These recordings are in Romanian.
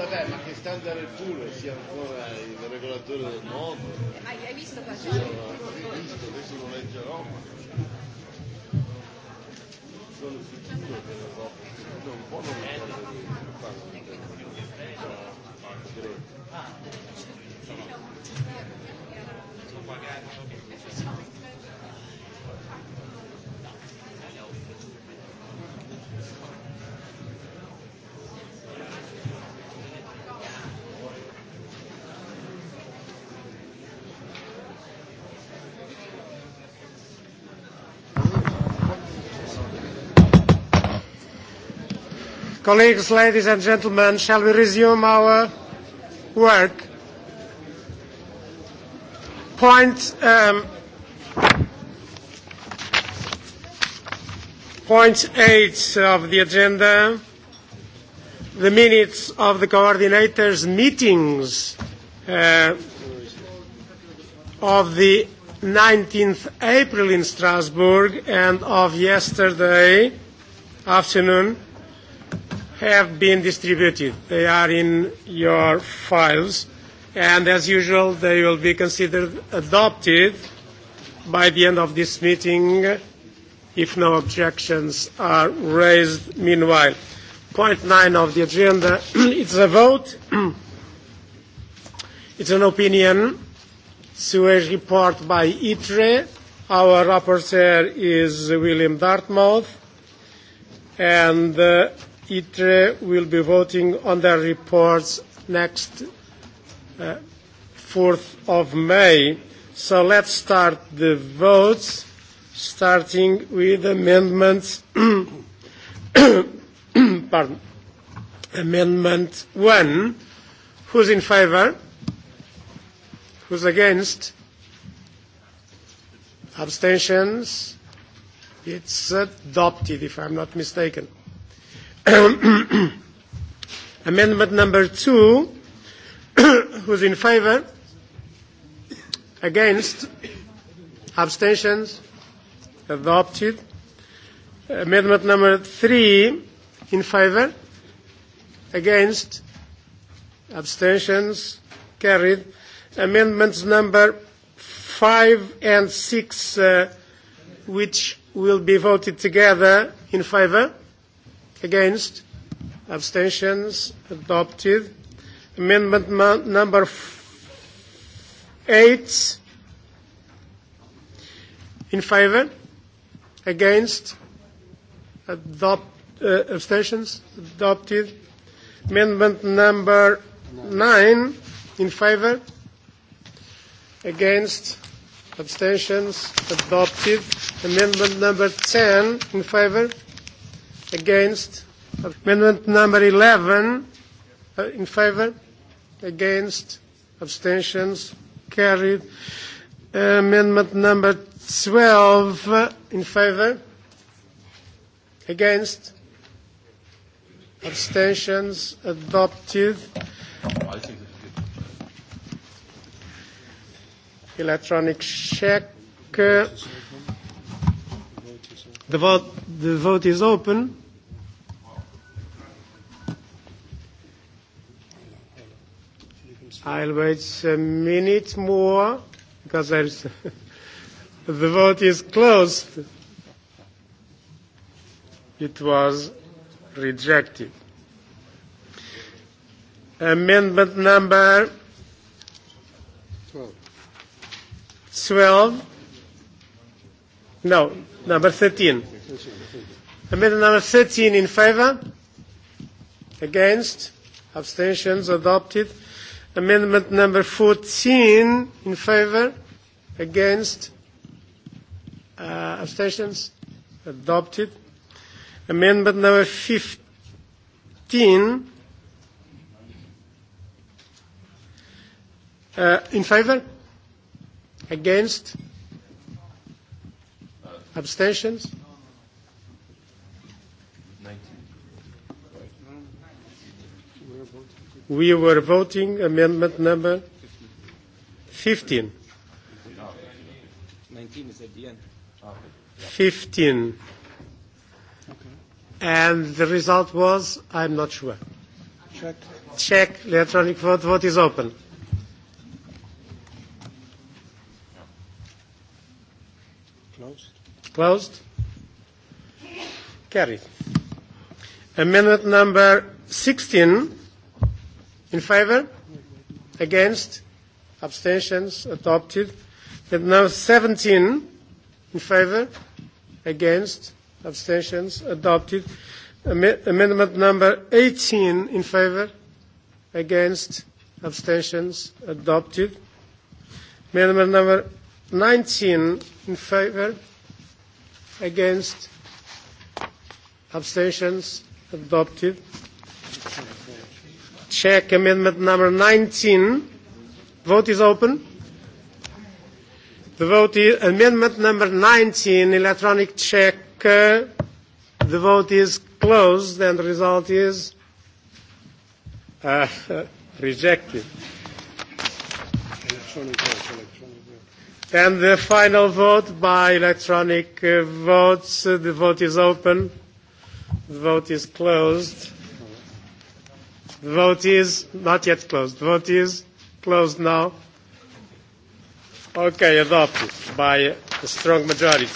vabbè, ma che standard pure sia ancora il regolatore del mondo. Hai, hai visto qua? Sì, hai visto, adesso lo leggerò. Sono sicuro che l'Europa, secondo un po' non mi ricordo di farlo. Sono magari Colleagues, ladies and gentlemen, shall we resume our work? Point, um, point eight of the agenda, the minutes of the coordinators' meetings uh, of the 19th April in Strasbourg and of yesterday afternoon have been distributed. They are in your files, and as usual, they will be considered adopted by the end of this meeting if no objections are raised meanwhile. Point nine of the agenda, it's a vote. it's an opinion. Sewage report by ITRE. Our rapporteur is William Dartmouth. And uh, ITRE will be voting on their reports next uh, 4th of May. So let's start the votes, starting with amendments. Pardon. Amendment one. Who's in favour? Who's against? Abstentions? It's adopted, if I'm not mistaken. Amendment number two, who's in favour? Against? Abstentions? Adopted. Amendment number three, in favour? Against? Abstentions? Carried. Amendments number five and six, uh, which will be voted together, in favour? Against? Abstentions? Adopted. Amendment number eight. In favor? Against? Adopt, uh, abstentions? Adopted. Amendment number nine. In favor? Against? Abstentions? Adopted. Amendment number 10. In favor? Against? Amendment number 11. Uh, in favor? Against? Abstentions? Carried. Uh, amendment number 12. Uh, in favor? Against? Abstentions? Adopted. Electronic check. Uh, the vote, the vote is open. I'll wait a minute more because there's the vote is closed. It was rejected. Amendment number 12. 12. No, number 13. Amendment number 13 in favor? Against? Abstentions adopted. Amendment number 14 in favor, against, uh, abstentions, adopted. Amendment number 15 uh, in favor, against, abstentions, We were voting amendment number 15. 19 is at the end. 15. Okay. And the result was, I'm not sure. Check. Check. Electronic vote. Vote is open. Closed. Closed. Carried. Amendment number 16 In favor? Against? Abstentions? Adopted. And now 17 in favor? Against? Abstentions? Adopted. Am amendment number 18 in favor? Against? Abstentions? Adopted. Amendment number 19 in favor? Against? Abstentions? Adopted check amendment number 19. Vote is open. The vote is amendment number 19, electronic check. the vote is closed and the result is uh, rejected. And the final vote by electronic uh, votes. the vote is open. The vote is closed The vote is not yet closed. The vote is closed now. Okay, adopted by a strong majority.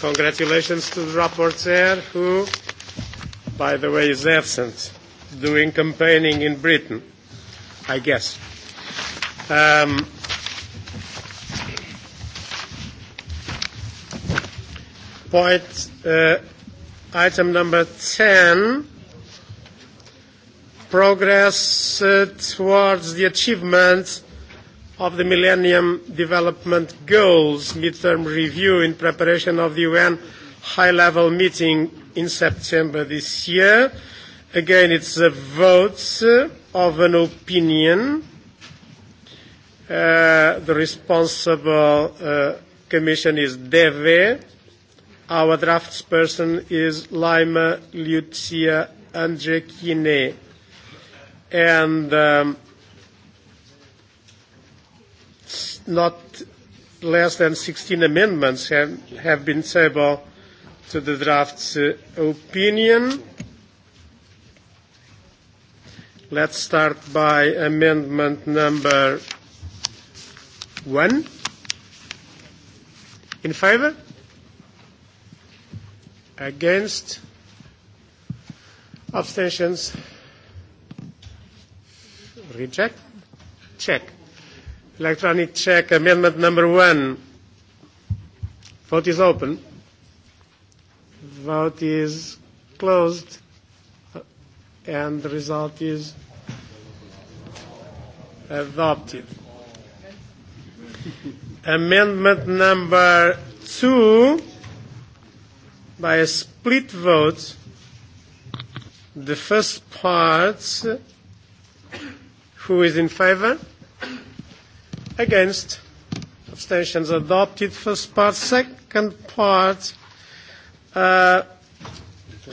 Congratulations to the rapporteur who, by the way, is absent doing campaigning in Britain, I guess. Um, point uh, item number 10 progress uh, towards the achievement of the Millennium Development Goals midterm review in preparation of the UN high-level meeting in September this year. Again, it's a vote uh, of an opinion. Uh, the responsible uh, commission is DEVE. Our draftsperson is Laima Lucia Andrekine and um, not less than 16 amendments have, have been tabled to the draft uh, opinion. Let's start by amendment number one. In favor? Against? Abstentions? Reject? Check. Electronic check, amendment number one. Vote is open. Vote is closed. And the result is adopted. amendment number two by a split vote. The first part Who is in favour? Against? Abstentions adopted. First part. Second part. Uh,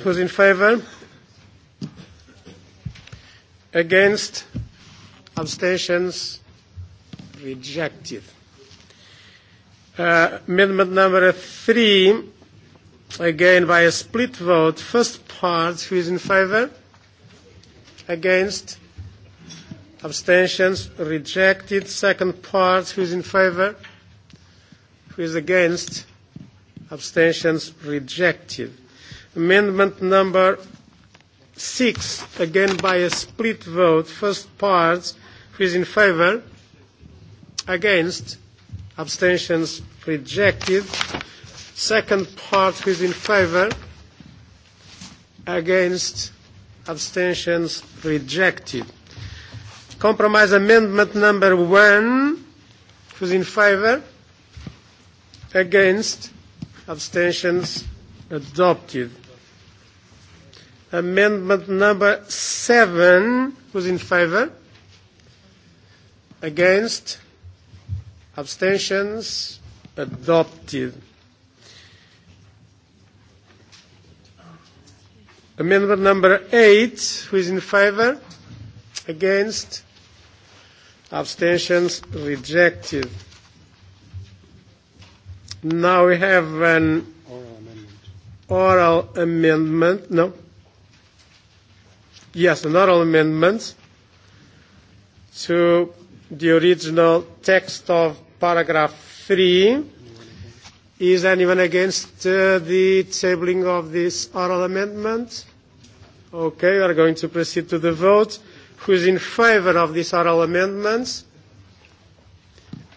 who's in favour? Against? Abstentions rejected. Uh, amendment number three, again by a split vote. First part, who is in favour? Against? abstentions rejected. Second part, who is in favour? Who is against? Abstentions rejected. Amendment number six, again by a split vote. First part, who is in favour? Against? Abstentions rejected. Second part, who is in favour? Against? Abstentions rejected. Compromise amendment number one. Who's in favour? Against? Abstentions? Adopted. Amendment number seven. Who's in favour? Against? Abstentions? Adopted. Amendment number eight. Who is in favour? Against? abstentions rejected. Now we have an oral amendment. Oral amendment. No. Yes, an oral amendment to the original text of paragraph three. Is anyone against uh, the tabling of this oral amendment? Okay, we are going to proceed to the vote. Who is in favour of these oral amendments?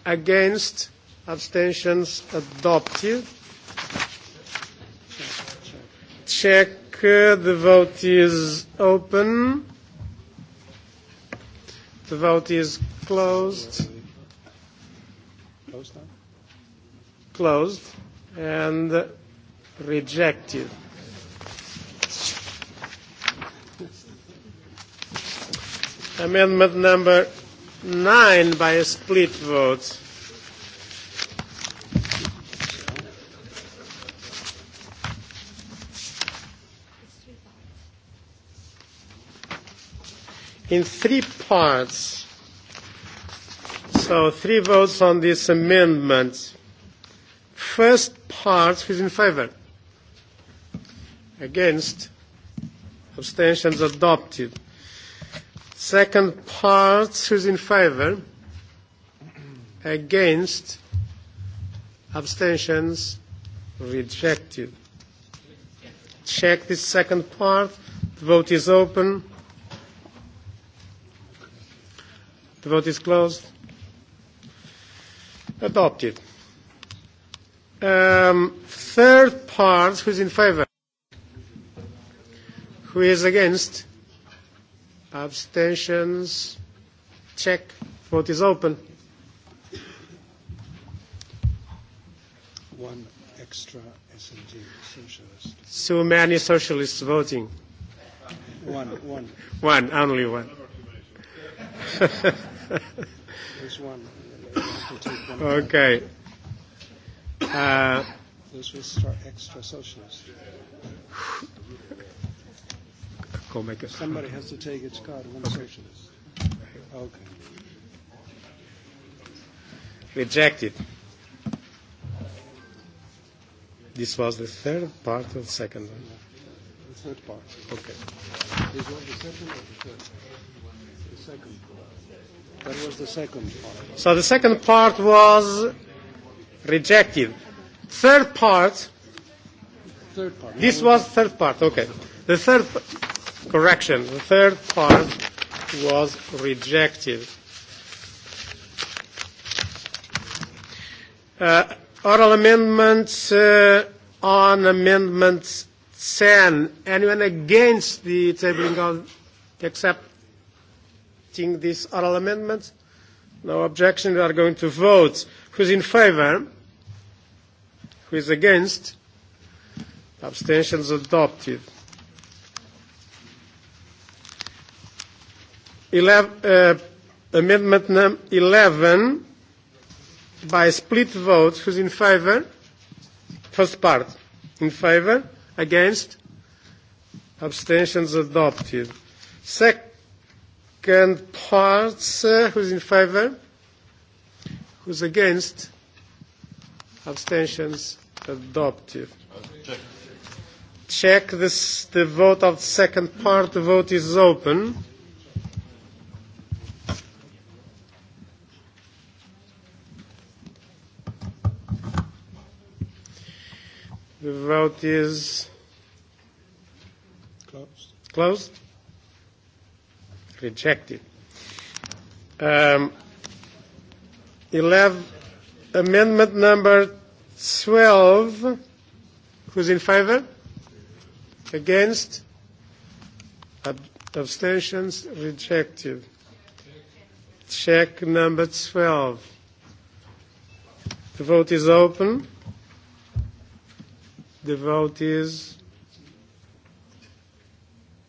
Against? Abstentions? Adopted. Check. Uh, the vote is open. The vote is closed. Closed Closed and rejected. Amendment number nine by a split vote. In three parts. So three votes on this amendment. First part, is in favor? Against? Abstentions adopted. Second part, who's in favour? Against? Abstentions? Rejected. Check this second part. The vote is open. The vote is closed. Adopted. Um, third part, who's in favour? Who is against? Abstentions? Check. Vote is open. One extra S&D socialist. So many socialists voting. One, one. One, only one. There's one. okay. Uh, Those were extra socialists make a... Somebody has to take its card, one okay. socialist. Okay. Rejected. This was the third part or the second one? The third part. Okay. This was the second or the third? The second part. That was the second part. So the second part was rejected. Third part. Third part. This was third part. Okay. The third correction. The third part was rejected. Uh, oral amendments uh, on amendment 10. Anyone against the tabling of accepting this oral amendment? No objection. We are going to vote. Who's in favour? Who is against? Abstentions adopted. 11, uh, amendment 11 by split vote. Who's in favour? First part. In favour? Against? Abstentions adopted. Second part. Uh, who's in favour? Who's against? Abstentions adopted. Check, Check this, the vote of the second part. The vote is open. The vote is closed. Closed. Rejected. Um, 11, amendment number 12. Who's in favor? Against? Ab abstentions? Rejected. Check number 12. The vote is open. The vote is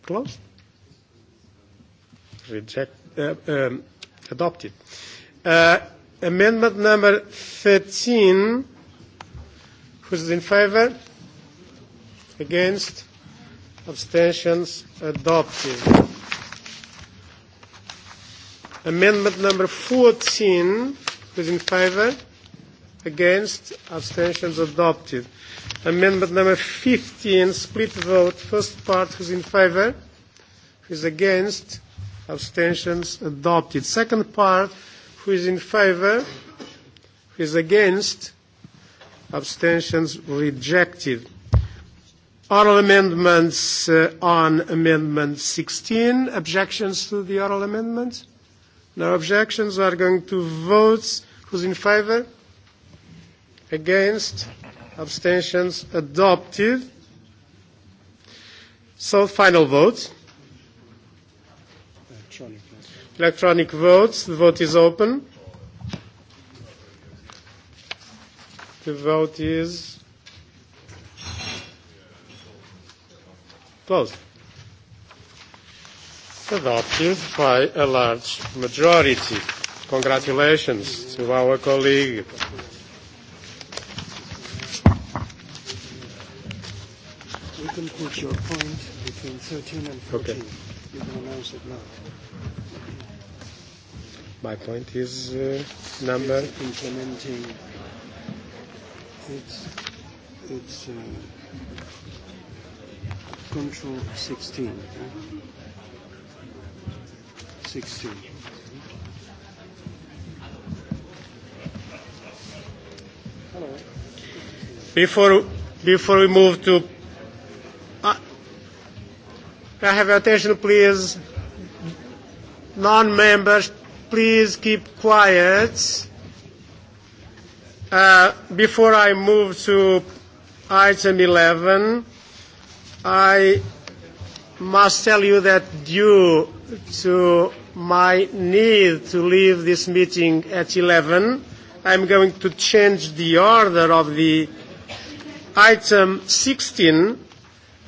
closed. Reject, uh, um, adopted. Uh, amendment number 13. Who's in favor? Against? Abstentions? Adopted. Amendment number 14. Who's in favor? Against? Abstentions adopted. Amendment number 15, split vote. First part, who's in favor? is against? Abstentions adopted. Second part, who is in favor? Who is against? Abstentions rejected. Oral amendments uh, on Amendment 16. Objections to the oral amendment? No objections. We are going to vote. Who's in favor? Against? Abstentions? Adopted. So final votes. Electronic. Electronic votes. The vote is open. The vote is closed. Adopted by a large majority. Congratulations to our colleague. make your point between 13 and 14. Okay. You can announce it now. My point is uh, number. It's implementing. It's. It's. Uh, control 16. Huh? 16. Before, before we move to Can I have your attention, please? Non-members, please keep quiet. Uh, before I move to item 11, I must tell you that due to my need to leave this meeting at 11, I'm going to change the order of the item 16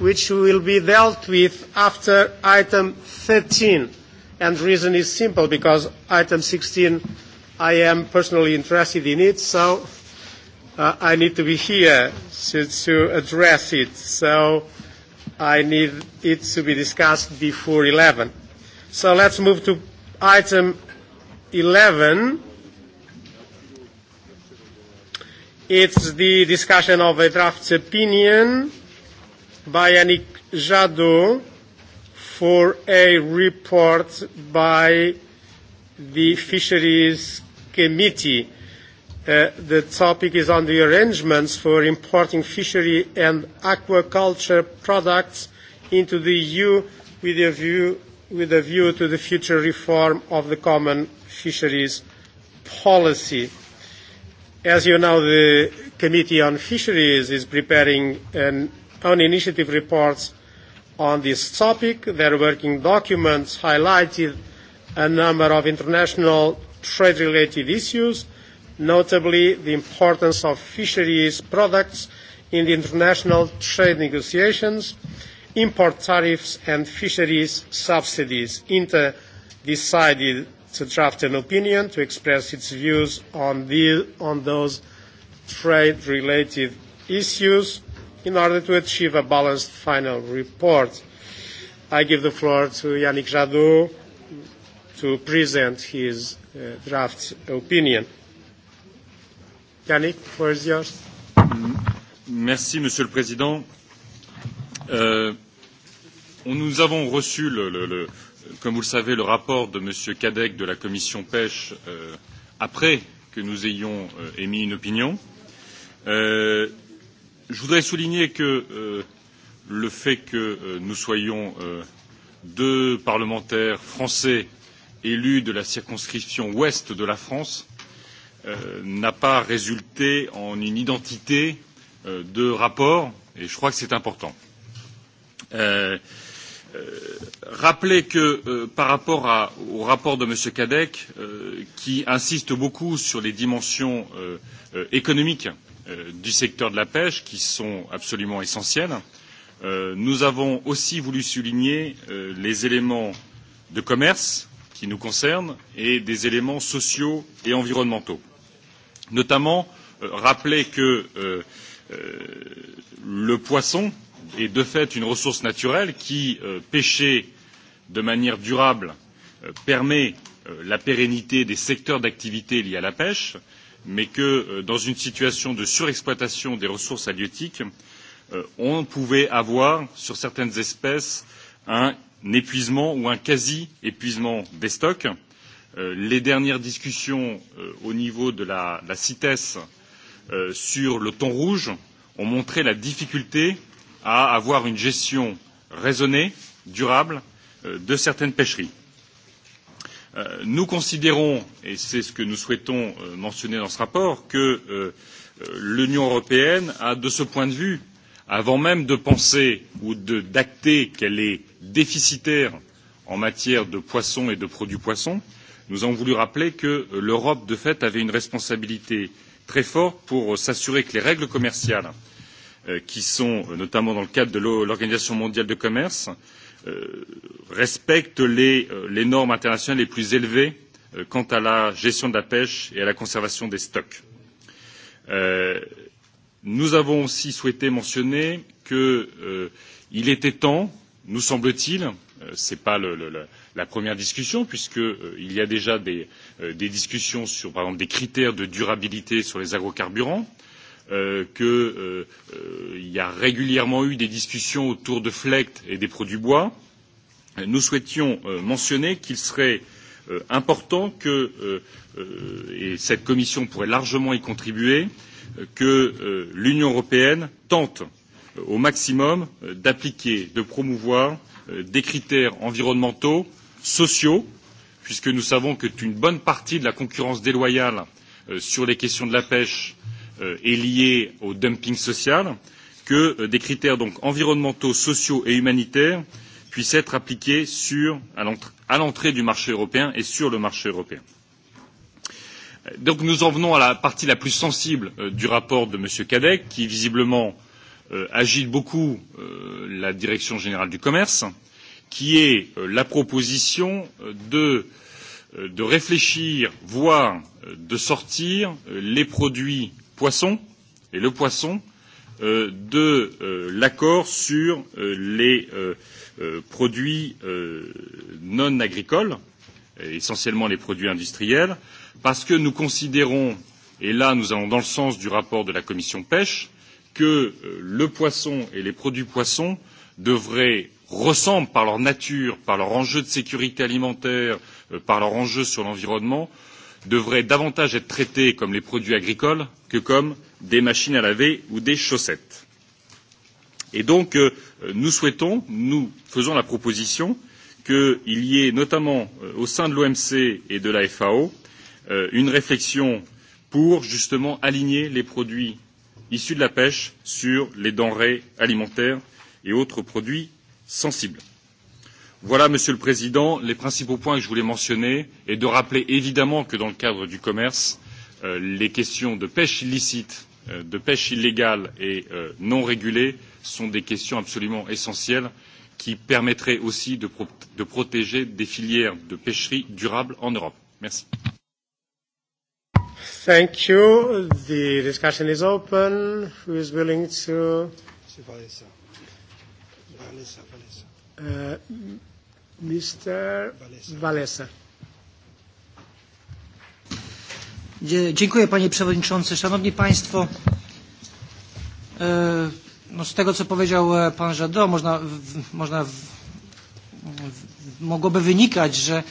which will be dealt with after item 13. And the reason is simple, because item 16, I am personally interested in it, so uh, I need to be here to, to address it. So I need it to be discussed before 11. So let's move to item 11. It's the discussion of a draft opinion by an Jadot for a report by the Fisheries Committee. Uh, the topic is on the arrangements for importing fishery and aquaculture products into the EU with a view, with a view to the future reform of the common fisheries policy. As you know, the Committee on Fisheries is preparing an own initiative reports on this topic. Their working documents highlighted a number of international trade-related issues, notably the importance of fisheries products in the international trade negotiations, import tariffs and fisheries subsidies. INTA decided to draft an opinion to express its views on, the, on those trade-related issues in order to achieve a balanced final report. I give the floor to Yannick Jadot to present his uh, draft opinion. Yannick, where is yours. Mm-hmm. Merci, Monsieur le Président. Euh, nous avons reçu, le, le, le, comme vous le savez, le rapport de Monsieur Cadec de la Commission pêche euh, après que nous ayons euh, émis une opinion. Euh, Je voudrais souligner que euh, le fait que euh, nous soyons euh, deux parlementaires français élus de la circonscription ouest de la France euh, n'a pas résulté en une identité euh, de rapport et je crois que c'est important. Euh, euh, rappeler que euh, par rapport à, au rapport de M. Cadec, euh, qui insiste beaucoup sur les dimensions euh, euh, économiques Euh, du secteur de la pêche qui sont absolument essentiels. Euh, nous avons aussi voulu souligner euh, les éléments de commerce qui nous concernent et des éléments sociaux et environnementaux. Notamment, rappeler que euh, le poisson est de fait une ressource naturelle qui, euh, pêchée de manière durable, euh, permet euh, la pérennité des secteurs d'activité liés à la pêche, mais que euh, dans une situation de surexploitation des ressources halieutiques, euh, on pouvait avoir sur certaines espèces un épuisement ou un quasi épuisement des stocks. Euh, les dernières discussions au niveau de la, la CITES sur le thon rouge ont montré la difficulté à avoir une gestion raisonnée, durable, de certaines pêcheries. Euh, nous considérons, et c'est ce que nous souhaitons euh, mentionner dans ce rapport, que euh, l'Union européenne a, de ce point de vue, avant même de penser ou d'acter qu'elle est déficitaire en matière de poissons et de produits poissons, nous avons voulu rappeler que l'Europe, de fait, avait une responsabilité très forte pour s'assurer que les règles commerciales qui sont notamment dans le cadre de l'Organisation mondiale du commerce Euh, respectent les, euh, les normes internationales les plus élevées euh, quant à la gestion de la pêche et à la conservation des stocks. nous avons aussi souhaité mentionner qu'il était temps, nous semble-t-il, ce n'est pas le, le, la, la première discussion puisqu'il y a déjà des, des discussions sur par exemple des critères de durabilité sur les agrocarburants, Euh, qu'il euh, euh, y a régulièrement eu des discussions autour de FLECT et des produits bois, nous souhaitions euh, mentionner qu'il serait euh, important que, euh, euh et cette commission pourrait largement y contribuer, que euh, l'Union européenne tente euh, au maximum euh, d'appliquer, de promouvoir euh, des critères environnementaux, sociaux, puisque nous savons qu'une bonne partie de la concurrence déloyale euh, sur les questions de la pêche euh, Euh, est lié au dumping social, que euh, des critères donc environnementaux, sociaux et humanitaires puissent être appliqués sur, à l'entrée du marché européen et sur le marché européen. Euh, donc nous en venons à la partie la plus sensible du rapport de M. Cadec, qui visiblement agite beaucoup la Direction générale du commerce, qui est la proposition de, de réfléchir, voire de sortir les produits poisson et le poisson euh, de euh, l'accord sur euh, les euh, euh, produits euh, non agricoles, essentiellement les produits industriels, parce que nous considérons et là nous allons dans le sens du rapport de la commission pêche que euh, le poisson et les produits poissons devraient ressemblent par leur nature, par leur enjeu de sécurité alimentaire, euh, par leur enjeu sur l'environnement, devraient davantage être traités comme les produits agricoles que comme des machines à laver ou des chaussettes. Et donc, euh, nous souhaitons, nous faisons la proposition qu'il y ait notamment euh, au sein de l'OMC et de la FAO euh, une réflexion pour justement aligner les produits issus de la pêche sur les denrées alimentaires et autres produits sensibles. Voilà, Monsieur le Président, les principaux points que je voulais mentionner et de rappeler évidemment que dans le cadre du commerce, euh, les questions de pêche illicite, euh, de pêche illégale et euh, non régulée sont des questions absolument essentielles qui permettraient aussi de, pro de protéger des filières de pêcherie durable en Europe. Merci. Thank you. The discussion is open. Who is willing to? Uh, Mr. Valesa. Dziękuję panie przewodniczący. Szanowni państwo, no z tego co powiedział pan Jadot można, można mogłoby wynikać, że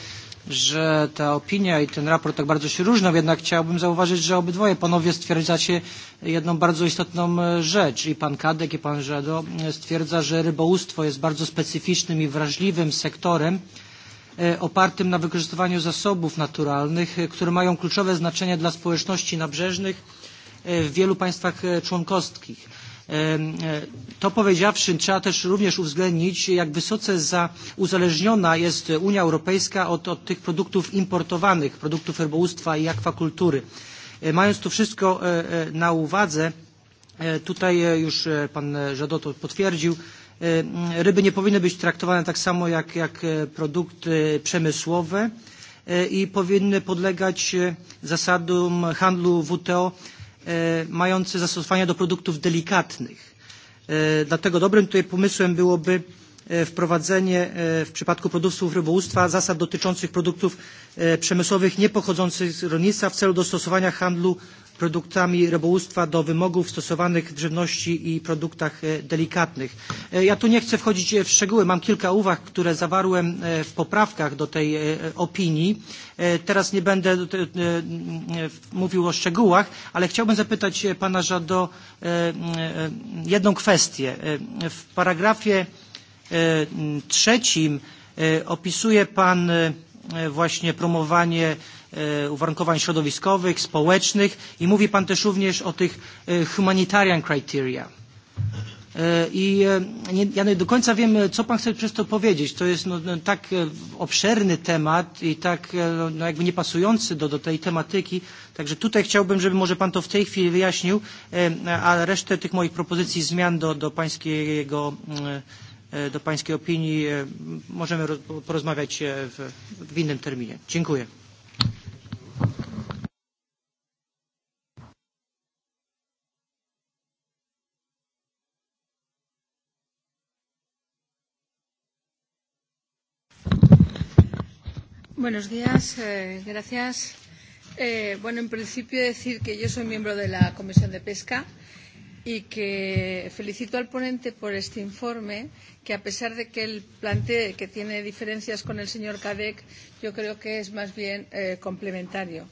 że ta opinia i ten raport tak bardzo się różnią, jednak chciałbym zauważyć, że obydwoje panowie stwierdzacie jedną bardzo istotną rzecz. I pan Kadek, i pan Żado stwierdza, że rybołówstwo jest bardzo specyficznym i wrażliwym sektorem opartym na wykorzystywaniu zasobów naturalnych, które mają kluczowe znaczenie dla społeczności nabrzeżnych w wielu państwach członkowskich. To powiedziawszy, trzeba też również uwzględnić, jak wysoce uzależniona jest Unia Europejska od, od tych produktów importowanych, produktów rybołówstwa i akwakultury. Mając to wszystko na uwadze, tutaj już pan Żadot potwierdził, ryby nie powinny być traktowane tak samo jak, jak produkty przemysłowe i powinny podlegać zasadom handlu WTO mający zastosowania do produktów delikatnych. Dlatego dobrym tutaj pomysłem byłoby wprowadzenie w przypadku produktów rybołówstwa zasad dotyczących produktów przemysłowych niepochodzących z rolnictwa w celu dostosowania handlu produktami rybołówstwa do wymogów stosowanych w żywności i produktach delikatnych. Ja tu nie chcę wchodzić w szczegóły, mam kilka uwag, które zawarłem w poprawkach do tej opinii. Teraz nie będę mówił o szczegółach, ale chciałbym zapytać pana Żado jedną kwestię. W paragrafie trzecim opisuje pan właśnie promowanie uwarunkowań środowiskowych, społecznych i mówi Pan też również o tych humanitarian criteria. I nie, ja nie do końca wiem, co Pan chce przez to powiedzieć. To jest no, tak obszerny temat i tak no, jakby niepasujący do, do tej tematyki. Także tutaj chciałbym, żeby może Pan to w tej chwili wyjaśnił, a resztę tych moich propozycji zmian do, do Pańskiego do Pańskiej opinii możemy porozmawiać w, w innym terminie. Dziękuję. Buenos días, eh, gracias. Eh, bueno, en principio decir que yo soy miembro de la Comisión de Pesca y que felicito al ponente por este informe, que a pesar de que él plantee que tiene diferencias con el señor Cadec, yo creo que es más bien eh, complementario.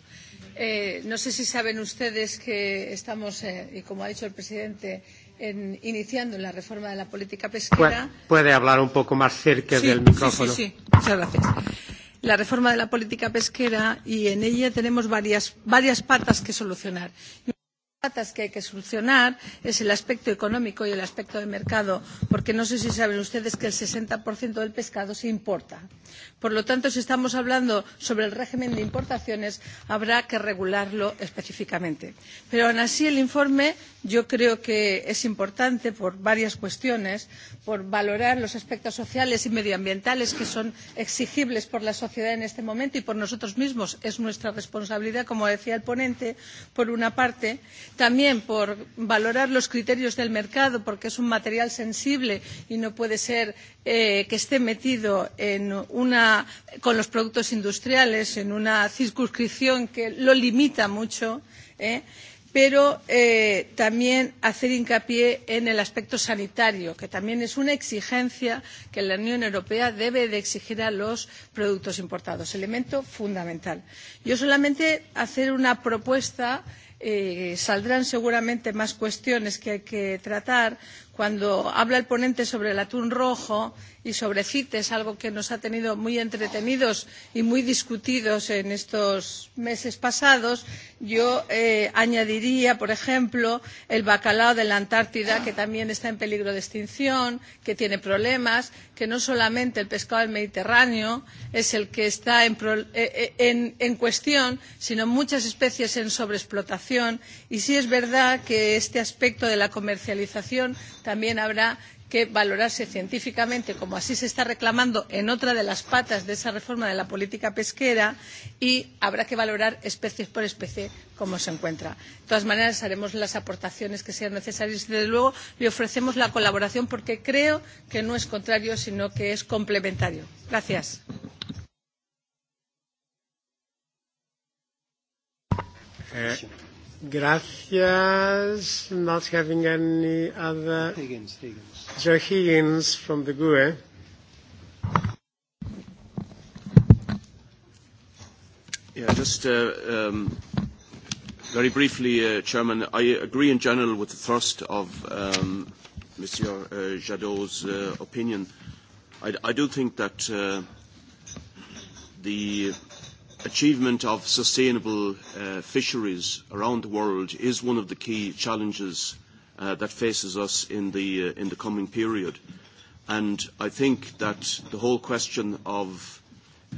Eh, no sé si saben ustedes que estamos, eh, y como ha dicho el presidente, en, iniciando la reforma de la política pesquera. Puede, hablar un poco más cerca sí, del micrófono. Sí, sí, sí. Muchas gracias la reforma de la política pesquera y en ella tenemos varias, varias patas que solucionar patas que hay que solucionar es el aspecto económico y el aspecto de mercado, porque no sé si saben ustedes que el 60% del pescado se importa. Por lo tanto, si estamos hablando sobre el régimen de importaciones, habrá que regularlo específicamente. Pero aún así, el informe yo creo que es importante por varias cuestiones, por valorar los aspectos sociales y medioambientales que son exigibles por la sociedad en este momento y por nosotros mismos. Es nuestra responsabilidad, como decía el ponente, por una parte, también por valorar los criterios del mercado, porque es un material sensible y no puede ser eh, que esté metido en una, con los productos industriales en una circunscripción que lo limita mucho. ¿eh? pero eh, también hacer hincapié en el aspecto sanitario, que también es una exigencia que la Unión Europea debe de exigir a los productos importados, elemento fundamental. Yo solamente hacer una propuesta Eh, saldrán seguramente más cuestiones que hay que tratar, cuando habla el ponente sobre el atún rojo y sobre CITES, algo que nos ha tenido muy entretenidos y muy discutidos en estos meses pasados, yo eh, añadiría, por ejemplo, el bacalao de la Antártida, que también está en peligro de extinción, que tiene problemas, que no solamente el pescado del Mediterráneo es el que está en, pro, eh, eh en, en cuestión, sino muchas especies en sobreexplotación. Y sí es verdad que este aspecto de la comercialización también habrá que valorarse científicamente, como así se está reclamando en otra de las patas de esa reforma de la política pesquera, y habrá que valorar especie por especie cómo se encuentra. De todas maneras, haremos las aportaciones que sean necesarias y, desde luego, le ofrecemos la colaboración porque creo que no es contrario, sino que es complementario. Gracias. Eh. Gracias. Not having any other. Higgins, Higgins. Joe Higgins from the GUE. Yeah, just uh, um, very briefly, uh, Chairman, I agree in general with the thrust of um, Monsieur uh, Jadot's uh, opinion. I, I do think that uh, the achievement of sustainable uh, fisheries around the world is one of the key challenges uh, that faces us in the, uh, in the coming period. And I think that the whole question of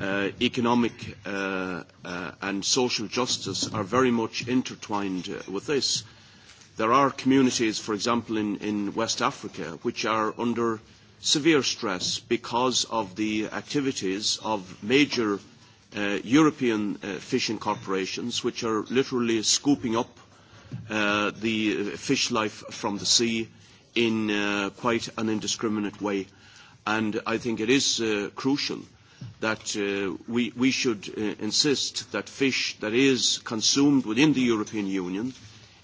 uh, economic uh, uh, and social justice are very much intertwined with this. There are communities, for example, in, in West Africa, which are under severe stress because of the activities of major uh, European uh, fishing corporations, which are literally scooping up uh, the uh, fish life from the sea in uh, quite an indiscriminate way. And I think it is uh, crucial that uh, we, we should uh, insist that fish that is consumed within the European Union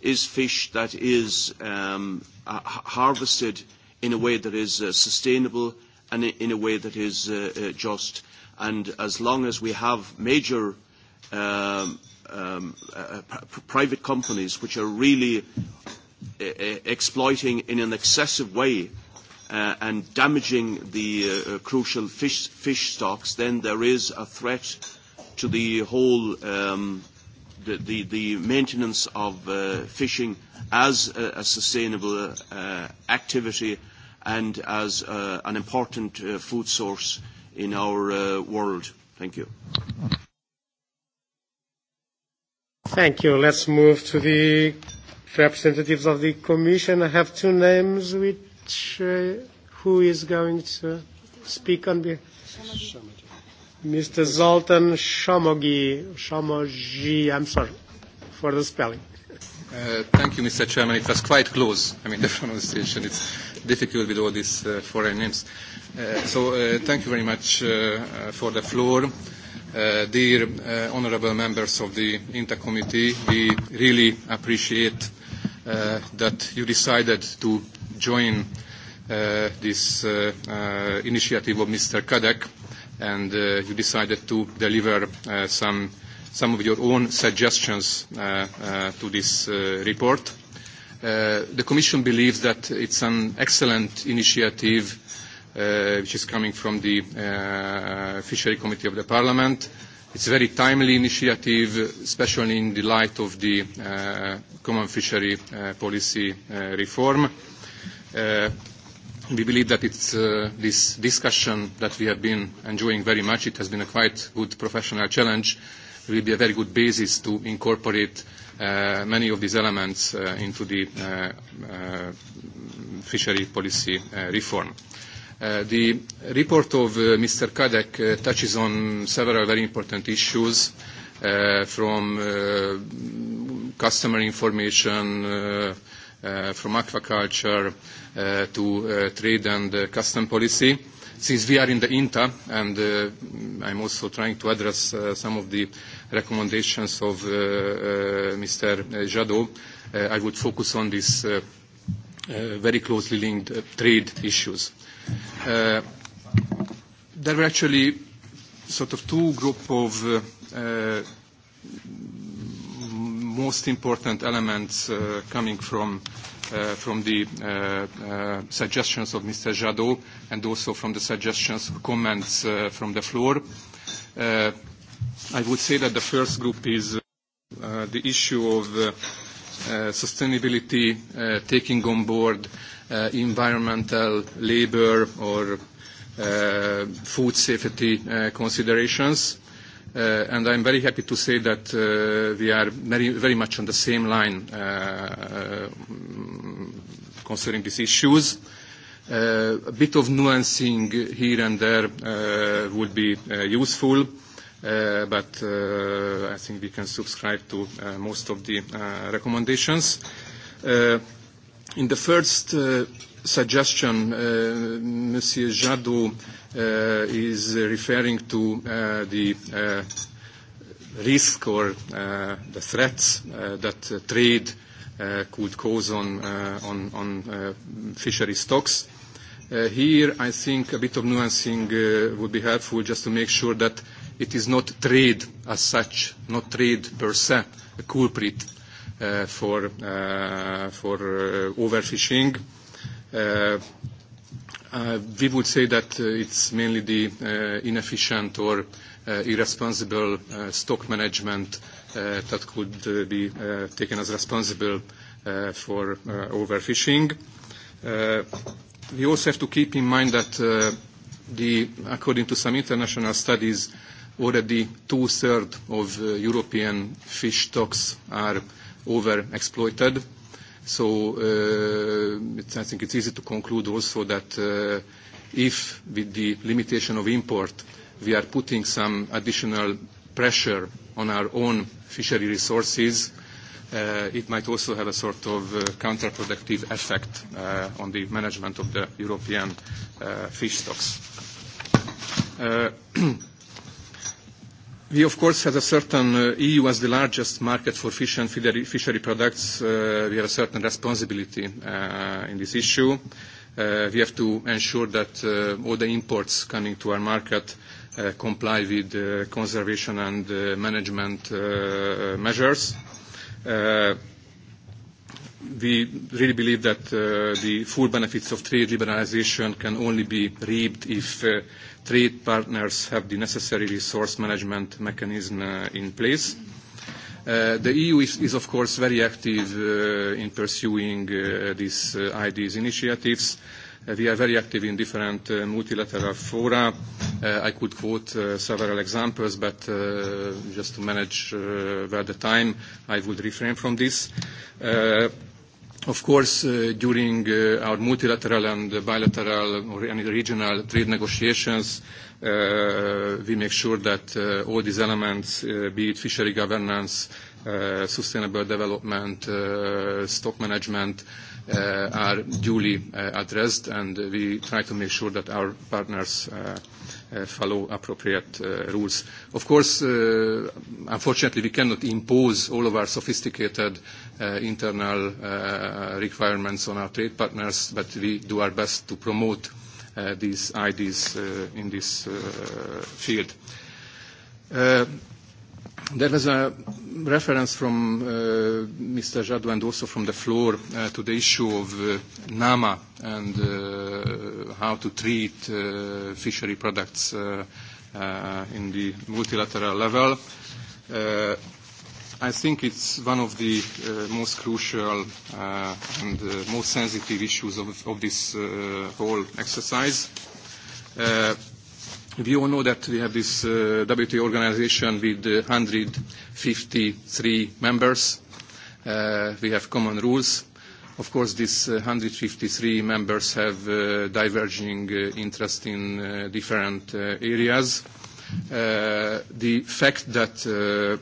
is fish that is um, uh, harvested in a way that is uh, sustainable and in a way that is uh, uh, just and as long as we have major um, um, uh, uh private companies which are really uh, uh, exploiting in an excessive way uh, and damaging the uh, crucial fish, fish stocks, then there is a threat to the whole um, the, the, the maintenance of uh, fishing as a, a sustainable uh, activity and as uh, an important uh, food source uh, in our uh, world. Thank you. Thank you. Let's move to the representatives of the Commission. I have two names which uh, who is going to speak on behalf? Mr. Zoltan Shamogi, Shamogi, I'm sorry for the spelling. Uh, thank you, Mr. Chairman. It was quite close. I mean, the pronunciation. It's difficult with all these uh, foreign names. Uh, so uh, thank you very much uh, uh for the floor. Uh, dear uh, honorable members of the INTA committee, we really appreciate uh, that you decided to join uh, this uh, uh, initiative of Mr. Kadek and uh, you decided to deliver uh, some, some of your own suggestions uh, uh, to this uh, report. Uh, the Commission believes that it's an excellent initiative uh, which is coming from the uh, Fishery Committee of the Parliament. It's a very timely initiative, especially in the light of the uh, common fishery uh, policy uh, reform. Uh, we believe that it's uh, this discussion that we have been enjoying very much. It has been a quite good professional challenge. It will be a very good basis to incorporate uh, uh, many of these elements uh, into the uh, uh, fishery policy uh, reform. Uh, the report of uh, Mr. Kadek uh, touches on several very important issues uh, from uh, customer information, uh, uh, from aquaculture uh, to uh, trade and uh, custom policy since we are in the INTA, and uh, I'm also trying to address uh, some of the recommendations of uh, uh, Mr. Jadot, uh, I would focus on these uh, uh, very closely linked uh, trade issues. Uh, there were actually sort of two group of uh, uh, most important elements uh, coming from uh, from the uh, uh, suggestions of Mr. Jadot and also from the suggestions, comments uh, from the floor. Uh, I would say that the first group is uh, the issue of uh, uh, sustainability, uh, taking on board uh, environmental, labor, or uh, food safety uh, considerations. Uh, and I'm very happy to say that uh, we are very, very much on the same line uh, uh, concerning these issues. Uh, a bit of nuancing here and there uh, would be uh, useful. Uh, but uh, I think we can subscribe to uh, most of the uh, recommendations. Uh, in the first uh, suggestion, uh, Monsieur Jadot uh, is referring to uh, the uh, risk or uh, the threats uh, that uh, trade uh, could cause on, uh, on, on uh, fishery stocks. Uh, here, I think a bit of nuancing uh, would be helpful just to make sure that it is not trade as such, not trade per se, a culprit uh, for, uh, for uh, overfishing. Uh, uh, we would say that uh, it's mainly the uh, inefficient or uh, irresponsible uh, stock management uh, that could uh, be uh, taken as responsible uh, for uh, overfishing. Uh, we also have to keep in mind that uh, the, according to some international studies, Already two-thirds of uh, European fish stocks are overexploited. So uh, it's, I think it's easy to conclude also that uh, if with the limitation of import, we are putting some additional pressure on our own fishery resources, Uh, it might also have a sort of uh, counterproductive effect uh, on the management of the European uh, fish stocks. Uh, We, of course, have a certain uh, EU as the largest market for fish and fishery products. Uh, we have a certain responsibility uh, in this issue. Uh, we have to ensure that uh, all the imports coming to our market uh, comply with uh, conservation and uh, management uh, measures. Uh, we really believe that uh, the full benefits of trade liberalization can only be reaped if uh, trade partners have the necessary resource management mechanism uh, in place. Uh, the EU is, is, of course, very active uh, in pursuing uh, these uh, IDs initiatives. Uh, we are very active in different multilateral fora. I could quote several examples, but just to manage well the time, I would refrain from this. Of course, uh, during uh, our multilateral and bilateral or any regional trade negotiations, uh, we make sure that uh, all these elements, uh, be it fishery governance, uh, sustainable development, uh, stock management, uh, Uh, are duly uh, addressed, and we try to make sure that our partners uh, uh, follow appropriate uh, rules. Of course, uh, unfortunately, we cannot impose all of our sophisticated uh, internal uh, requirements on our trade partners, but we do our best to promote uh, these ideas uh, in this uh, field. Uh, There was a reference from uh, Mr. Jadot and also from the floor uh, to the issue of uh, NAMA and uh, how to treat uh, fishery products uh, uh, in the multilateral level. Uh, I think it's one of the uh, most crucial uh, and uh, most sensitive issues of, of this uh, whole exercise. Uh, We all know that we have this uh, WTO organization with 153 uh, members. Uh, we have common rules. Of course, these 153 uh, members have uh, diverging uh, interest in different areas. the fact that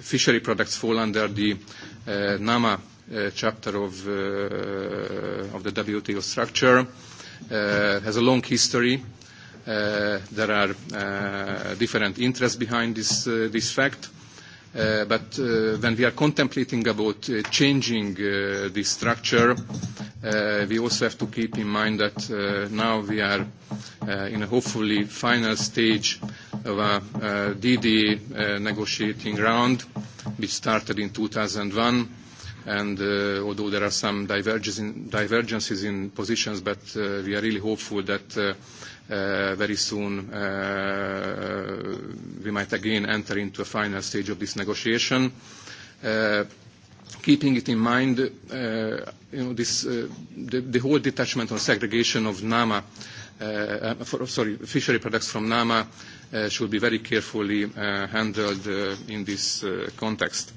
fishery products fall under the NAMA chapter of, of, the WTO structure has a long history Uh, there are uh, different interests behind this, uh, this fact. Uh, but uh, when we are contemplating about uh, changing uh, structure, uh, we also have to keep in mind that uh, now we are uh, in a hopefully final stage of a uh, DD uh, negotiating round, which started in 2001. And uh, although there are some divergences in, divergences in positions, but uh, we are really hopeful that uh, Uh, very soon uh, we might again enter into a final stage of this negotiation. Uh, keeping it in mind, you know, this, the, whole detachment on segregation of NAMA, sorry, fishery products from NAMA should be very carefully handled in this context.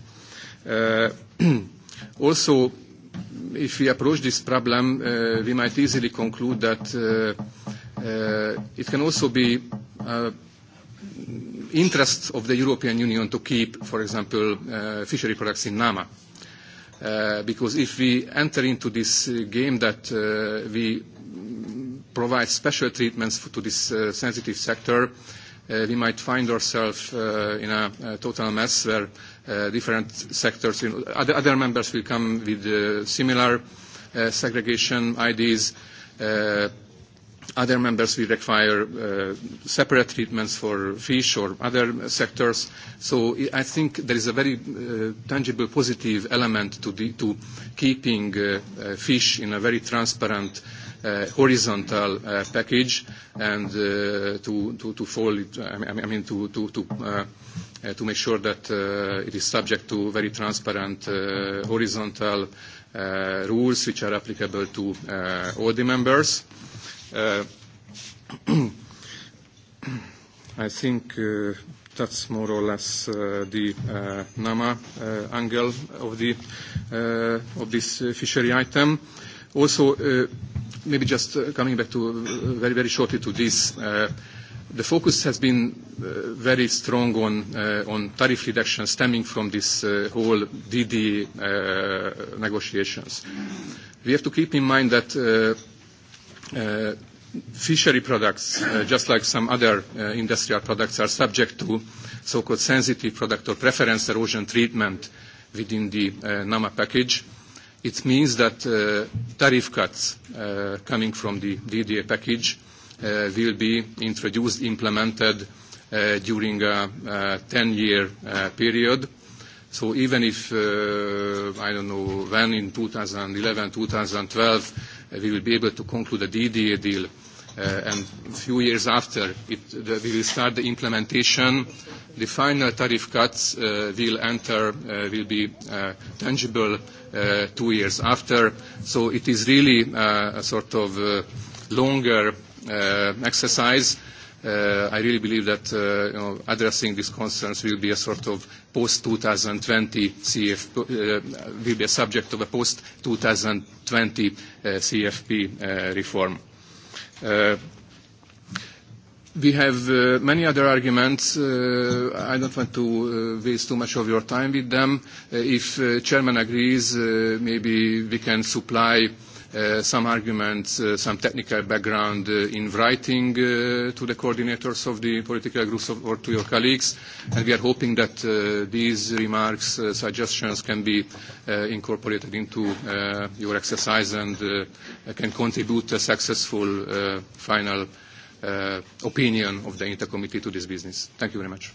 also, if we approach this problem, we might easily conclude that Uh, it can also be uh, interest of the European Union to keep, for example, uh, fishery products in Nama. Uh, because if we enter into this uh, game that uh, we provide special treatments to this uh, sensitive sector, uh, we might find ourselves uh, in a, a total mess where uh, different sectors, other, other members will come with uh, similar uh, segregation ideas, uh, Other members will require uh, separate treatments for fish or other sectors. So I think there is a very uh, tangible positive element to, the, to keeping uh, uh, fish in a very transparent Uh, horizontal uh, package and uh, to, to, to fall, it, I mean, to, to, to, uh, uh, to make sure that uh, it is subject to very transparent uh, horizontal uh, rules which are applicable to uh, all the members. Uh, Uh, I think uh, that's more or less uh, the uh, NAMA uh, angle of, the, uh, of this uh, fishery item. Also, uh, maybe just uh, coming back to uh, very, very shortly to this, uh, the focus has been uh, very strong on, uh, on tariff reduction stemming from this uh, whole DD uh, negotiations. We have to keep in mind that uh, Uh, fishery products, uh, just like some other uh, industrial products, are subject to so-called sensitive product or preference erosion treatment within the uh, NAMA package. It means that uh, tariff cuts uh, coming from the DDA package uh, will be introduced, implemented uh, during a 10-year uh, period. So even if, uh, I don't know, when in 2011, 2012, Uh, we will be able to conclude a DDA deal uh, and a few years after it, the, we will start the implementation. The final tariff cuts uh, will enter, uh, will be uh, tangible uh, two years after. So it is really uh, a sort of uh, longer uh, exercise. Uh, I really believe that uh, you know, addressing these concerns will be a sort of post-2020 CFP, uh, will be a subject of a post-2020 uh, CFP uh, reform. Uh, we have uh, many other arguments. Uh, I don't want to uh, waste too much of your time with them. if Chairman agrees, maybe we can supply Uh, some arguments, uh, some technical background uh, in writing uh, to the coordinators of the political groups of, or to your colleagues. And we are hoping that uh, these remarks, suggestions can be incorporated into your exercise and can contribute a successful final opinion of the intercommittee to this business. Thank you very much.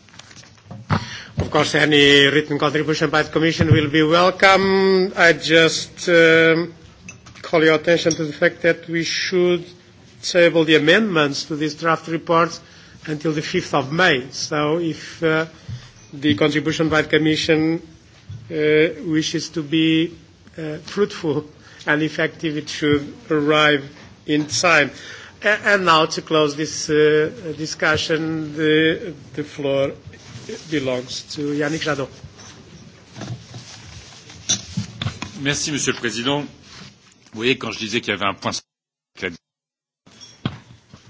Of course, any written contribution by the Commission will be welcome. I just... Uh, call your attention to the fact that we should table the amendments to this draft report until the 5th of May. So if uh, the contribution by the Commission uh, wishes to be uh, fruitful and effective, it should arrive in time. and now to close this uh, discussion, the, the floor belongs to Yannick Jadot. Merci, Monsieur le Président voyez, quand je disais qu'il y avait un point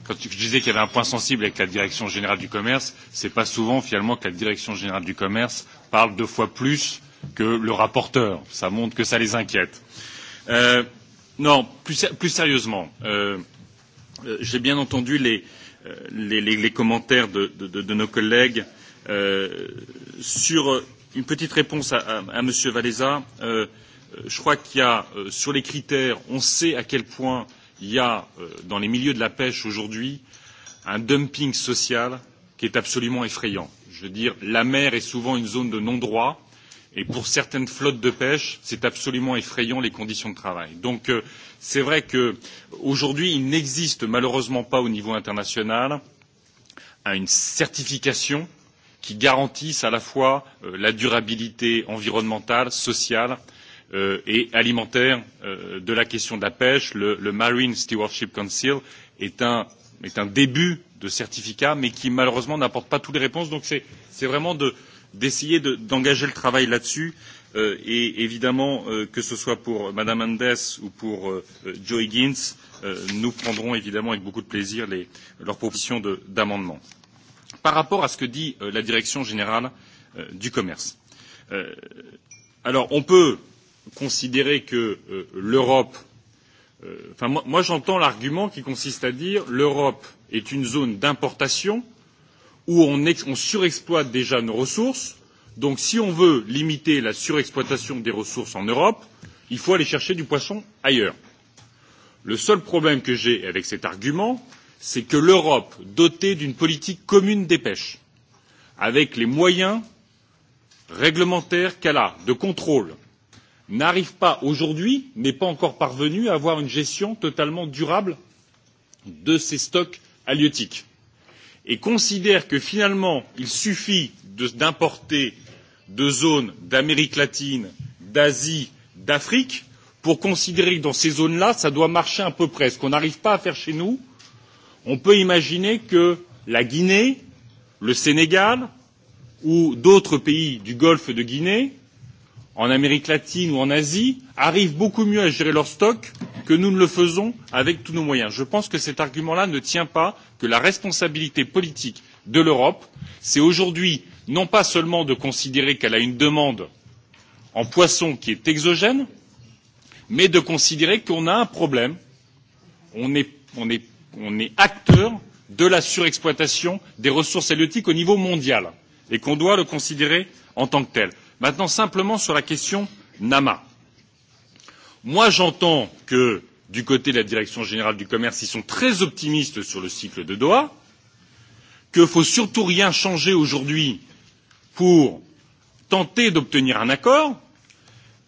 quand je disais qu'il y avait un point sensible avec la direction générale du commerce, ce n'est pas souvent finalement que la direction générale du commerce parle deux fois plus que le rapporteur. Ça montre que ça les inquiète. Euh, non, plus, plus sérieusement, euh, euh, j'ai bien entendu les, euh, les, les, les commentaires de, de, de, de nos collègues euh, sur une petite réponse à, à, à M. Valéza. Euh, Euh, je crois qu'il y a euh, sur les critères, on sait à quel point il y a euh, dans les milieux de la pêche aujourd'hui un dumping social qui est absolument effrayant. Je veux dire, la mer est souvent une zone de non-droit et pour certaines flottes de pêche, c'est absolument effrayant les conditions de travail. Donc c'est vrai qu'aujourd'hui, il n'existe malheureusement pas au niveau international une certification qui garantisse à la fois la durabilité environnementale, sociale euh, euh, et alimentaire euh, de la question de la pêche. Le, le Marine Stewardship Council est un, est un début de certificat, mais qui malheureusement n'apporte pas toutes les réponses. Donc c'est vraiment d'essayer de, d'engager de, le travail là-dessus. Euh, et évidemment, euh, que ce soit pour Madame Andes ou pour euh, Joey Gins, euh, nous prendrons évidemment avec beaucoup de plaisir les, leurs propositions d'amendement. Par rapport à ce que dit euh, la Direction générale euh, du commerce, euh, alors on peut considérer que euh, l'Europe euh, moi, moi j'entends l'argument qui consiste à dire l'Europe est une zone d'importation où on, ex, on surexploite déjà nos ressources donc si on veut limiter la surexploitation des ressources en Europe, il faut aller chercher du poisson ailleurs. Le seul problème que j'ai avec cet argument, c'est que l'Europe, dotée d'une politique commune des pêches, avec les moyens réglementaires qu'elle a de contrôle, n'arrive pas aujourd'hui n'est pas encore parvenue à avoir une gestion totalement durable de ses stocks halieutiques et considère que finalement il suffit d'importer de, de zones d'amérique latine d'asie d'afrique pour considérer que dans ces zones là ça doit marcher à peu près ce qu'on n'arrive pas à faire chez nous on peut imaginer que la guinée le sénégal ou d'autres pays du golfe de guinée en Amérique latine ou en Asie arrivent beaucoup mieux à gérer leurs stocks que nous ne le faisons avec tous nos moyens. Je pense que cet argument-là ne tient pas, que la responsabilité politique de l'Europe, c'est aujourd'hui non pas seulement de considérer qu'elle a une demande en poisson qui est exogène, mais de considérer qu'on a un problème, on est, on est, on est acteur de la surexploitation des ressources halieutiques au niveau mondial et qu'on doit le considérer en tant que tel. Maintenant, simplement sur la question NAMA. Moi, j'entends que du côté de la direction générale du commerce, ils sont très optimistes sur le cycle de Doha, qu'il ne faut surtout rien changer aujourd'hui pour tenter d'obtenir un accord,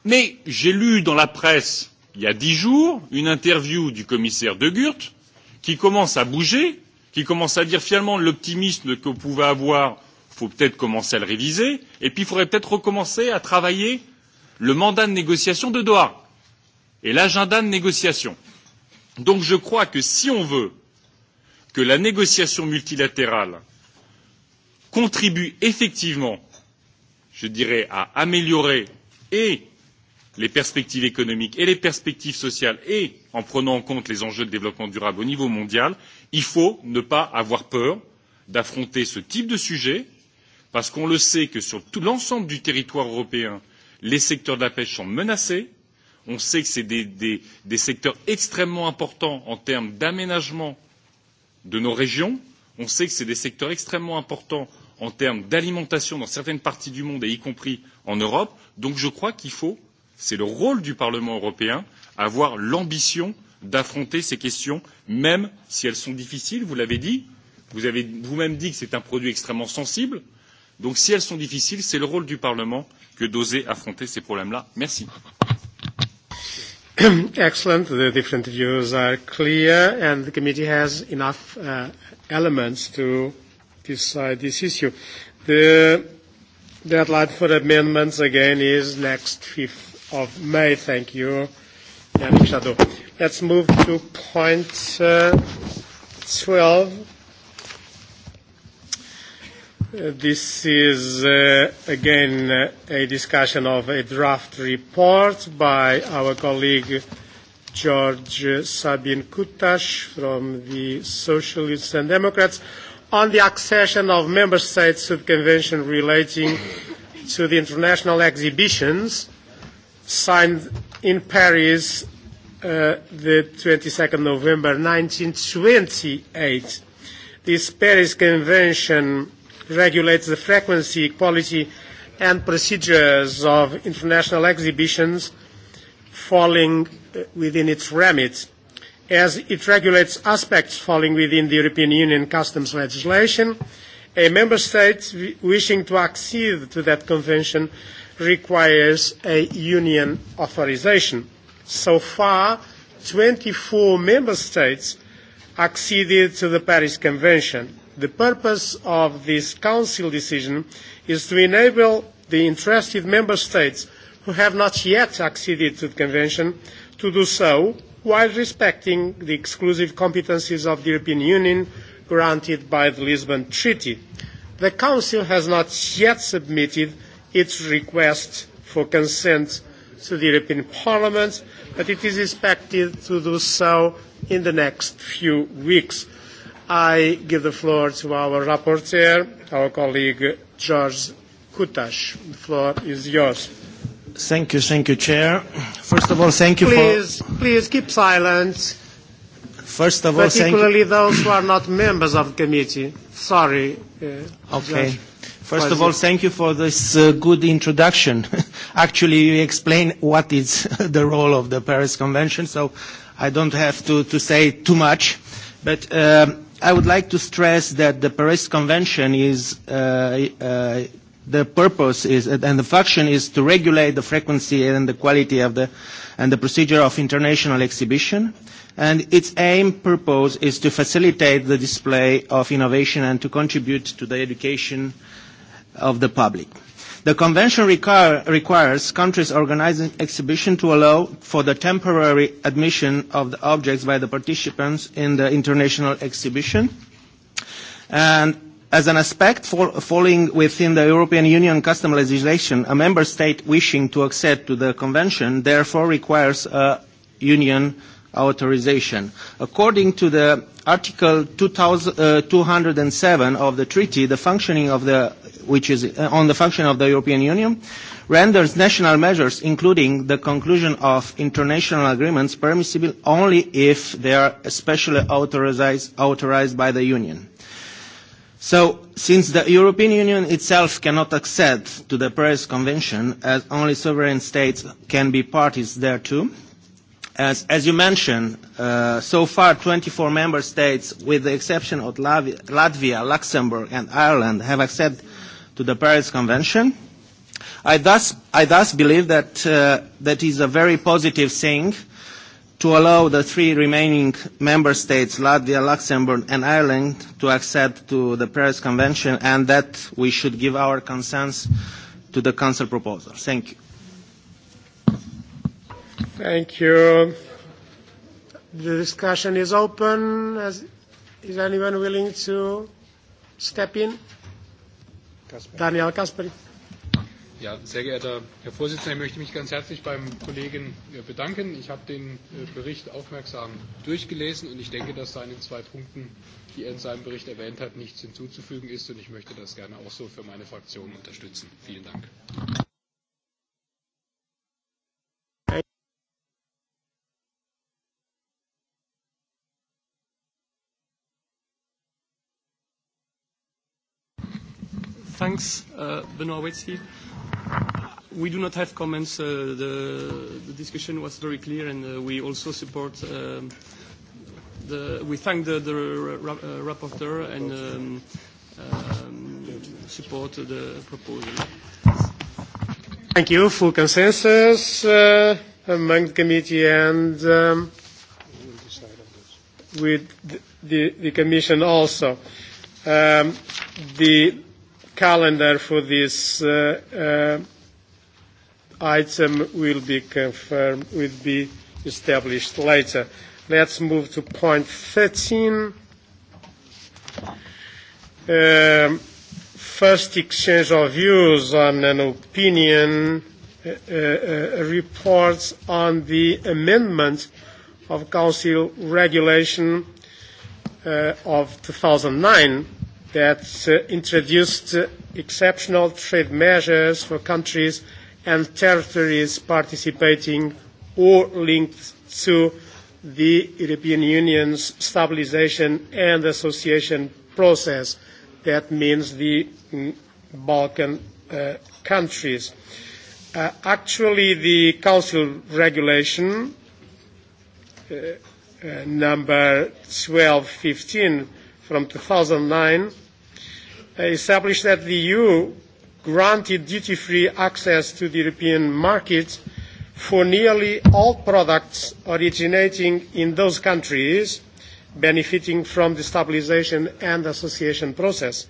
mais j'ai lu dans la presse il y a dix jours une interview du commissaire De Gurt qui commence à bouger, qui commence à dire finalement l'optimisme que pouvait avoir faut peut-être commencer à le réviser, et puis il faudrait peut-être recommencer à travailler le mandat de négociation de Doha et l'agenda de négociation. Donc je crois que si on veut que la négociation multilatérale contribue effectivement, je dirais, à améliorer et les perspectives économiques et les perspectives sociales et en prenant en compte les enjeux de développement durable au niveau mondial, il faut ne pas avoir peur d'affronter ce type de sujet parce qu'on le sait que sur l'ensemble du territoire européen, les secteurs de la pêche sont menacés. On sait que c'est des, des, des secteurs extrêmement importants en termes d'aménagement de nos régions. On sait que c'est des secteurs extrêmement importants en termes d'alimentation dans certaines parties du monde et y compris en Europe. Donc je crois qu'il faut, c'est le rôle du Parlement européen, avoir l'ambition d'affronter ces questions, même si elles sont difficiles, vous l'avez dit. Vous avez vous-même dit que c'est un produit extrêmement sensible. Donc si elles sont difficiles, c'est le rôle du Parlement que d'oser affronter ces problèmes-là. Merci. Excellent. The different views are clear, and the committee has enough uh, elements to decide this issue. The deadline for amendments again is next 5th of May. Thank you, Yannick Jadot. Let's move to point uh, 12 This is, uh, again, a discussion of a draft report by our colleague George Sabin Kutash from the Socialists and Democrats on the accession of member states to the convention relating to the international exhibitions signed in Paris uh, the 22nd November 1928. This Paris Convention regulates the frequency, quality, and procedures of international exhibitions falling uh, within its remit, as it regulates aspects falling within the European Union customs legislation. A member state wishing to accede to that convention requires a union authorization. So far, 24 member states acceded to the Paris Convention the purpose of this Council decision is to enable the interested Member States who have not yet acceded to the Convention to do so while respecting the exclusive competencies of the European Union granted by the Lisbon Treaty. The Council has not yet submitted its request for consent to the European Parliament, but it is expected to do so in the next few weeks. I give the floor to our rapporteur, our colleague George Kutash. The floor is yours. Thank you, thank you, Chair. First of all, thank you please, for... Please keep silence. First of all, Particularly those who are not members of the committee. Sorry. Uh, okay. Judge. First of all, thank you for this uh, good introduction. Actually, you explain what is the role of the Paris Convention, so I don't have to, to say too much. But... Um, I would like to stress that the Paris Convention is uh, uh, the purpose is and the function is to regulate the frequency and the quality of the and the procedure of international exhibition and its aim purpose is to facilitate the display of innovation and to contribute to the education of the public. The convention require, requires countries organizing exhibition to allow for the temporary admission of the objects by the participants in the international exhibition. And as an aspect for falling within the European Union custom legislation, a member state wishing to accede to the convention therefore requires a union authorization. According to the Article 2000, uh, 207 of the treaty, the functioning of the which is uh, on the function of the European Union, renders national measures, including the conclusion of international agreements, permissible only if they are especially authorized, authorized by the Union. So, since the European Union itself cannot accede to the Paris Convention, as only sovereign states can be parties thereto, As, as you mentioned, uh, so far 24 member states, with the exception of Latvia, Latvia, Luxembourg and Ireland, have accepted to the Paris Convention. I thus, I thus believe that uh, that is a very positive thing to allow the three remaining member states, Latvia, Luxembourg and Ireland, to accept to the Paris Convention and that we should give our consent to the Council proposal. Thank you. Thank you. The discussion is open. Is anyone willing to step in? Kasper. Daniel Kasperi. Ja, sehr geehrter Herr Vorsitzender, ich möchte mich ganz herzlich beim Kollegen äh, bedanken. Ich habe den äh, Bericht aufmerksam durchgelesen und ich denke, dass seinen zwei Punkten, die er in seinem Bericht erwähnt hat, nichts hinzuzufügen ist und ich möchte das gerne auch so für meine Fraktion unterstützen. Vielen Dank. Thanks, uh, Benoît Wetzel. We do not have comments. Uh, the, the discussion was very clear, and uh, we also support um, the. We thank the, the ra uh, rapporteur and um, um, support the proposal. Thank you. Full consensus uh, among the committee and um, with the, the commission also. Um, the calendar for this uh, uh, item will be confirmed, will be established later. Let's move to point 13. Um, first exchange of views on an opinion uh, uh, uh, reports on the amendment of Council Regulation uh, of 2009 that uh, introduced uh, exceptional trade measures for countries and territories participating or linked to the European Union's stabilisation and association process. That means the mm, Balkan uh, countries. Uh, actually, the Council regulation uh, uh, number 1215 from 2009 uh, established that the EU granted duty-free access to the European market for nearly all products originating in those countries benefiting from the stabilisation and association process.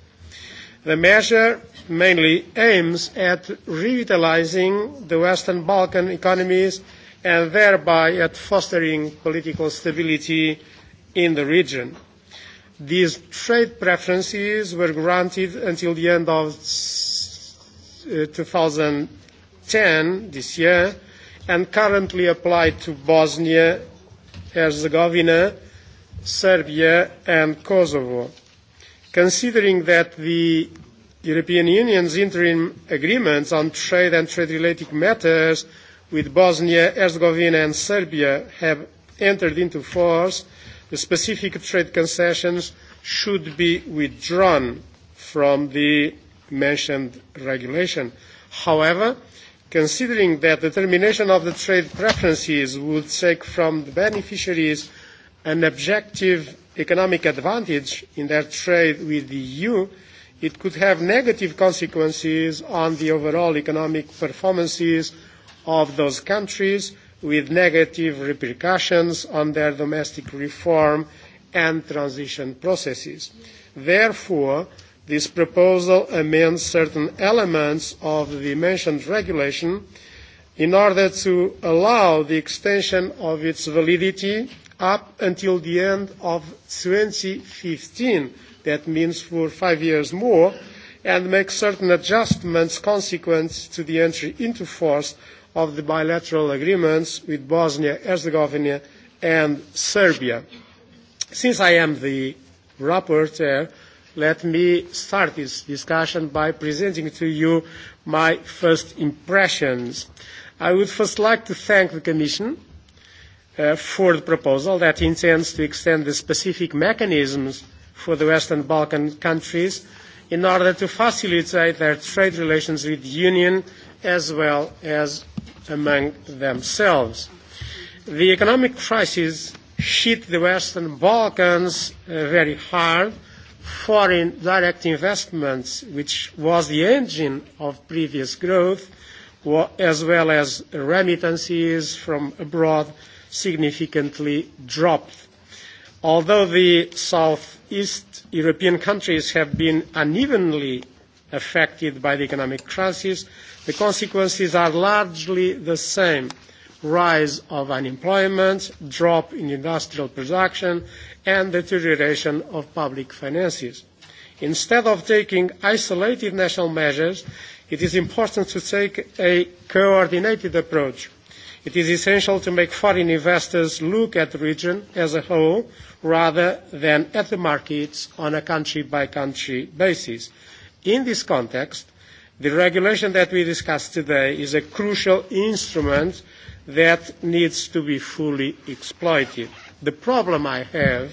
The measure mainly aims at revitalising the Western Balkan economies and thereby at fostering political stability in the region. These trade preferences were granted until the end of 2010, uh, this year, and currently apply to Bosnia, Herzegovina, Serbia and Kosovo. Considering that the European Union's interim agreements on trade and trade-related matters with Bosnia, Herzegovina and Serbia have entered into force, the specific trade concessions should be withdrawn from the mentioned regulation. However, considering that the termination of the trade preferences would take from the beneficiaries an objective economic advantage in their trade with the EU, it could have negative consequences on the overall economic performances of those countries with negative repercussions on their domestic reform and transition processes. Therefore, this proposal amends certain elements of the mentioned regulation in order to allow the extension of its validity up until the end of 2015, that means for five years more, and make certain adjustments consequent to the entry into force of the bilateral agreements with Bosnia-Herzegovina and Serbia. Since I am the rapporteur, let me start this discussion by presenting to you my first impressions. I would first like to thank the Commission uh, for the proposal that intends to extend the specific mechanisms for the Western Balkan countries in order to facilitate their trade relations with the Union as well as among themselves. The economic crisis hit the Western Balkans uh, very hard. Foreign direct investments, which was the engine of previous growth, as well as remittances from abroad, significantly dropped. Although the Southeast European countries have been unevenly affected by the economic crisis, The consequences are largely the same rise of unemployment, drop in industrial production, and deterioration of public finances. Instead of taking isolated national measures, it is important to take a coordinated approach. It is essential to make foreign investors look at the region as a whole rather than at the markets on a country-by-country -country basis. In this context, The regulation that we discuss today is a crucial instrument that needs to be fully exploited. The problem I have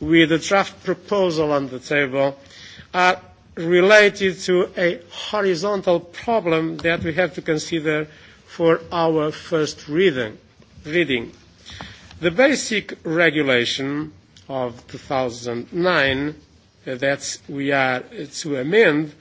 with the draft proposal on the table are related to a horizontal problem that we have to consider for our first reading. reading. The basic regulation of 2009 uh, that we are to amend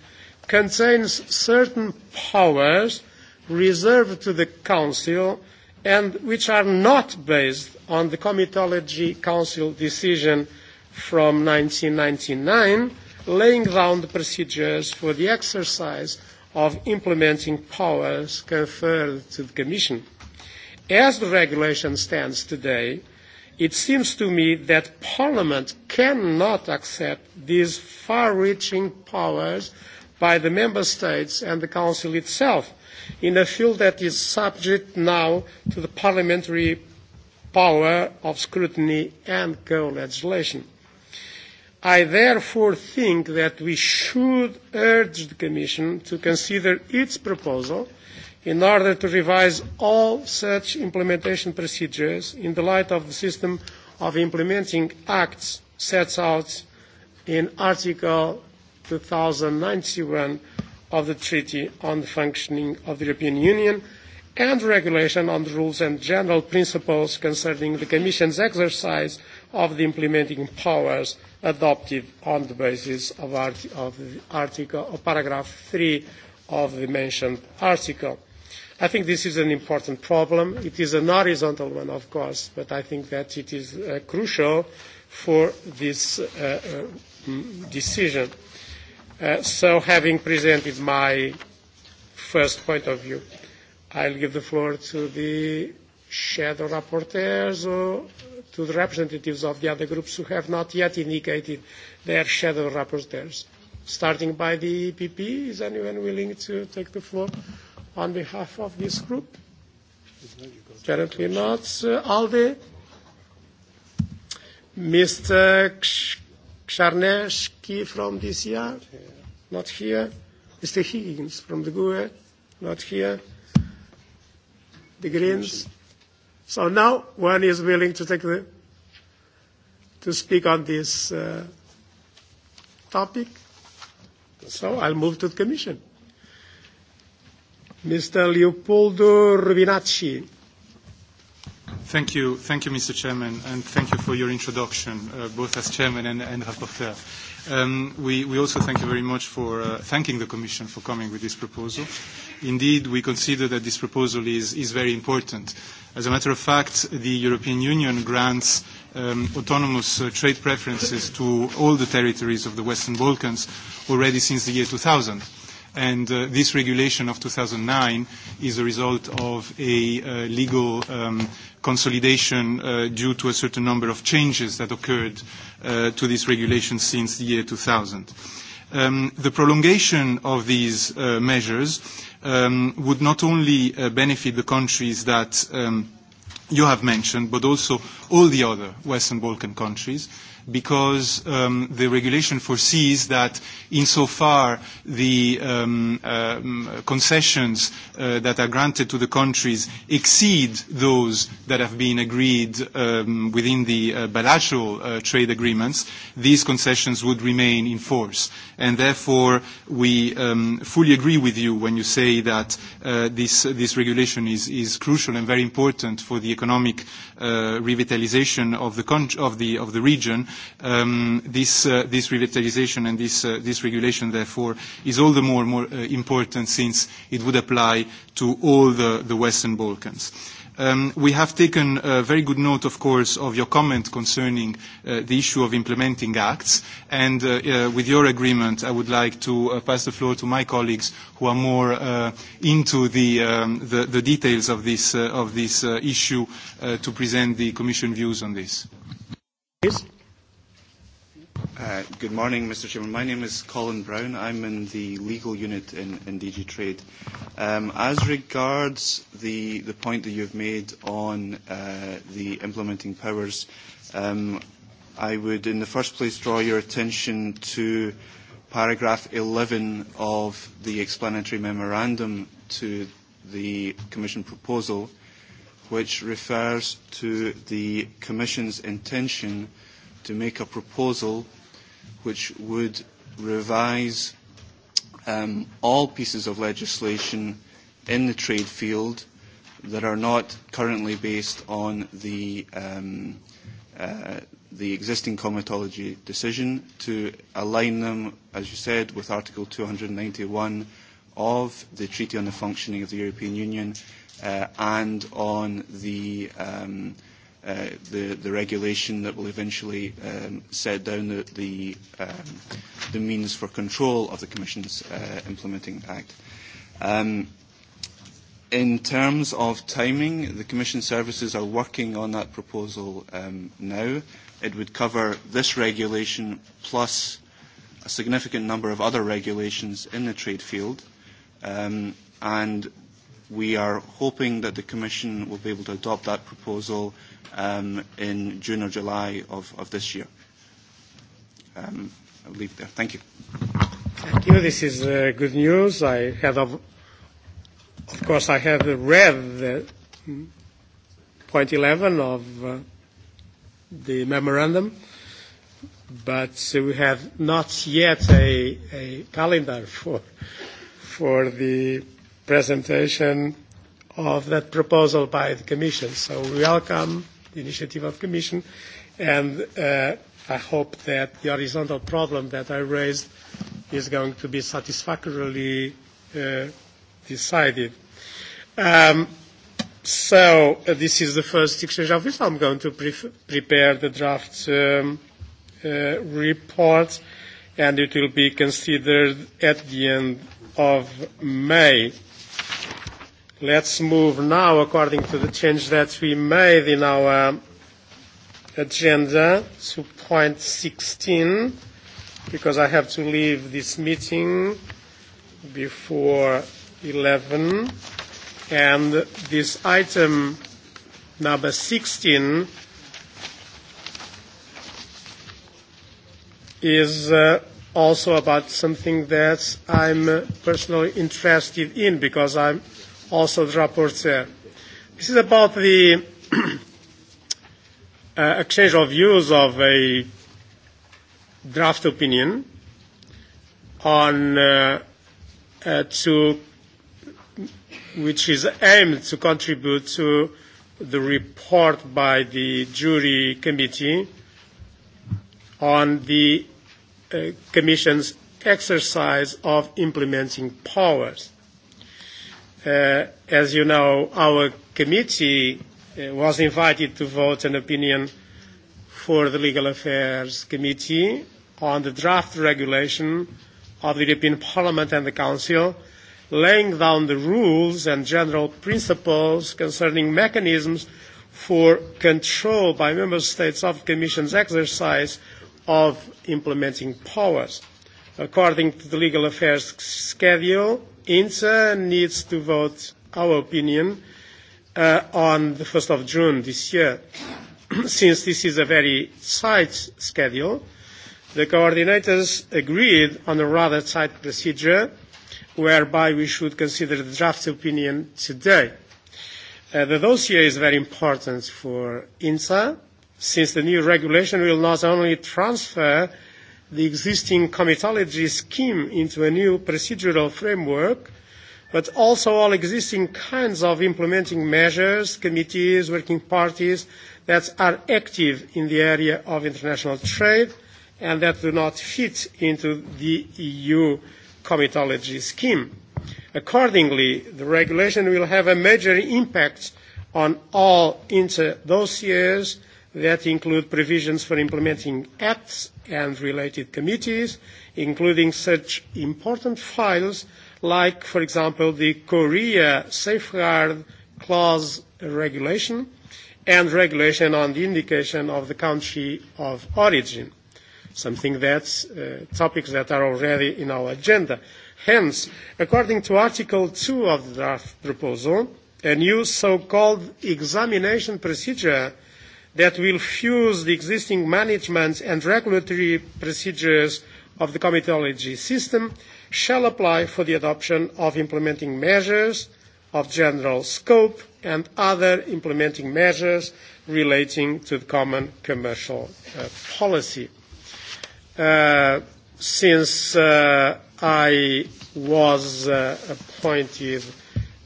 contains certain powers reserved to the Council and which are not based on the Comitology Council decision from 1999, laying down the procedures for the exercise of implementing powers conferred to the Commission. As the regulation stands today, it seems to me that Parliament cannot accept these far-reaching powers by the Member States and the Council itself in a field that is subject now to the parliamentary power of scrutiny and co-legislation. I therefore think that we should urge the Commission to consider its proposal in order to revise all such implementation procedures in the light of the system of implementing acts set out in Article 2091 of the Treaty on the Functioning of the European Union and regulation on the rules and general principles concerning the Commission's exercise of the implementing powers adopted on the basis of, art of, article, paragraph 3 of the mentioned article. I think this is an important problem. It is an horizontal one, of course, but I think that it is uh, crucial for this uh, uh, decision. Uh, so having presented my first point of view, I'll give the floor to the shadow rapporteurs or to the representatives of the other groups who have not yet indicated their shadow rapporteurs. Starting by the EPP, is anyone willing to take the floor on behalf of this group? Apparently not. Uh, ALDE? Mr. Czarnecki from DCR, Not here. Mr. Higgins from the GUE? Not here. The Greens? So now one is willing to take the, to speak on this uh, topic. So I'll move to the Commission. Mr. Leopoldo Rubinacci. Thank you. Thank you, Mr. Chairman, and thank you for your introduction, uh, both as Chairman and, and Rapporteur. Um, we, we also thank you very much for uh, thanking the Commission for coming with this proposal. Indeed, we consider that this proposal is, is very important. As a matter of fact, the European Union grants um, autonomous uh, trade preferences to all the territories of the Western Balkans already since the year 2000 and uh, this regulation of 2009 is a result of a uh, legal um, consolidation uh, due to a certain number of changes that occurred uh, to this regulation since the year 2000. Um, the prolongation of these uh, measures um, would not only uh, benefit the countries that um, you have mentioned, but also all the other Western Balkan countries because um, the regulation foresees that insofar the um, uh, concessions uh, that are granted to the countries exceed those that have been agreed um, within the uh, bilateral uh, trade agreements, these concessions would remain in force. And therefore, we um, fully agree with you when you say that uh, this, this regulation is, is crucial and very important for the economic uh, revitalization of the, of the, of the region Um, this, uh, this revitalization and this, uh, this regulation, therefore, is all the more, more uh, important since it would apply to all the, the Western Balkans. Um, we have taken uh, very good note, of course, of your comment concerning uh, the issue of implementing acts. And uh, uh with your agreement, I would like to uh, pass the floor to my colleagues who are more uh, into the, um, the, the, details of this, of this issue to present the Commission views on this. Please. Uh, good morning, Mr. Chairman. My name is Colin Brown. I'm in the legal unit in, in DG Trade. Um, as regards the, the point that you've made on uh, the implementing powers, um, I would in the first place draw your attention to paragraph 11 of the explanatory memorandum to the Commission proposal, which refers to the Commission's intention to make a proposal which would revise um, all pieces of legislation in the trade field that are not currently based on the, um, uh, the existing comitology decision to align them, as you said, with Article 291 of the Treaty on the Functioning of the European Union uh, and on the um, uh, Uh, the, the regulation that will eventually um, set down the, the, um, the means for control of the Commission's uh, implementing act. Um, in terms of timing, the Commission services are working on that proposal um, now. It would cover this regulation plus a significant number of other regulations in the trade field. Um, and we are hoping that the Commission will be able to adopt that proposal um, in June or July of, of this year. Um, I'll leave it there. Thank you. Thank you. This is uh, good news. I have, of, of course, I have read the point 11 of uh, the memorandum, but we have not yet a, a calendar for, for the presentation of that proposal by the Commission. So we welcome initiative of Commission, and uh, I hope that the horizontal problem that I raised is going to be satisfactorily uh, decided. Um, so uh, this is the first exchange of this. I'm going to pre- prepare the draft um, uh, report, and it will be considered at the end of May. Let's move now, according to the change that we made in our agenda, to point 16, because I have to leave this meeting before 11. And this item number 16 is uh, also about something that I'm personally interested in because I'm also the rapporteur. This is about the uh, exchange of views of a draft opinion on uh, uh, to which is aimed to contribute to the report by the jury committee on the uh, commission's exercise of implementing powers. Uh, as you know, our committee uh, was invited to vote an opinion for the Legal Affairs Committee on the draft regulation of the European Parliament and the Council laying down the rules and general principles concerning mechanisms for control by member states of the Commission's exercise of implementing powers. According to the Legal Affairs Schedule, INSA needs to vote our opinion uh, on the 1st of June this year. Since this is a very tight schedule, the coordinators agreed on a rather tight procedure whereby we should consider the draft opinion today. Uh, the dossier is very important for INSA since the new regulation will not only transfer the existing comitology scheme into a new procedural framework, but also all existing kinds of implementing measures, committees, working parties that are active in the area of international trade and that do not fit into the EU comitology scheme. Accordingly, the regulation will have a major impact on all inter dossiers that include provisions for implementing acts and related committees, including such important files like, for example, the Korea Safeguard Clause Regulation and regulation on the indication of the country of origin, something that's uh, topics that are already in our agenda. Hence, according to Article 2 of the draft proposal, a new so-called examination procedure – that will fuse the existing management and regulatory procedures of the comitology system shall apply for the adoption of implementing measures of general scope and other implementing measures relating to the common commercial uh, policy. Uh, since uh, I was uh, appointed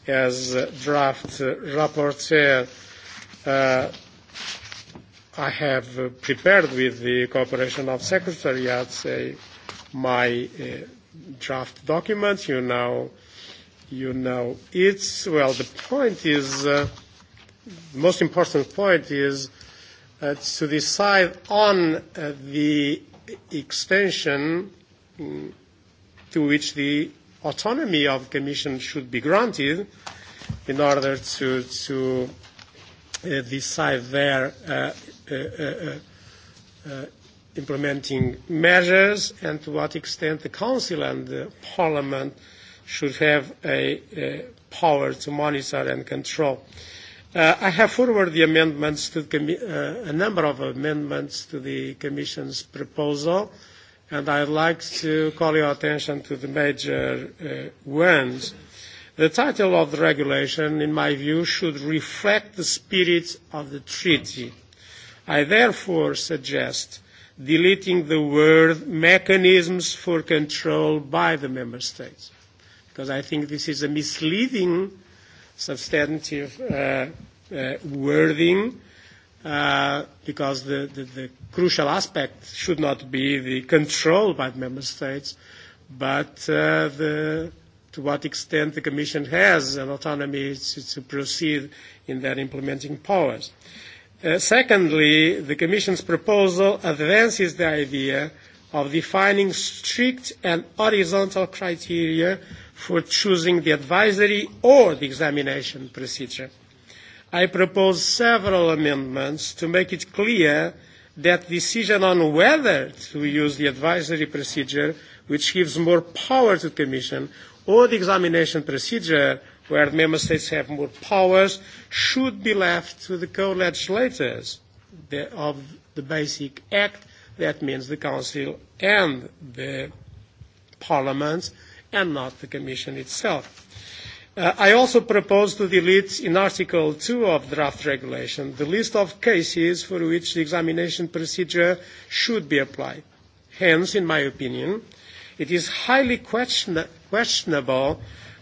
as draft uh, rapporteur uh, I have uh, prepared with the cooperation of secretariats uh, my uh, draft document. You know, you know, it's well. The point is, uh, the most important point is uh, to decide on uh, the extension mm, to which the autonomy of the Commission should be granted in order to, to uh, decide there. uh, Uh, uh, uh, implementing measures and to what extent the Council and the Parliament should have a, a power to monitor and control. Uh, I have forwarded the amendments to the, uh, a number of amendments to the Commission's proposal, and I'd like to call your attention to the major uh, ones. The title of the regulation, in my view, should reflect the spirit of the treaty I therefore suggest deleting the word mechanisms for control by the member states, because I think this is a misleading substantive uh, uh, wording, uh, because the, the, the crucial aspect should not be the control by the member states, but uh, the, to what extent the Commission has an autonomy to, to proceed in their implementing powers. Uh, secondly, the Commission's proposal advances the idea of defining strict and horizontal criteria for choosing the advisory or the examination procedure. I propose several amendments to make it clear that decision on whether to use the advisory procedure, which gives more power to the Commission, or the examination procedure, where the member states have more powers, should be left to the co-legislators of the Basic Act. That means the Council and the Parliament, and not the Commission itself. Uh, I also propose to delete in Article 2 of draft regulation the list of cases for which the examination procedure should be applied. Hence, in my opinion, it is highly question questionable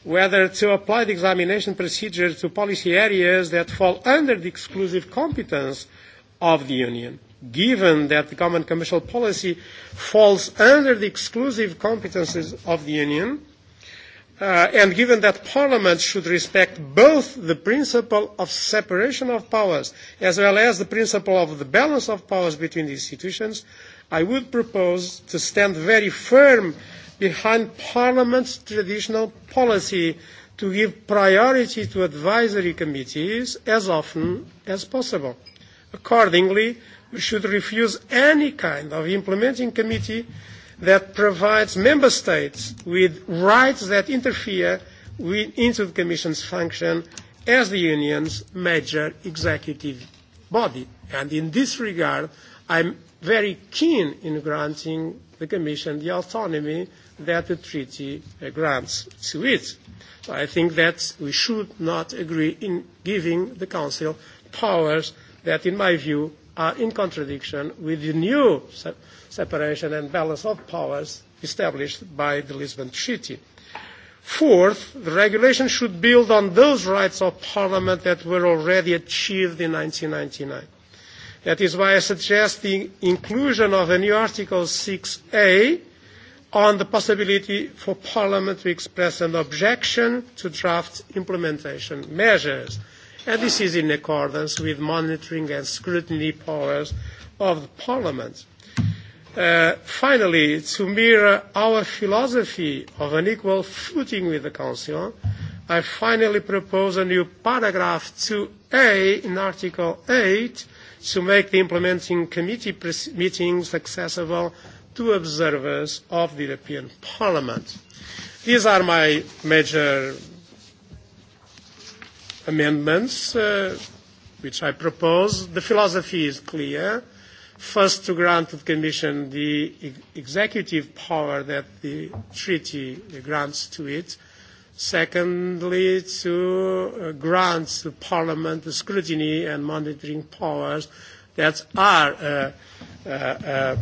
whether to apply the examination procedure to policy areas that fall under the exclusive competence of the Union, given that the common commercial policy falls under the exclusive competences of the Union, uh, and given that Parliament should respect both the principle of separation of powers as well as the principle of the balance of powers between the institutions, I would propose to stand very firm behind Parliament's traditional policy to give priority to advisory committees as often as possible. Accordingly, we should refuse any kind of implementing committee that provides member states with rights that interfere with, into the Commission's function as the Union's major executive body. And in this regard, I'm very keen in granting the Commission the autonomy that the treaty uh, grants to it. I think that we should not agree in giving the Council powers that, in my view, are in contradiction with the new separation and balance of powers established by the Lisbon Treaty. Fourth, the regulation should build on those rights of Parliament that were already achieved in 1999. That is why I suggest the inclusion of a new Article 6A on the possibility for Parliament to express an objection to draft implementation measures. And this is in accordance with monitoring and scrutiny powers of the Parliament. Uh, finally, to mirror our philosophy of an equal footing with the Council, I finally propose a new paragraph 2A in Article 8 to make the implementing committee meetings accessible two observers of the European Parliament. These are my major amendments uh, which I propose. The philosophy is clear. First, to grant to the Commission the executive power that the treaty grants to it. Secondly, to uh, grant the Parliament the scrutiny and monitoring powers that are uh, uh, uh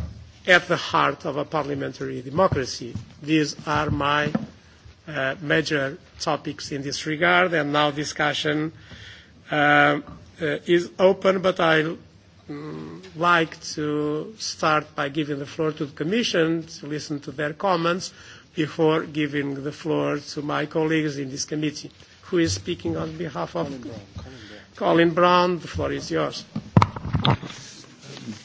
at the heart of a parliamentary democracy. These are my uh, major topics in this regard, and now discussion uh, uh is open, but I would mm, like to start by giving the floor to the Commission to listen to their comments before giving the floor to my colleagues in this committee. Who is speaking on behalf of Colin Brown? Colin Brown, Colin Brown the floor is yours.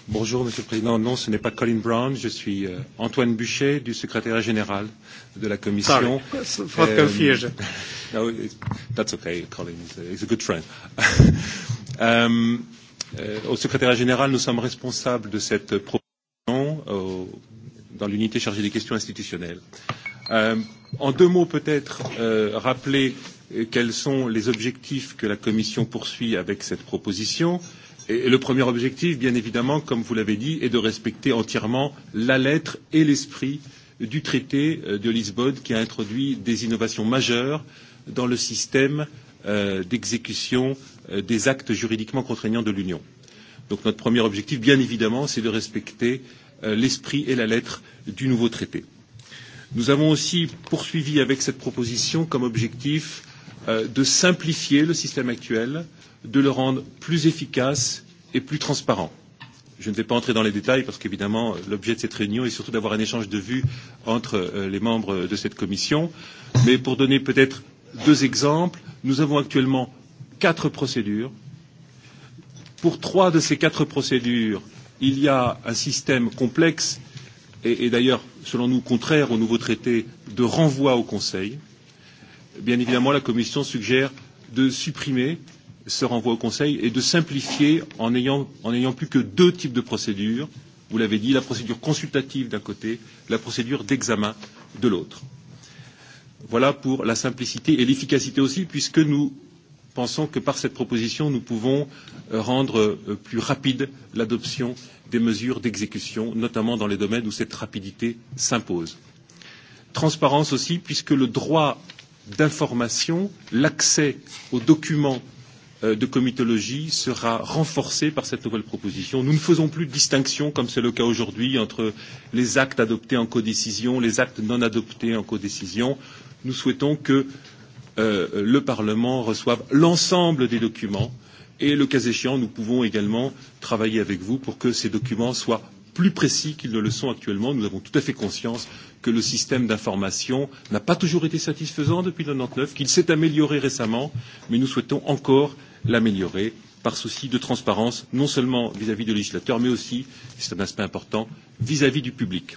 Bonjour, Monsieur le Président. Non, ce n'est pas Colin Brown. Je suis euh, Antoine Buchet, du secrétaire général de la Commission. Sorry for um, confusion. No, it, that's okay, Colin. He's a he's a good friend. um, euh, au secrétaire général, nous sommes responsables de cette proposition au, dans l'unité chargée des questions institutionnelles. Euh, en deux mots, peut-être euh, rappeler euh, quels sont les objectifs que la Commission poursuit avec cette proposition. Euh, Et le premier objectif, bien évidemment, comme vous l'avez dit, est de respecter entièrement la lettre et l'esprit du traité euh, de Lisbonne qui a introduit des innovations majeures dans le système euh, d'exécution euh, des actes juridiquement contraignants de l'Union. Donc notre premier objectif, bien évidemment, c'est de respecter euh, l'esprit et la lettre du nouveau traité. Nous avons aussi poursuivi avec cette proposition comme objectif euh, de simplifier le système actuel euh, de le rendre plus efficace et plus transparent. Je ne vais pas entrer dans les détails parce qu'évidemment, l'objet de cette réunion est surtout d'avoir un échange de vues entre euh, les membres de cette commission. Mais pour donner peut-être deux exemples, nous avons actuellement quatre procédures. Pour trois de ces quatre procédures, il y a un système complexe et, et d'ailleurs, selon nous, contraire au nouveau traité de renvoi au Conseil. Bien évidemment, la Commission suggère de supprimer euh, ce renvoi au Conseil est de simplifier en ayant, en ayant plus que deux types de procédures. Vous l'avez dit, la procédure consultative d'un côté, la procédure d'examen de l'autre. Voilà pour la simplicité et l'efficacité aussi, puisque nous pensons que par cette proposition, nous pouvons euh, rendre euh, plus rapide l'adoption des mesures d'exécution, notamment dans les domaines où cette rapidité s'impose. Transparence aussi, puisque le droit d'information, l'accès aux documents Euh, de comitologie sera renforcée par cette nouvelle proposition. Nous ne faisons plus de distinction, comme c'est le cas aujourd'hui, entre les actes adoptés en codécision, les actes non adoptés en codécision. Nous souhaitons que euh, le Parlement reçoive l'ensemble des documents et, le cas échéant, nous pouvons également travailler avec vous pour que ces documents soient plus précis qu'ils ne le sont actuellement. Nous avons tout à fait conscience que le système d'information n'a pas toujours été satisfaisant depuis 1999, qu'il s'est amélioré récemment, mais nous souhaitons encore l'améliorer par souci de transparence, non seulement vis-à-vis du législateur, mais aussi, c'est un aspect important, vis-à-vis -vis du public.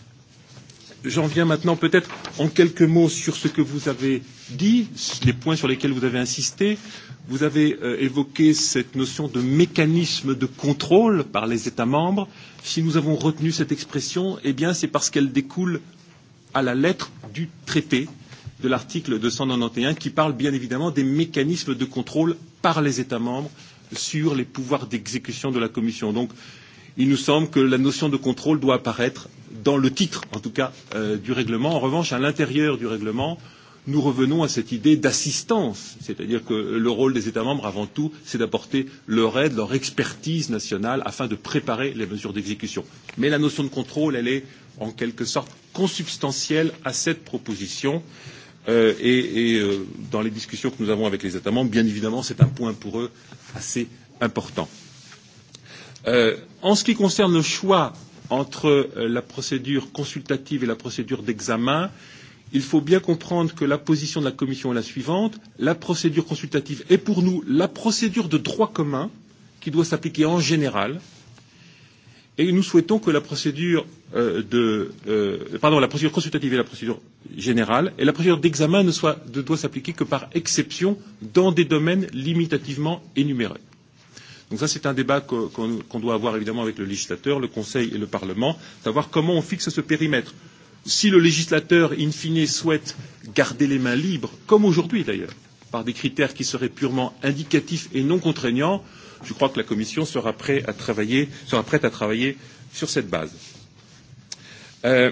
J'en viens maintenant peut-être en quelques mots sur ce que vous avez dit, les points sur lesquels vous avez insisté. Vous avez euh, évoqué cette notion de mécanisme de contrôle par les États membres. Si nous avons retenu cette expression, eh bien c'est parce qu'elle découle à la lettre du traité euh, de l'article 291 qui parle bien évidemment des mécanismes de contrôle par les États membres sur les pouvoirs d'exécution de la Commission. Donc, il nous semble que la notion de contrôle doit apparaître dans le titre, en tout cas, euh, du règlement. En revanche, à l'intérieur du règlement, nous revenons à cette idée d'assistance, c'est-à-dire que le rôle des États membres, avant tout, c'est d'apporter leur aide, leur expertise nationale afin de préparer les mesures d'exécution. Mais la notion de contrôle, elle est en quelque sorte consubstantielle à cette proposition. Euh, euh, et, et euh, dans les discussions que nous avons avec les États membres, bien évidemment, c'est un point pour eux assez important. Euh, en ce qui concerne le choix entre euh, la procédure consultative et la procédure d'examen, il faut bien comprendre que la position de la Commission est la suivante la procédure consultative est pour nous la procédure de droit commun qui doit s'appliquer en général euh, et nous souhaitons que la procédure euh, de euh, pardon la procédure consultative et la procédure générale et la procédure d'examen ne soient ne doit s'appliquer que par exception dans des domaines limitativement énumérés. Donc ça c'est un débat qu'on qu qu doit avoir évidemment avec le législateur, le Conseil et le Parlement, savoir comment on fixe ce périmètre. Si le législateur, in fine, souhaite garder les mains libres, comme aujourd'hui d'ailleurs, par des critères qui seraient purement indicatifs et non contraignants, euh, je crois que la Commission sera, prête à travailler, sera prête à travailler sur cette base. Euh,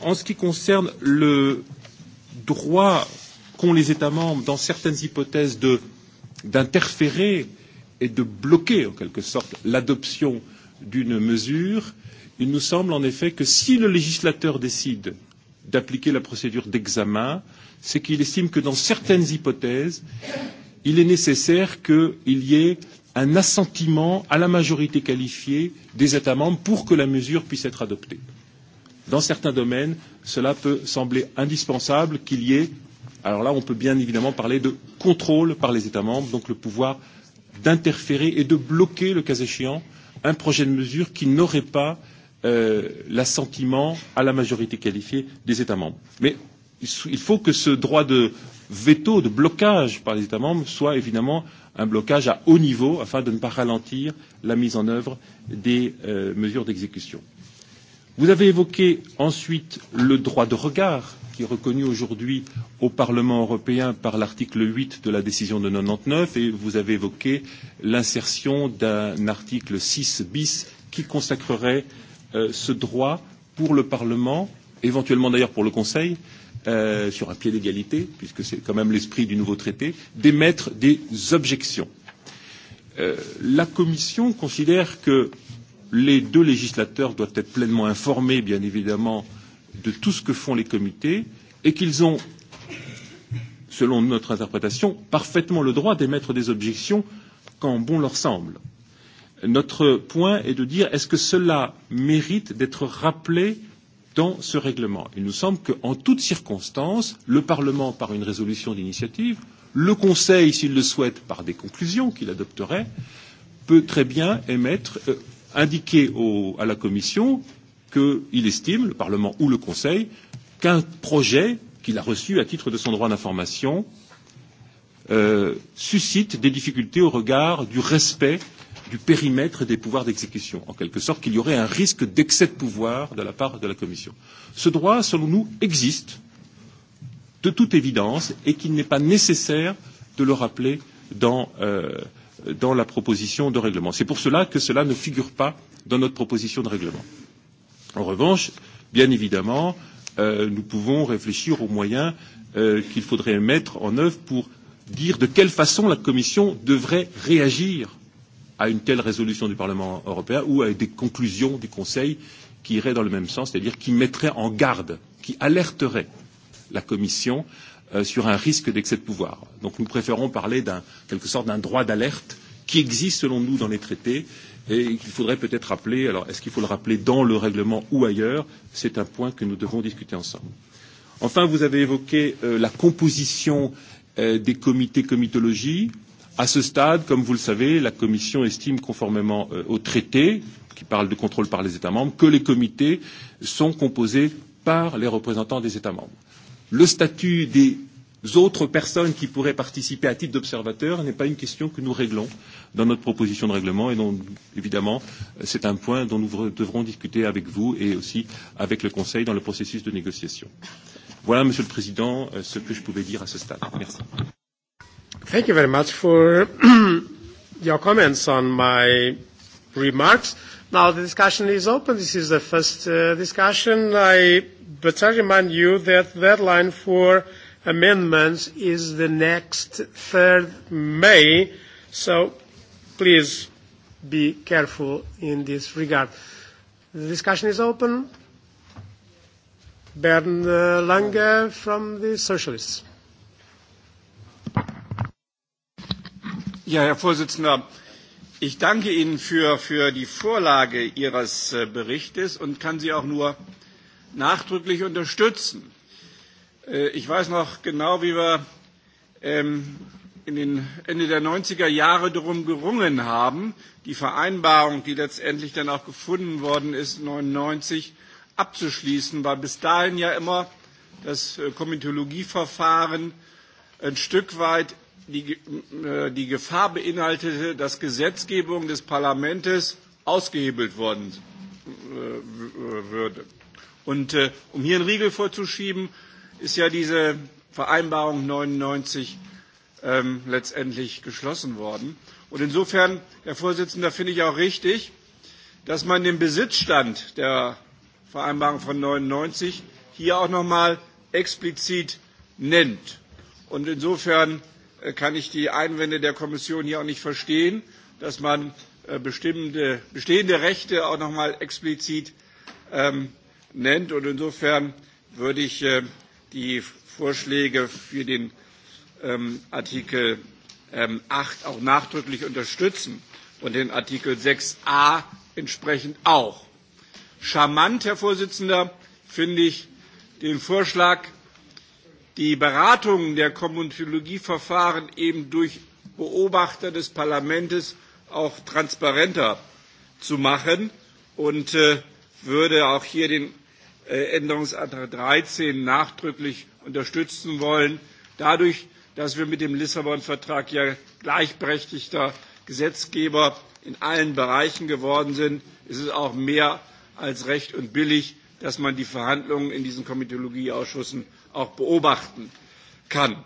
en ce qui concerne le droit qu'ont les États membres, dans certaines hypothèses, d'interférer et de bloquer, en quelque sorte, l'adoption d'une mesure, il nous semble en effet que si le législateur décide d'appliquer la procédure d'examen, c'est qu'il estime que dans certaines hypothèses, il est nécessaire qu'il y ait un assentiment à la majorité qualifiée des États membres pour que la mesure puisse être adoptée. Dans certains domaines, cela peut sembler indispensable qu'il y ait alors là, on peut bien évidemment parler de contrôle par les États membres, donc le pouvoir d'interférer et de bloquer, le cas échéant, un projet de mesure qui n'aurait pas euh, l'assentiment à la majorité qualifiée des États membres. Mais il faut que ce droit de veto, de blocage par les États membres soit évidemment un blocage à haut niveau afin de ne pas ralentir la mise en œuvre des euh, mesures d'exécution. Vous avez évoqué ensuite le droit de regard qui est reconnu aujourd'hui au Parlement européen par l'article 8 de la décision de 99 et vous avez évoqué l'insertion d'un article 6 bis qui consacrerait euh, ce droit pour le Parlement, éventuellement d'ailleurs pour le Conseil, euh, Euh, sur un pied d'égalité, puisque c'est quand même l'esprit du nouveau traité, d'émettre des objections. Euh, la Commission considère que les deux législateurs doivent être pleinement informés, bien évidemment, de tout ce que font les comités et qu'ils ont, selon notre interprétation, parfaitement le droit d'émettre des objections quand bon leur semble. Notre point est de dire est-ce que cela mérite d'être rappelé euh, dans ce règlement. Il nous semble qu'en toutes circonstances, le Parlement, par une résolution d'initiative, le Conseil, s'il le souhaite, par des conclusions qu'il adopterait, peut très bien émettre, euh, indiquer au, à la Commission qu'il estime, le Parlement ou le Conseil, qu'un projet qu'il a reçu à titre de son droit d'information euh, suscite des difficultés au regard du respect euh, du périmètre des pouvoirs d'exécution, en quelque sorte qu'il y aurait un risque d'excès de pouvoir de la part de la Commission. Ce droit, selon nous, existe de toute évidence et qu'il n'est pas nécessaire de le rappeler dans, euh, dans la proposition de règlement. C'est pour cela que cela ne figure pas dans notre proposition de règlement. En revanche, bien évidemment, euh, nous pouvons réfléchir aux moyens euh, qu'il faudrait mettre en œuvre pour dire de quelle façon la Commission devrait réagir euh, à une telle résolution du Parlement européen ou à des conclusions du Conseil qui iraient dans le même sens, c'est-à-dire qui mettraient en garde, qui alerteraient la Commission euh, sur un risque d'excès de pouvoir. Donc nous préférons parler d'un quelque sorte d'un droit d'alerte qui existe selon nous dans les traités et qu'il faudrait peut-être rappeler. Alors est-ce qu'il faut le rappeler dans le règlement ou ailleurs C'est un point que nous devons discuter ensemble. Enfin, vous avez évoqué euh, la composition euh, des comités comitologie. À ce stade, comme vous le savez, la Commission estime, conformément euh, au traité qui parle de contrôle par les États membres, que les comités sont composés par les représentants des États membres. Le statut des autres personnes qui pourraient participer à titre d'observateur n'est pas une question que nous réglons dans notre proposition de règlement et donc évidemment c'est un point dont nous devrons discuter avec vous et aussi avec le Conseil dans le processus de négociation. Voilà, Monsieur le Président, euh, ce que je pouvais dire à ce stade. Merci. Thank you very much for your comments on my remarks. Now, the discussion is open. This is the first uh, discussion. I better remind you that the deadline for amendments is the next 3rd May, so please be careful in this regard. The discussion is open. Bernd uh, Lange from the Socialists. Herr Vorsitzender, ich danke Ihnen für, für die Vorlage Ihres äh, Berichtes und kann Sie auch nur nachdrücklich unterstützen. Äh, ich weiß noch genau, wie wir ähm, in den Ende der 90er Jahre darum gerungen haben, die Vereinbarung, die letztendlich dann auch gefunden worden ist, 99 abzuschließen, weil bis dahin ja immer das äh, Komitologieverfahren ein Stück weit die, äh, die Gefahr beinhaltete, dass Gesetzgebung des Parlaments ausgehebelt worden äh, würde. Und äh, um hier einen Riegel vorzuschieben, ist ja diese Vereinbarung 99 ähm, letztendlich geschlossen worden. Und insofern, Herr Vorsitzender, finde ich auch richtig, dass man den Besitzstand der Vereinbarung von 99 hier auch nochmal explizit nennt. Und insofern Äh, kann ich die Einwände der Kommission hier auch nicht verstehen, dass man äh, bestimmte, bestehende Rechte auch noch mal explizit ähm, nennt. Und insofern würde ich äh, die Vorschläge für den ähm, Artikel ähm, 8 auch nachdrücklich unterstützen und den Artikel 6a entsprechend auch. Charmant, Herr Vorsitzender, finde ich den Vorschlag die Beratungen der Kommentologieverfahren eben durch Beobachter des Parlaments auch transparenter zu machen und äh, würde auch hier den äh, Änderungsantrag 13 nachdrücklich unterstützen wollen, dadurch, dass wir mit dem Lissabon-Vertrag ja gleichberechtigter Gesetzgeber in allen Bereichen geworden sind, ist es auch mehr als recht und billig, dass man die Verhandlungen in diesen Komitologieausschüssen auch beobachten kann.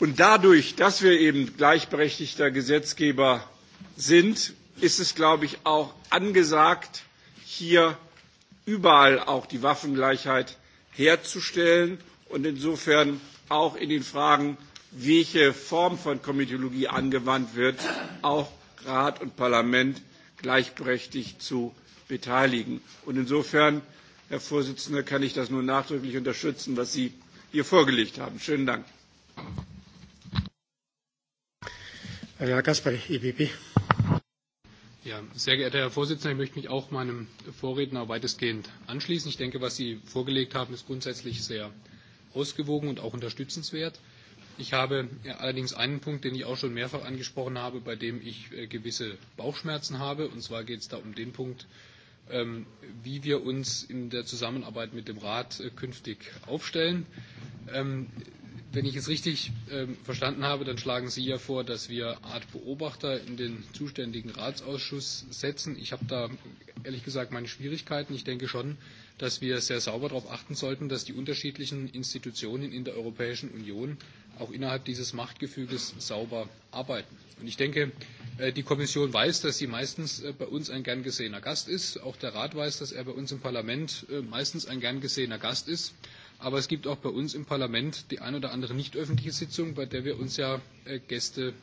Und dadurch, dass wir eben gleichberechtigter Gesetzgeber sind, ist es, glaube ich, auch angesagt, hier überall auch die Waffengleichheit herzustellen und insofern auch in den Fragen, welche Form von Komitologie angewandt wird, auch Rat und Parlament gleichberechtigt zu beteiligen. Und insofern Herr Vorsitzender, kann ich das nur nachdrücklich unterstützen, was Sie hier vorgelegt haben. Schönen Dank. Herr Kaspari, IBB. Ja, sehr geehrter Herr Vorsitzender, ich möchte mich auch meinem Vorredner weitestgehend anschließen. Ich denke, was Sie vorgelegt haben, ist grundsätzlich sehr ausgewogen und auch unterstützenswert. Ich habe allerdings einen Punkt, den ich auch schon mehrfach angesprochen habe, bei dem ich äh, gewisse Bauchschmerzen habe. Und zwar geht es da um den Punkt, Ähm, wie wir uns in der Zusammenarbeit mit dem Rat äh, künftig aufstellen. Ähm, wenn ich es richtig ähm, verstanden habe, dann schlagen Sie ja vor, dass wir Art Beobachter in den zuständigen Ratsausschuss setzen. Ich habe da ehrlich gesagt meine Schwierigkeiten. Ich denke schon, dass wir sehr sauber darauf achten sollten, dass die unterschiedlichen Institutionen in der Europäischen Union auch innerhalb dieses Machtgefüges sauber arbeiten. Und ich denke, äh, die Kommission weiß, dass sie meistens äh, bei uns ein gern gesehener Gast ist. Auch der Rat weiß, dass er bei uns im Parlament äh, meistens ein gern gesehener Gast ist. Aber es gibt auch bei uns im Parlament die ein oder andere nicht öffentliche Sitzung, bei der wir uns ja Gäste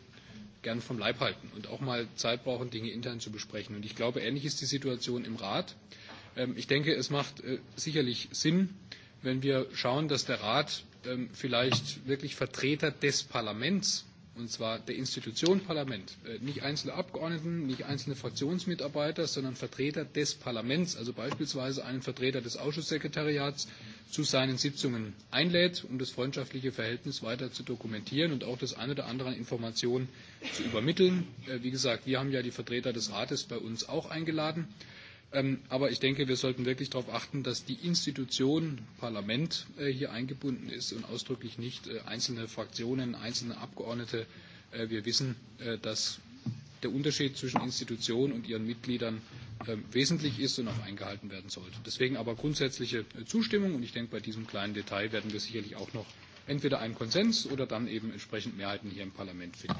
gern vom Leib halten und auch mal Zeit brauchen, Dinge intern zu besprechen. Und ich glaube, ähnlich ist die Situation im Rat. Ähm, ich denke, es macht sicherlich Sinn, wenn wir schauen, dass der Rat Ähm, vielleicht wirklich Vertreter des Parlaments, und zwar der Institution Parlament, äh, nicht einzelne Abgeordneten, nicht einzelne Fraktionsmitarbeiter, sondern Vertreter des Parlaments, also beispielsweise einen Vertreter des Ausschusssekretariats, zu seinen Sitzungen einlädt, um das freundschaftliche Verhältnis weiter zu dokumentieren und auch das eine oder andere an Informationen zu übermitteln. Äh, wie gesagt, wir haben ja die Vertreter des Rates bei uns auch eingeladen. Ähm, aber ich denke, wir sollten wirklich darauf achten, dass die Institution Parlament äh, hier eingebunden ist und ausdrücklich nicht äh, einzelne Fraktionen, einzelne Abgeordnete. Äh, wir wissen, dass der Unterschied zwischen Institution und ihren Mitgliedern ähm, wesentlich ist und auch eingehalten werden sollte. Deswegen aber grundsätzliche Zustimmung. Und ich denke, bei diesem kleinen Detail werden wir sicherlich auch noch entweder einen Konsens oder dann eben entsprechend Mehrheiten hier im Parlament finden.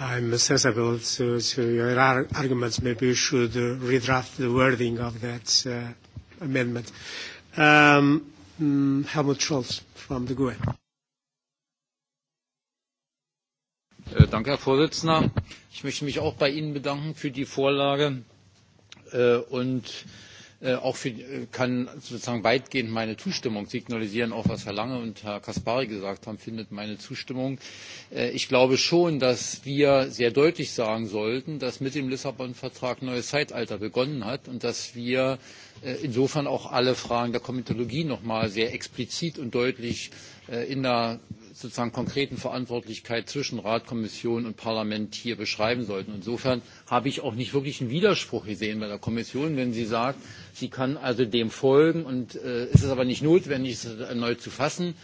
I'm sensible to, to your arguments. Maybe you should uh, redraft the wording of that uh, amendment. Um, um, Helmut Scholz from the GUE. Äh, danke, Herr Vorsitzender. Ich möchte mich auch bei Ihnen bedanken für die Vorlage äh, und Äh, auch für, äh, kann sozusagen weitgehend meine Zustimmung signalisieren, auch was Herr Lange und Herr Kaspari gesagt haben, findet meine Zustimmung. Äh, ich glaube schon, dass wir sehr deutlich sagen sollten, dass mit dem Lissabon-Vertrag ein neues Zeitalter begonnen hat und dass wir insofern auch alle Fragen der Komitologie noch mal sehr explizit und deutlich in der sozusagen konkreten Verantwortlichkeit zwischen Rat, Kommission und Parlament hier beschreiben sollten. Insofern habe ich auch nicht wirklich einen Widerspruch gesehen bei der Kommission, wenn sie sagt, sie kann also dem folgen und äh, es ist aber nicht notwendig, es erneut zu fassen.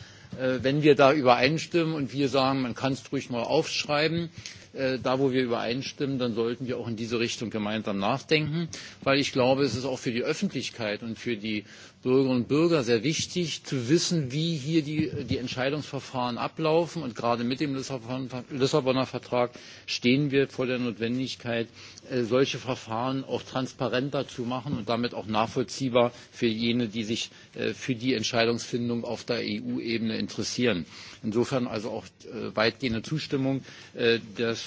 Äh, wenn wir da übereinstimmen und wir sagen, man kann es ruhig mal aufschreiben, äh, da wo wir übereinstimmen, dann sollten wir auch in diese Richtung gemeinsam nachdenken, weil ich glaube, es ist auch für die Öffentlichkeit und für die Bürgerinnen und Bürger sehr wichtig zu wissen, wie hier die, die Entscheidungsverfahren ablaufen. Und gerade mit dem Lissabon, Lissabonner Vertrag stehen wir vor der Notwendigkeit, äh, solche Verfahren auch transparenter zu machen und damit auch nachvollziehbar für jene, die sich äh, für die Entscheidungsfindung auf der EU-Ebene interessieren. Insofern also auch äh, weitgehende Zustimmung des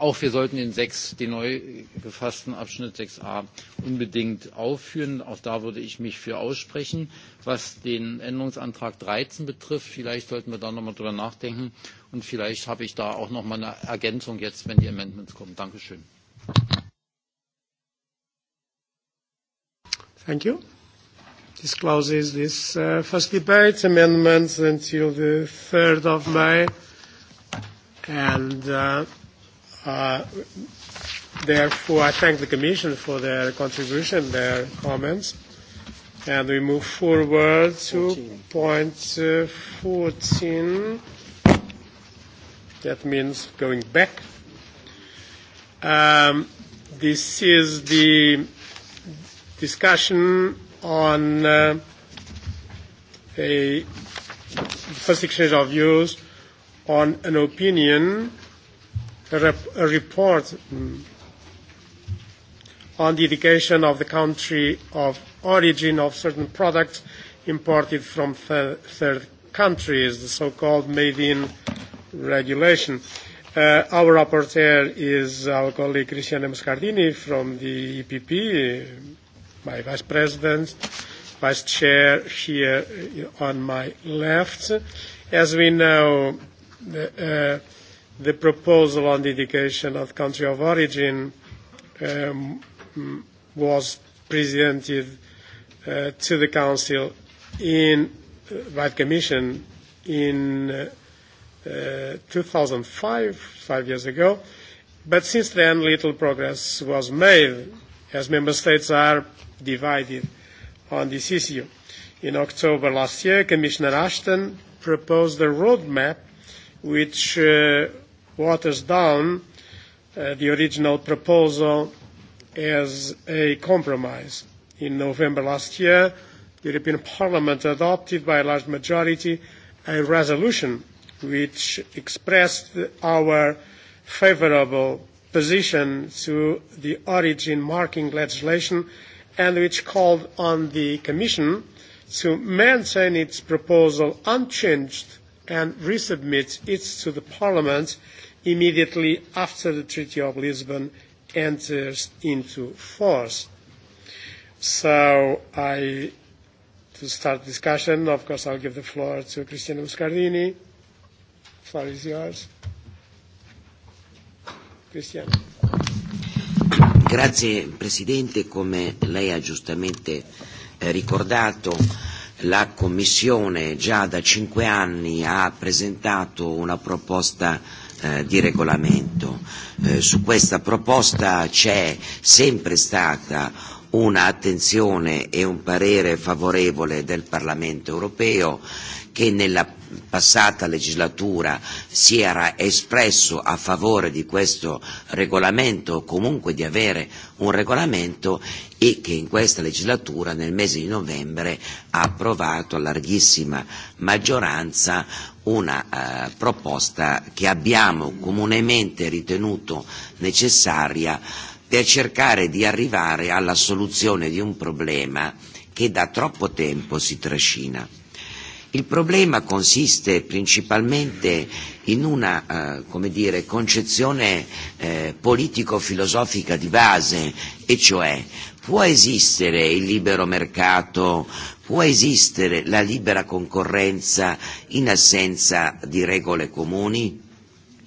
auch wir sollten den, sechs, den neu gefassten abschnitt sechs a unbedingt aufführen auch da würde ich mich für aussprechen. was den änderungsantrag dreizehn betrifft vielleicht sollten wir da noch mal drüber nachdenken und vielleicht habe ich da auch noch mal eine ergänzung jetzt wenn die amendments kommen. dankeschön. Thank you. This closes this uh, first debate. Amendments until the 3rd of May. And uh, Uh, therefore, I thank the Commission for their contribution, their comments. And we move forward to 14. point uh, 14. That means going back. Um, this is the discussion on uh, a first exchange of views on an opinion report mm, on the indication of the country of origin of certain products imported from third countries, the so-called made-in regulation. Uh, our rapporteur is our colleague Cristiana Muscardini from the EPP, my vice president, vice chair here on my left. As we know, the, uh, the proposal on the indication of country of origin um, was presented uh, to the Council in, uh, by the Commission in uh, uh, 2005, five years ago. But since then, little progress was made, as Member States are divided on this issue. In October last year, Commissioner Ashton proposed a roadmap which uh, waters down uh, the original proposal as a compromise. In November last year, the European Parliament adopted by a large majority a resolution which expressed our favourable position to the origin marking legislation and which called on the Commission to maintain its proposal unchanged and resubmit it to the Parliament immediately after the Treaty of Lisbon enters into force. So I, to start discussion, of course, I'll give the floor to Cristiano Muscardini. The floor is yours. Cristiano. Grazie Presidente, come lei ha giustamente eh, ricordato, la Commissione già da cinque anni ha presentato una proposta Eh, di regolamento. Eh, su questa proposta c'è sempre stata un'attenzione e un parere favorevole del Parlamento europeo che nella passata legislatura si era espresso a favore di questo regolamento o comunque di avere un regolamento e che in questa legislatura nel mese di novembre ha approvato a larghissima maggioranza una eh, proposta che abbiamo comunemente ritenuto necessaria per cercare di arrivare alla soluzione di un problema che da troppo tempo si trascina. Il problema consiste principalmente in una eh, come dire, concezione eh, politico-filosofica di base, e cioè può esistere il libero mercato, può esistere la libera concorrenza in assenza di regole comuni?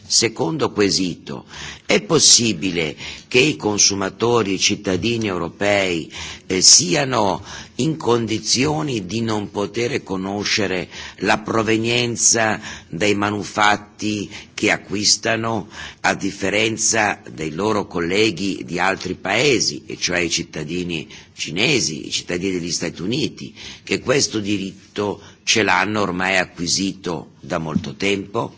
Secondo quesito, è possibile che i consumatori, e i cittadini europei eh, siano in condizioni di non poter conoscere la provenienza dei manufatti che acquistano a differenza dei loro colleghi di altri paesi, e cioè i cittadini cinesi, i cittadini degli Stati Uniti, che questo diritto ce l'hanno ormai acquisito da molto tempo?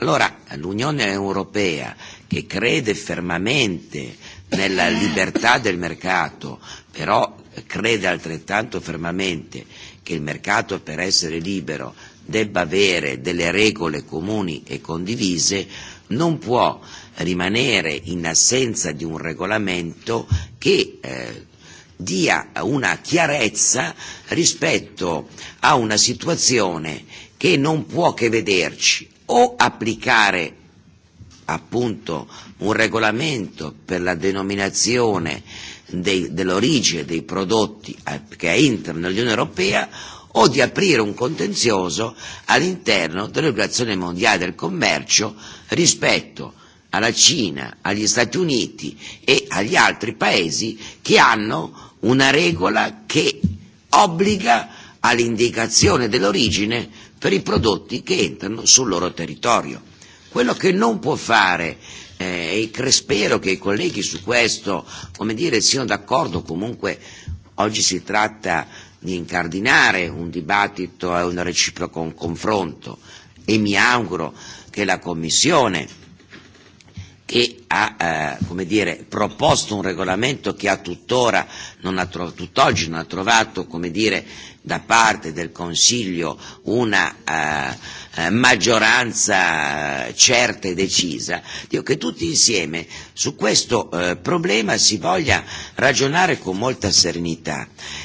Allora l'Unione Europea che crede fermamente nella libertà del mercato, però crede altrettanto fermamente che il mercato per essere libero debba avere delle regole comuni e condivise, non può rimanere in assenza di un regolamento che eh, dia una chiarezza rispetto a una situazione che non può che vederci o applicare appunto un regolamento per la denominazione dei, dell'origine dei prodotti eh, che entrano nell'Unione Europea o di aprire un contenzioso all'interno dell'Organizzazione Mondiale del Commercio rispetto alla Cina, agli Stati Uniti e agli altri paesi che hanno una regola che obbliga all'indicazione dell'origine per i prodotti che entrano sul loro territorio. Quello che non può fare eh, e spero che i colleghi su questo come dire, siano d'accordo, comunque oggi si tratta di incardinare un dibattito e un reciproco confronto e mi auguro che la Commissione che ha eh, come dire, proposto un regolamento che a tuttora non ha tro- tutt'oggi non ha trovato come dire, da parte del Consiglio una eh, eh maggioranza eh, certa e decisa, dico che tutti insieme su questo eh, problema si voglia ragionare con molta serenità.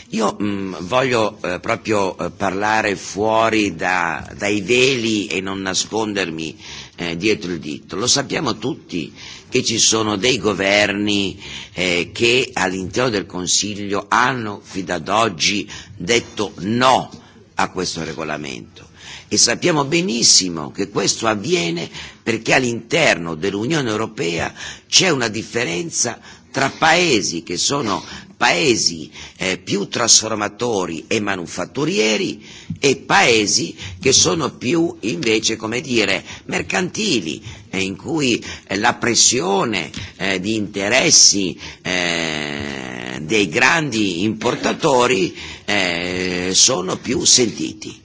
Io mh, mm, voglio eh, proprio eh, parlare fuori da, dai veli e non nascondermi eh, dietro il dito. Lo sappiamo tutti che ci sono dei governi eh, che all'interno del Consiglio hanno fino ad oggi detto no a questo regolamento e sappiamo benissimo che questo avviene perché all'interno dell'Unione Europea c'è una differenza tra paesi che sono paesi eh, più trasformatori e manufatturieri e paesi che sono più invece, come dire, mercantili, eh, in cui eh, la pressione eh, di interessi eh, dei grandi importatori eh, sono più sentiti.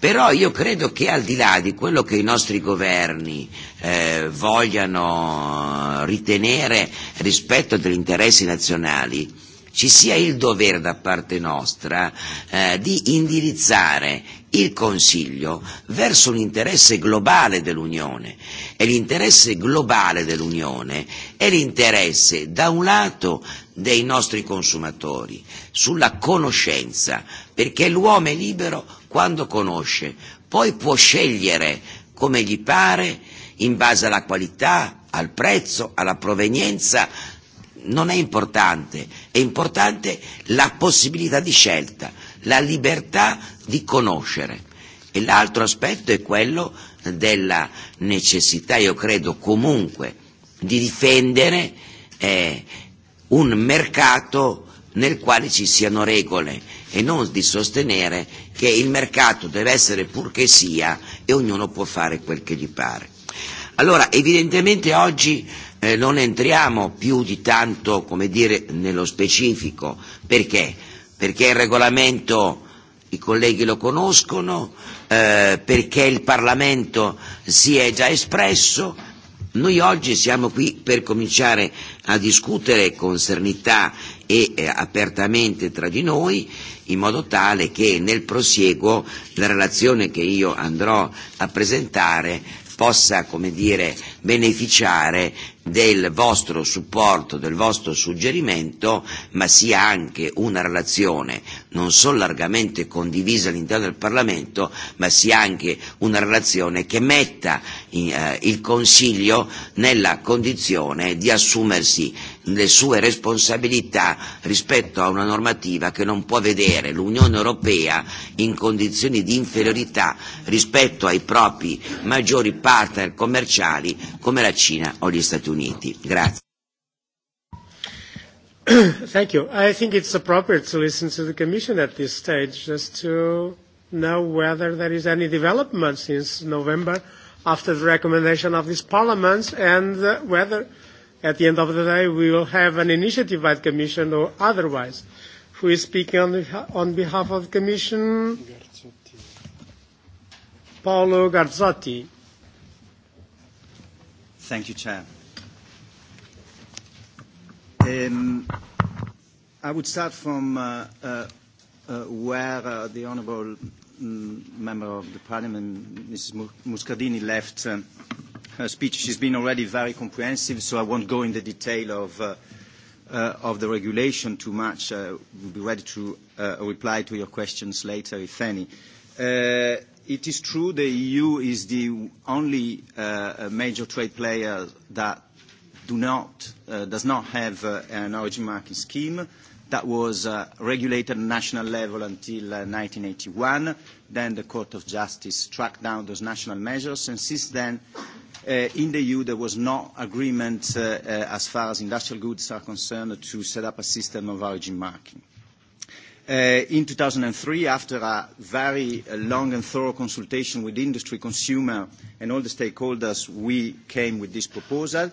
Però io credo che al di là di quello che i nostri governi eh, vogliano ritenere rispetto agli interessi nazionali, ci sia il dovere da parte nostra eh, di indirizzare il Consiglio verso l'interesse globale dell'Unione e l'interesse globale dell'Unione è l'interesse da un lato dei nostri consumatori sulla conoscenza, perché l'uomo è libero quando conosce, poi può scegliere come gli pare in base alla qualità, al prezzo, alla provenienza non è importante, è importante la possibilità di scelta, la libertà di conoscere. E l'altro aspetto è quello della necessità, io credo comunque, di difendere eh, un mercato nel quale ci siano regole e non di sostenere che il mercato deve essere pur che sia e ognuno può fare quel che gli pare. Allora, evidentemente oggi Eh, non entriamo più di tanto, come dire, nello specifico. Perché? Perché il regolamento i colleghi lo conoscono, eh, perché il Parlamento si è già espresso. Noi oggi siamo qui per cominciare a discutere con serenità e eh, apertamente tra di noi, in modo tale che nel prosieguo la relazione che io andrò a presentare possa, come dire, beneficiare del vostro supporto, del vostro suggerimento, ma sia anche una relazione non solo largamente condivisa all'interno del Parlamento, ma sia anche una relazione che metta in, eh, il Consiglio nella condizione di assumersi le sue responsabilità rispetto a una normativa che non può vedere l'Unione Europea in condizioni di inferiorità rispetto ai propri maggiori partner commerciali come la Cina o gli Stati Uniti. Grazie. Thank you. I think it's appropriate to listen to the Commission at this stage just to know whether there is any development since November after the recommendation of this Parliament and whether at the end of the day we will have an initiative by the Commission or otherwise. Who is speaking on, the, on behalf of the Commission? Garzotti. Paolo Garzotti. Thank you, Chair. Um, I would start from uh, uh, uh, where uh, the Honourable um, Member of the Parliament, Mrs. Muscardini, left uh, her speech. She's been already very comprehensive, so I won't go into the detail of, uh, uh, of the regulation too much. Uh, we'll be ready to uh, reply to your questions later, if any. Uh, It is true the EU is the only uh, major trade player that do not, uh, does not have uh, an origin marking scheme that was uh, regulated at national level until uh, 1981. Then the Court of Justice struck down those national measures, and since then, uh, in the EU, there was no agreement uh, uh, as far as industrial goods are concerned to set up a system of origin marking. Uh, in 2003, after a very uh, long and thorough consultation with industry, consumer, and all the stakeholders, we came with this proposal,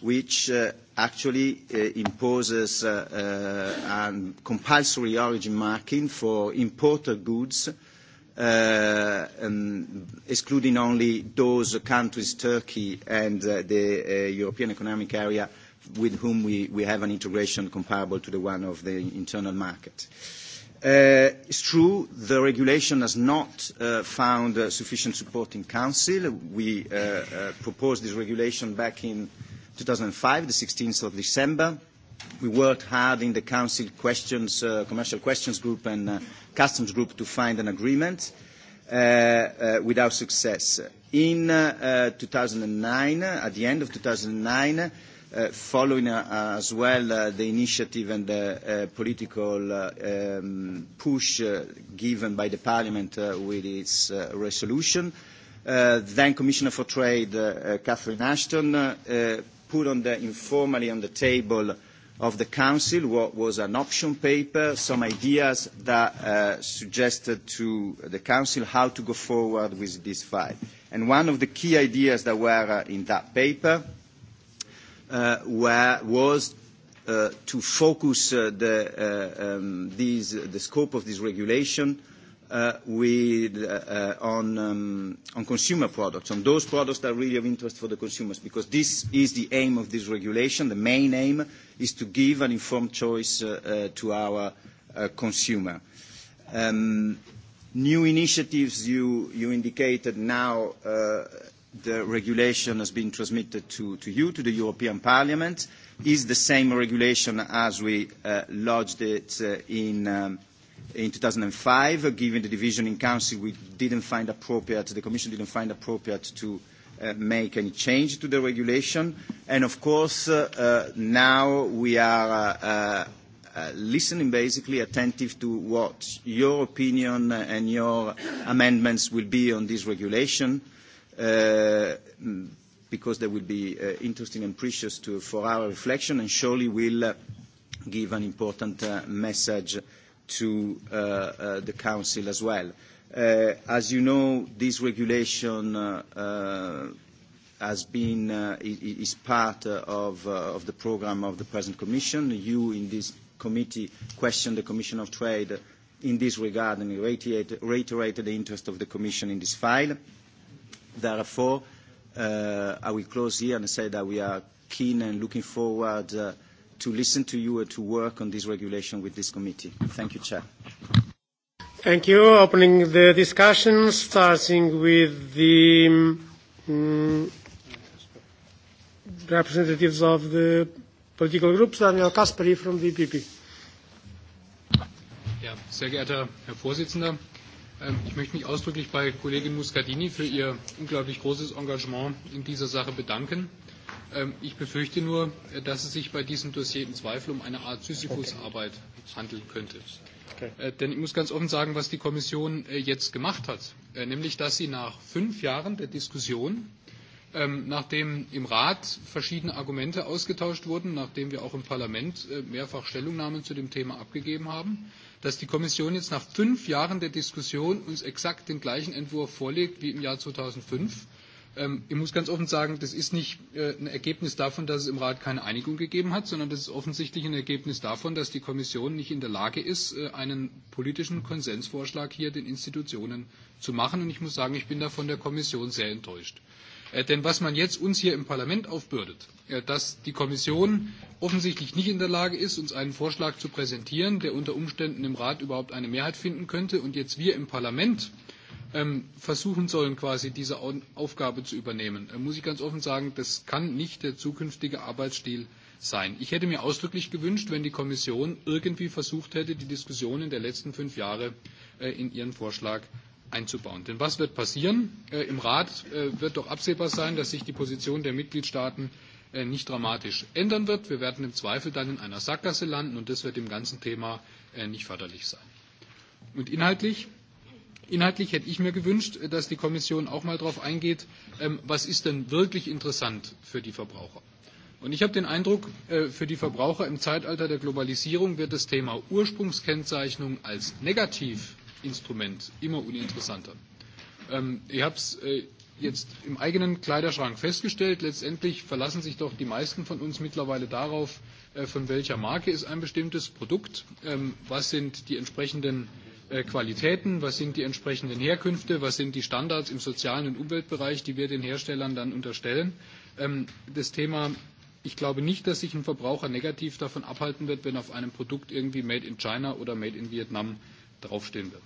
which uh, actually uh, imposes uh, uh, a compulsory origin marking for imported goods, um, excluding only those countries, Turkey and the European Economic Area, with whom we, we have an integration comparable to the one of the internal market. Uh, Uh, it's true, the regulation has not uh, found uh, sufficient support in Council. We uh, uh, proposed this regulation back in 2005, the 16th of December. We worked hard in the Council questions, uh, Commercial Questions Group and Customs Group to find an agreement without success. In 2009, at the end of 2009, Uh, following uh, as well uh, the initiative and the uh, political uh, um, push uh, given by the Parliament uh, with its uh, resolution. Uh, then Commissioner for Trade, uh, uh, Catherine Ashton, uh, put on the, informally on the table of the Council what was an option paper, some ideas that uh, suggested to the Council how to go forward with this file. And one of the key ideas that were uh, in that paper Uh, was uh, to focus uh, um, the, scope of this regulation um, on, consumer products, on those products that are really of interest for the consumers, because this is the aim of this regulation. The main aim is to give an informed choice to our consumer. Um, new initiatives you indicated now the regulation has been transmitted to, to you, to the European Parliament, is the same regulation as we uh, lodged it uh, in, um, in 2005. Given the division in Council, we didn't find appropriate, the Commission didn't find appropriate to uh, make any change to the regulation. And of course, uh, uh, now we are uh, Uh, uh listening basically attentive to what your opinion and your amendments will be on this regulation Uh, because they will be uh, interesting and precious to, for our reflection and surely will uh, give an important uh, message to uh, uh, the Council as well. Uh, as you know, this regulation uh, uh, has been uh, is part uh, of, uh, of the program of the present Commission. You in this committee questioned the Commission of Trade in this regard and reiterated, reiterated the interest of the Commission in this file. Therefore, uh, I will close here and say that we are keen and looking forward uh, to listen to you and to work on this regulation with this committee. Thank you, Chair. Thank you. Opening the discussion, starting with the um, representatives of the political groups. Daniel Kasperi from the EPP. Ja, sehr geehrter Herr Vorsitzender, Ähm, ich möchte mich ausdrücklich bei Kollegin Muscardini für ihr unglaublich großes Engagement in dieser Sache bedanken. Ähm, ich befürchte nur, äh, dass es sich bei diesem Dossier im Zweifel um eine Art Sisyphusarbeit okay. handeln könnte. Okay. Äh, denn ich muss ganz offen sagen, was die Kommission äh, jetzt gemacht hat, nämlich dass sie nach fünf Jahren der Diskussion, ähm, nachdem im Rat verschiedene Argumente ausgetauscht wurden, nachdem wir auch im Parlament mehrfach Stellungnahmen zu dem Thema abgegeben haben, dass die Kommission jetzt nach fünf Jahren der Diskussion uns exakt den gleichen Entwurf vorlegt wie im Jahr 2005. Ähm, ich muss ganz offen sagen, das ist nicht äh, ein Ergebnis davon, dass es im Rat keine Einigung gegeben hat, sondern das ist offensichtlich ein Ergebnis davon, dass die Kommission nicht in der Lage ist, äh, einen politischen Konsensvorschlag hier den Institutionen zu machen. Und ich muss sagen, ich bin da von der Kommission sehr enttäuscht. Äh, denn was man jetzt uns hier im Parlament aufbürdet, äh, dass die Kommission offensichtlich nicht in der Lage ist, uns einen Vorschlag zu präsentieren, der unter Umständen im Rat überhaupt eine Mehrheit finden könnte, und jetzt wir im Parlament ähm, versuchen sollen, quasi diese Aufgabe zu übernehmen, äh, muss ich ganz offen sagen, das kann nicht der zukünftige Arbeitsstil sein. Ich hätte mir ausdrücklich gewünscht, wenn die Kommission irgendwie versucht hätte, die Diskussionen der letzten fünf Jahre in ihren Vorschlag einzubauen. Denn was wird passieren? Äh, Im Rat äh, wird doch absehbar sein, dass sich die Position der Mitgliedstaaten äh, nicht dramatisch ändern wird. Wir werden im Zweifel dann in einer Sackgasse landen und das wird dem ganzen Thema äh, nicht förderlich sein. Und inhaltlich? Inhaltlich hätte ich mir gewünscht, äh, dass die Kommission auch mal darauf eingeht, ähm, was ist denn wirklich interessant für die Verbraucher. Und ich habe den Eindruck, äh, für die Verbraucher im Zeitalter der Globalisierung wird das Thema Ursprungskennzeichnung als negativ Instrument immer uninteressanter. Ähm, ich habe es äh, jetzt im eigenen Kleiderschrank festgestellt. Letztendlich verlassen sich doch die meisten von uns mittlerweile darauf, äh, von welcher Marke ist ein bestimmtes Produkt, ähm, was sind die entsprechenden äh, Qualitäten, was sind die entsprechenden Herkünfte, was sind die Standards im sozialen und Umweltbereich, die wir den Herstellern dann unterstellen. Ähm, das Thema ich glaube nicht, dass sich ein Verbraucher negativ davon abhalten wird, wenn auf einem Produkt irgendwie Made in China oder Made in Vietnam äh, draufstehen wird.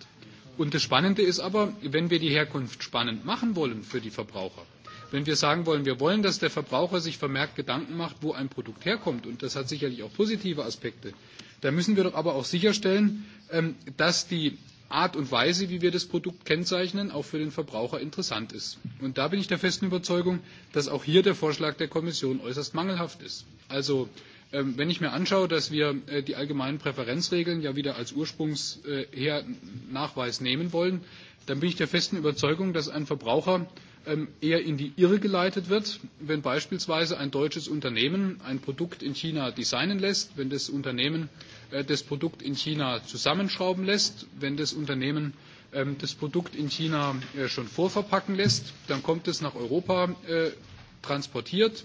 Und das Spannende ist aber, wenn wir die Herkunft spannend machen wollen für die Verbraucher, wenn wir sagen wollen, wir wollen, dass der Verbraucher sich vermerkt Gedanken macht, wo ein Produkt herkommt, und das hat sicherlich auch positive Aspekte, dann müssen wir doch aber auch sicherstellen, ähm, dass die Art und Weise, wie wir das Produkt kennzeichnen, auch für den Verbraucher interessant ist. Und da bin ich der festen Überzeugung, dass auch hier der Vorschlag der Kommission äußerst mangelhaft ist. Also Ähm, wenn ich mir anschaue, dass wir äh, die allgemeinen Präferenzregeln ja wieder als Ursprungsnachweis äh, nehmen wollen, dann bin ich der festen Überzeugung, dass ein Verbraucher ähm, eher in die Irre geleitet wird, wenn beispielsweise ein deutsches Unternehmen ein Produkt in China designen lässt, wenn das Unternehmen äh, das Produkt in China zusammenschrauben lässt, wenn das Unternehmen ähm, das Produkt in China schon vorverpacken lässt, dann kommt es nach Europa transportiert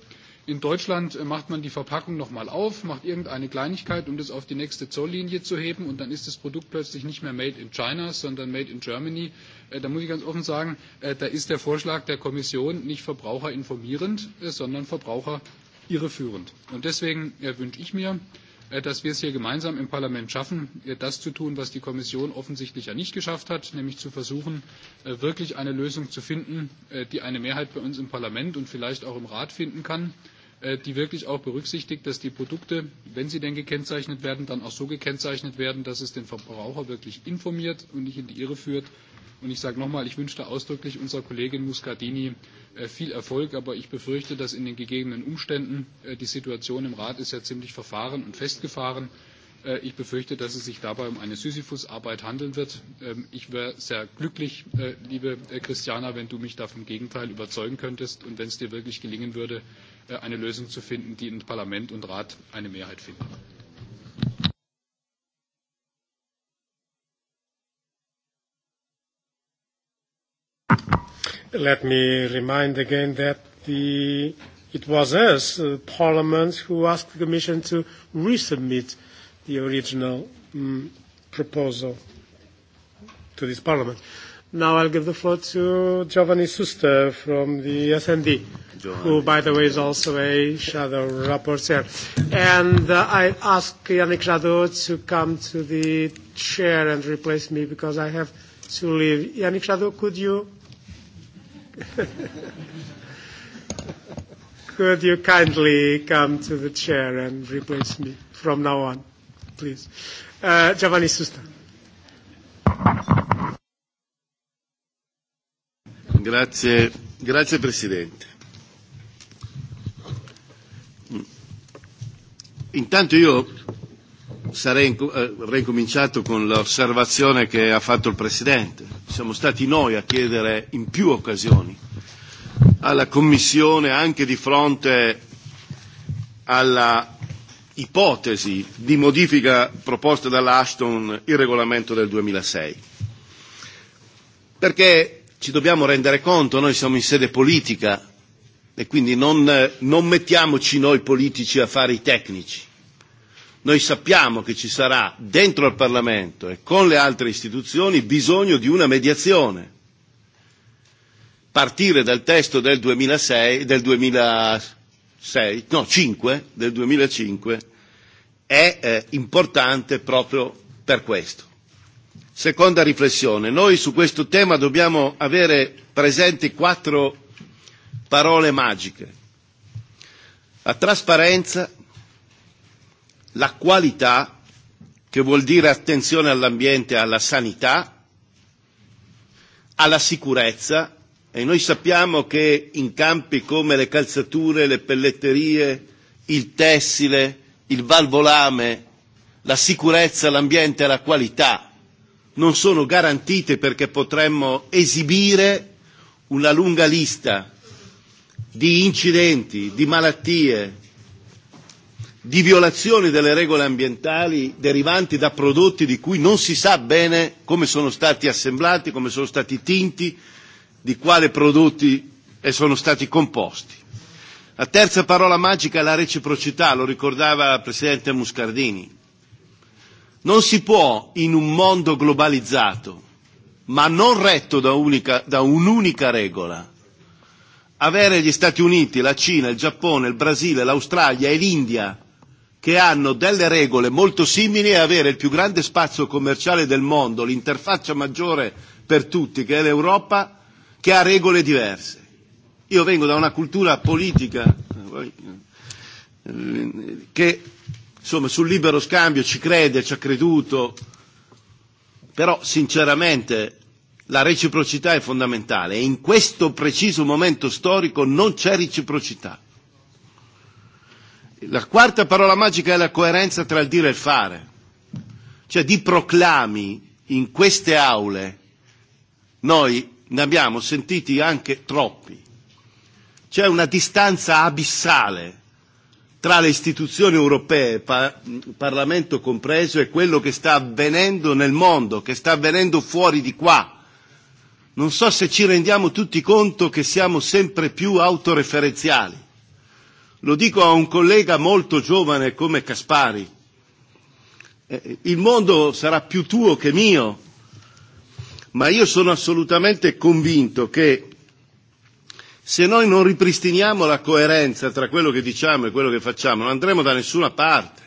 In Deutschland äh, macht man die Verpackung nochmal auf, macht irgendeine Kleinigkeit, um das auf die nächste Zolllinie zu heben und dann ist das Produkt plötzlich nicht mehr Made in China, sondern Made in Germany. Äh, da muss ich ganz offen sagen, äh, da ist der Vorschlag der Kommission nicht verbraucherinformierend, sondern verbraucherirreführend. Und deswegen wünsche ich mir, Äh, dass wir es hier gemeinsam im Parlament schaffen, äh, das zu tun, was die Kommission offensichtlich ja nicht geschafft hat, nämlich zu versuchen, äh, wirklich eine Lösung zu finden, die eine Mehrheit bei uns im Parlament und vielleicht auch im Rat finden kann, die wirklich auch berücksichtigt, dass die Produkte, wenn sie denn gekennzeichnet werden, dann auch so gekennzeichnet werden, dass es den Verbraucher wirklich informiert und nicht in die Irre führt. Und ich sage nochmal, ich wünsche da ausdrücklich unserer Kollegin Muscardini Äh, viel Erfolg, aber ich befürchte, dass in den gegebenen Umständen äh, die Situation im Rat ist ja ziemlich verfahren und festgefahren. Äh, ich befürchte, dass es sich dabei um eine Sisyphus-Arbeit handeln wird. Ähm, ich wäre sehr glücklich, liebe Christiana, wenn du mich da vom Gegenteil überzeugen könntest und wenn es dir wirklich gelingen würde, eine Lösung zu finden, die in Parlament und Rat eine Mehrheit findet. Let me remind again that the, it was us, uh, Parliament, who asked the Commission to resubmit the original um, proposal to this Parliament. Now I'll give the floor to Giovanni Suster from the SND, Giovanni. who, by the way, is also a shadow rapporteur. And uh, I ask Yannick Jadot to come to the chair and replace me because I have to leave. Yannick Jadot, could you Could you kindly come to the chair and replace me from now on, please? Uh, Giovanni Susta. Grazie, grazie Presidente. Mm. Intanto io sarei eh, ricominciato con l'osservazione che ha fatto il Presidente. Siamo stati noi a chiedere in più occasioni alla Commissione, anche di fronte alla ipotesi di modifica proposta dall'Ashton il regolamento del 2006. Perché ci dobbiamo rendere conto, noi siamo in sede politica e quindi non, non mettiamoci noi politici a fare i tecnici noi sappiamo che ci sarà dentro il Parlamento e con le altre istituzioni bisogno di una mediazione. Partire dal testo del 2006, del 2006 no, 5, del 2005 è eh, importante proprio per questo. Seconda riflessione, noi su questo tema dobbiamo avere presenti quattro parole magiche. La trasparenza, la qualità, che vuol dire attenzione all'ambiente, alla sanità, alla sicurezza, e noi sappiamo che in campi come le calzature, le pelletterie, il tessile, il valvolame, la sicurezza, l'ambiente e la qualità non sono garantite perché potremmo esibire una lunga lista di incidenti, di malattie, di violazione delle regole ambientali derivanti da prodotti di cui non si sa bene come sono stati assemblati, come sono stati tinti, di quali prodotti sono stati composti. La terza parola magica è la reciprocità, lo ricordava il Presidente Muscardini. Non si può in un mondo globalizzato, ma non retto da, unica, da un'unica regola, avere gli Stati Uniti, la Cina, il Giappone, il Brasile, l'Australia e l'India che hanno delle regole molto simili e avere il più grande spazio commerciale del mondo, l'interfaccia maggiore per tutti, che è l'Europa, che ha regole diverse. Io vengo da una cultura politica che insomma, sul libero scambio ci crede, ci ha creduto, però sinceramente la reciprocità è fondamentale e in questo preciso momento storico non c'è reciprocità. La quarta parola magica è la coerenza tra il dire e il fare. Cioè di proclami in queste aule noi ne abbiamo sentiti anche troppi. C'è una distanza abissale tra le istituzioni europee, par- Parlamento compreso, e quello che sta avvenendo nel mondo, che sta avvenendo fuori di qua. Non so se ci rendiamo tutti conto che siamo sempre più autoreferenziali Lo dico a un collega molto giovane come Caspari. Eh, il mondo sarà più tuo che mio, ma io sono assolutamente convinto che se noi non ripristiniamo la coerenza tra quello che diciamo e quello che facciamo non andremo da nessuna parte,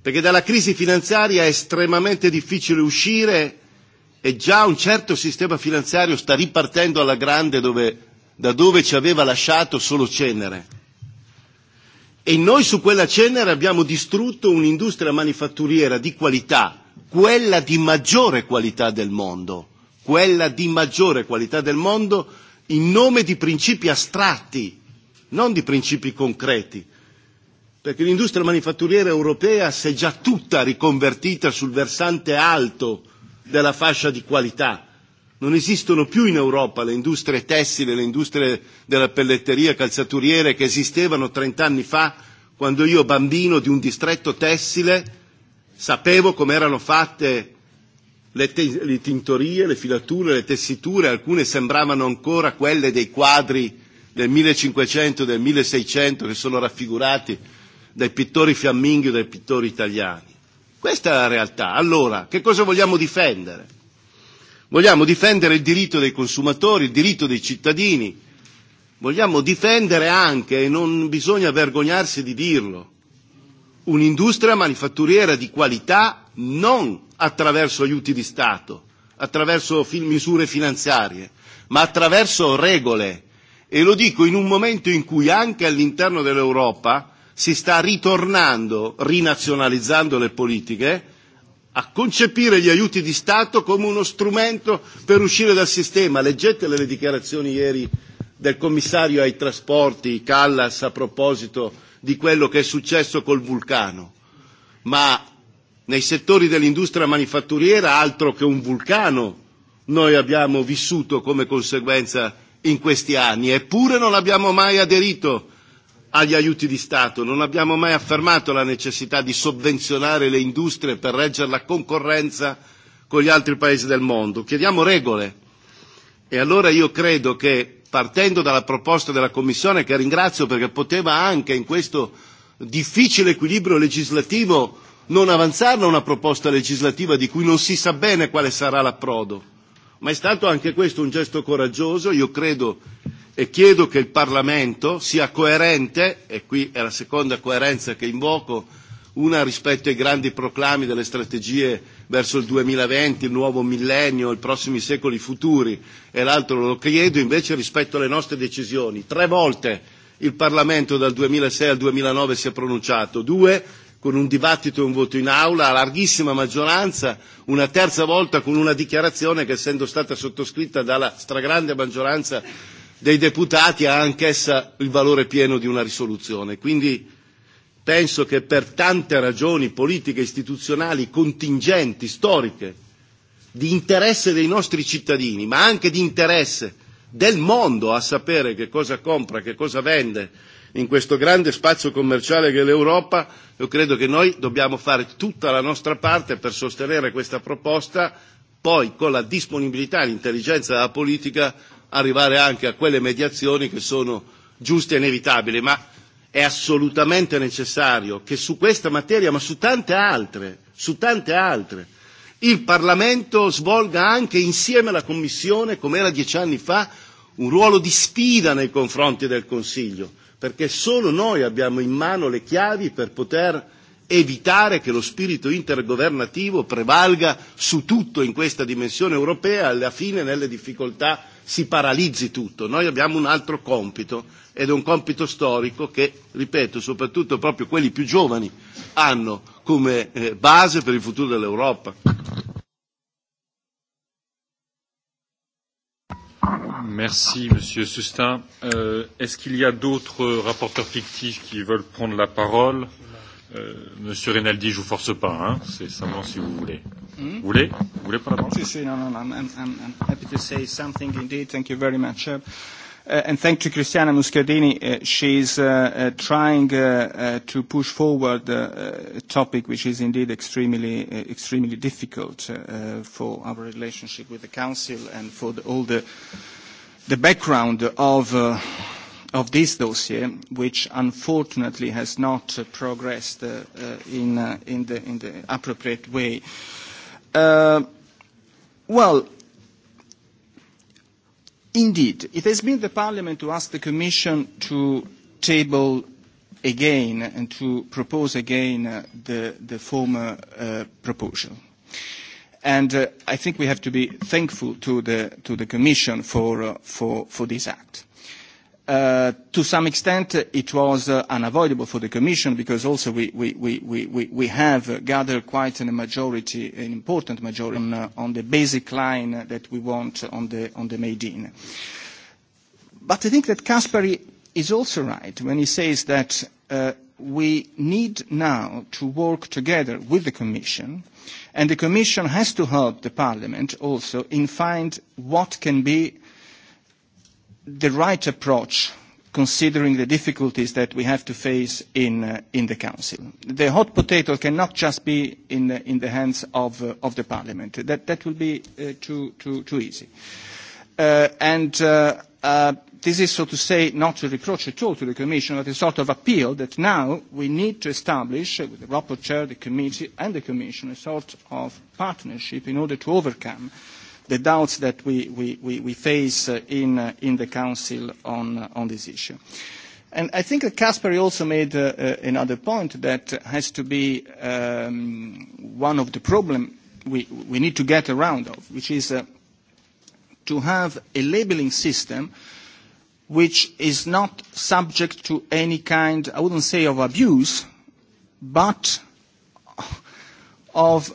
perché dalla crisi finanziaria è estremamente difficile uscire e già un certo sistema finanziario sta ripartendo alla grande dove, da dove ci aveva lasciato solo cenere. E noi su quella cenere abbiamo distrutto un'industria manifatturiera di qualità, quella di maggiore qualità del mondo, quella di maggiore qualità del mondo in nome di principi astratti, non di principi concreti. Perché l'industria manifatturiera europea si è già tutta riconvertita sul versante alto della fascia di qualità Non esistono più in Europa le industrie tessili, le industrie della pelletteria calzaturiere che esistevano 30 anni fa, quando io bambino di un distretto tessile sapevo come erano fatte le, te- le tintorie, le filature, le tessiture, alcune sembravano ancora quelle dei quadri del 1500, del 1600 che sono raffigurati dai pittori fiamminghi o dai pittori italiani. Questa è la realtà. Allora, che cosa vogliamo difendere? Vogliamo difendere il diritto dei consumatori, il diritto dei cittadini. Vogliamo difendere anche, e non bisogna vergognarsi di dirlo, un'industria manifatturiera di qualità non attraverso aiuti di Stato, attraverso misure finanziarie, ma attraverso regole. E lo dico in un momento in cui anche all'interno dell'Europa si sta ritornando, rinazionalizzando le politiche, a concepire gli aiuti di Stato come uno strumento per uscire dal sistema. Leggete le dichiarazioni ieri del commissario ai trasporti Callas a proposito di quello che è successo col vulcano. Ma nei settori dell'industria manifatturiera, altro che un vulcano, noi abbiamo vissuto come conseguenza in questi anni, eppure non abbiamo mai aderito agli aiuti di Stato, non abbiamo mai affermato la necessità di sovvenzionare le industrie per reggere la concorrenza con gli altri paesi del mondo, chiediamo regole e allora io credo che partendo dalla proposta della Commissione, che ringrazio perché poteva anche in questo difficile equilibrio legislativo non avanzarla una proposta legislativa di cui non si sa bene quale sarà l'approdo, ma è stato anche questo un gesto coraggioso, io credo e chiedo che il Parlamento sia coerente, e qui è la seconda coerenza che invoco, una rispetto ai grandi proclami delle strategie verso il 2020, il nuovo millennio, i prossimi secoli futuri, e l'altro lo chiedo invece rispetto alle nostre decisioni. Tre volte il Parlamento dal 2006 al 2009 si è pronunciato, due con un dibattito e un voto in aula a larghissima maggioranza, una terza volta con una dichiarazione che essendo stata sottoscritta dalla stragrande maggioranza dei deputati ha anch'essa il valore pieno di una risoluzione. Quindi penso che per tante ragioni politiche, istituzionali, contingenti, storiche, di interesse dei nostri cittadini, ma anche di interesse del mondo a sapere che cosa compra, che cosa vende in questo grande spazio commerciale che è l'Europa, io credo che noi dobbiamo fare tutta la nostra parte per sostenere questa proposta, poi con la disponibilità e l'intelligenza della politica arrivare anche a quelle mediazioni che sono giuste e inevitabili, ma è assolutamente necessario che su questa materia, ma su tante altre, su tante altre, il Parlamento svolga anche insieme alla Commissione, come era dieci anni fa, un ruolo di sfida nei confronti del Consiglio, perché solo noi abbiamo in mano le chiavi per poter evitare che lo spirito intergovernativo prevalga su tutto in questa dimensione europea, alla fine nelle difficoltà si paralizzi tutto. Noi abbiamo un altro compito ed è un compito storico che, ripeto, soprattutto proprio quelli più giovani hanno come eh, base per il futuro dell'Europa. Merci Monsieur Sustin. Euh, Est-ce qu'il y a d'autres rapporteurs fictifs qui veulent prendre la parole Euh, Monsieur Rinaldi, je vous force pas, hein. C'est simplement si vous voulez. Mm -hmm. Vous voulez Vous voulez prendre la parole Si, si, non, non, I'm, I'm, I'm happy to say something indeed. Thank you very much. Uh, uh, and thank to Cristiana Muscardini, uh, she's uh, uh, trying uh, uh, to push forward uh, a topic which is indeed extremely, uh, extremely difficult uh, for our relationship with the Council and for the, all the, the background of uh, of this dossier, which unfortunately has not progressed uh, uh, in, uh, in, the, in, the, appropriate way. well, Indeed, it has been the Parliament to ask the Commission to table again and to propose again uh, the, the, former uh, proposal. And uh, I think we have to be thankful to the, to the Commission for, for, for this act. Uh, to some extent, it was uh, unavoidable for the Commission because also we, we, we, we have gathered quite a majority, an important majority on, uh, on the basic line that we want on the, on the Made in. But I think that Caspary is also right when he says that uh, we need now to work together with the Commission, and the Commission has to help the Parliament also in find what can be the right approach considering the difficulties that we have to face in, uh, in the Council. The hot potato cannot just be in the, in the hands of, uh, of the Parliament. That, that will be uh, too, too, too easy. Uh, and uh, uh, this is, so to say, not a reproach at all to the Commission, but a sort of appeal that now we need to establish, uh, with the Rapporteur, the Committee and the Commission, a sort of partnership in order to overcome uh, the doubts that we, we, we face uh, in, uh, in the Council on, uh, on this issue. And I think that Caspary also made uh, uh, another point that has to be um, one of the problem we, we need to get around of, which is uh, to have a labeling system which is not subject to any kind, I wouldn't say of abuse, but of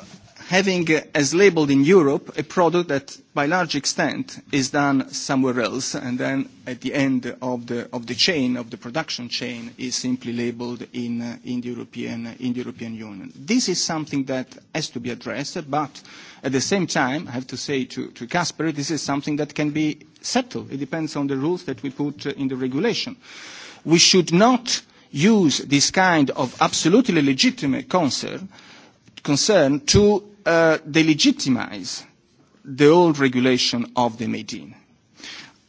having, uh, as labeled in Europe, a product that by large extent is done somewhere else and then at the end of the, of the chain, of the production chain, is simply labeled in, uh, in, the European, uh, in the European Union. This is something that has to be addressed, but at the same time, I have to say to Casper, this is something that can be settled. It depends on the rules that we put in the regulation. We should not use this kind of absolutely legitimate concern, concern to They uh, delegitimize the old regulation of the Medin.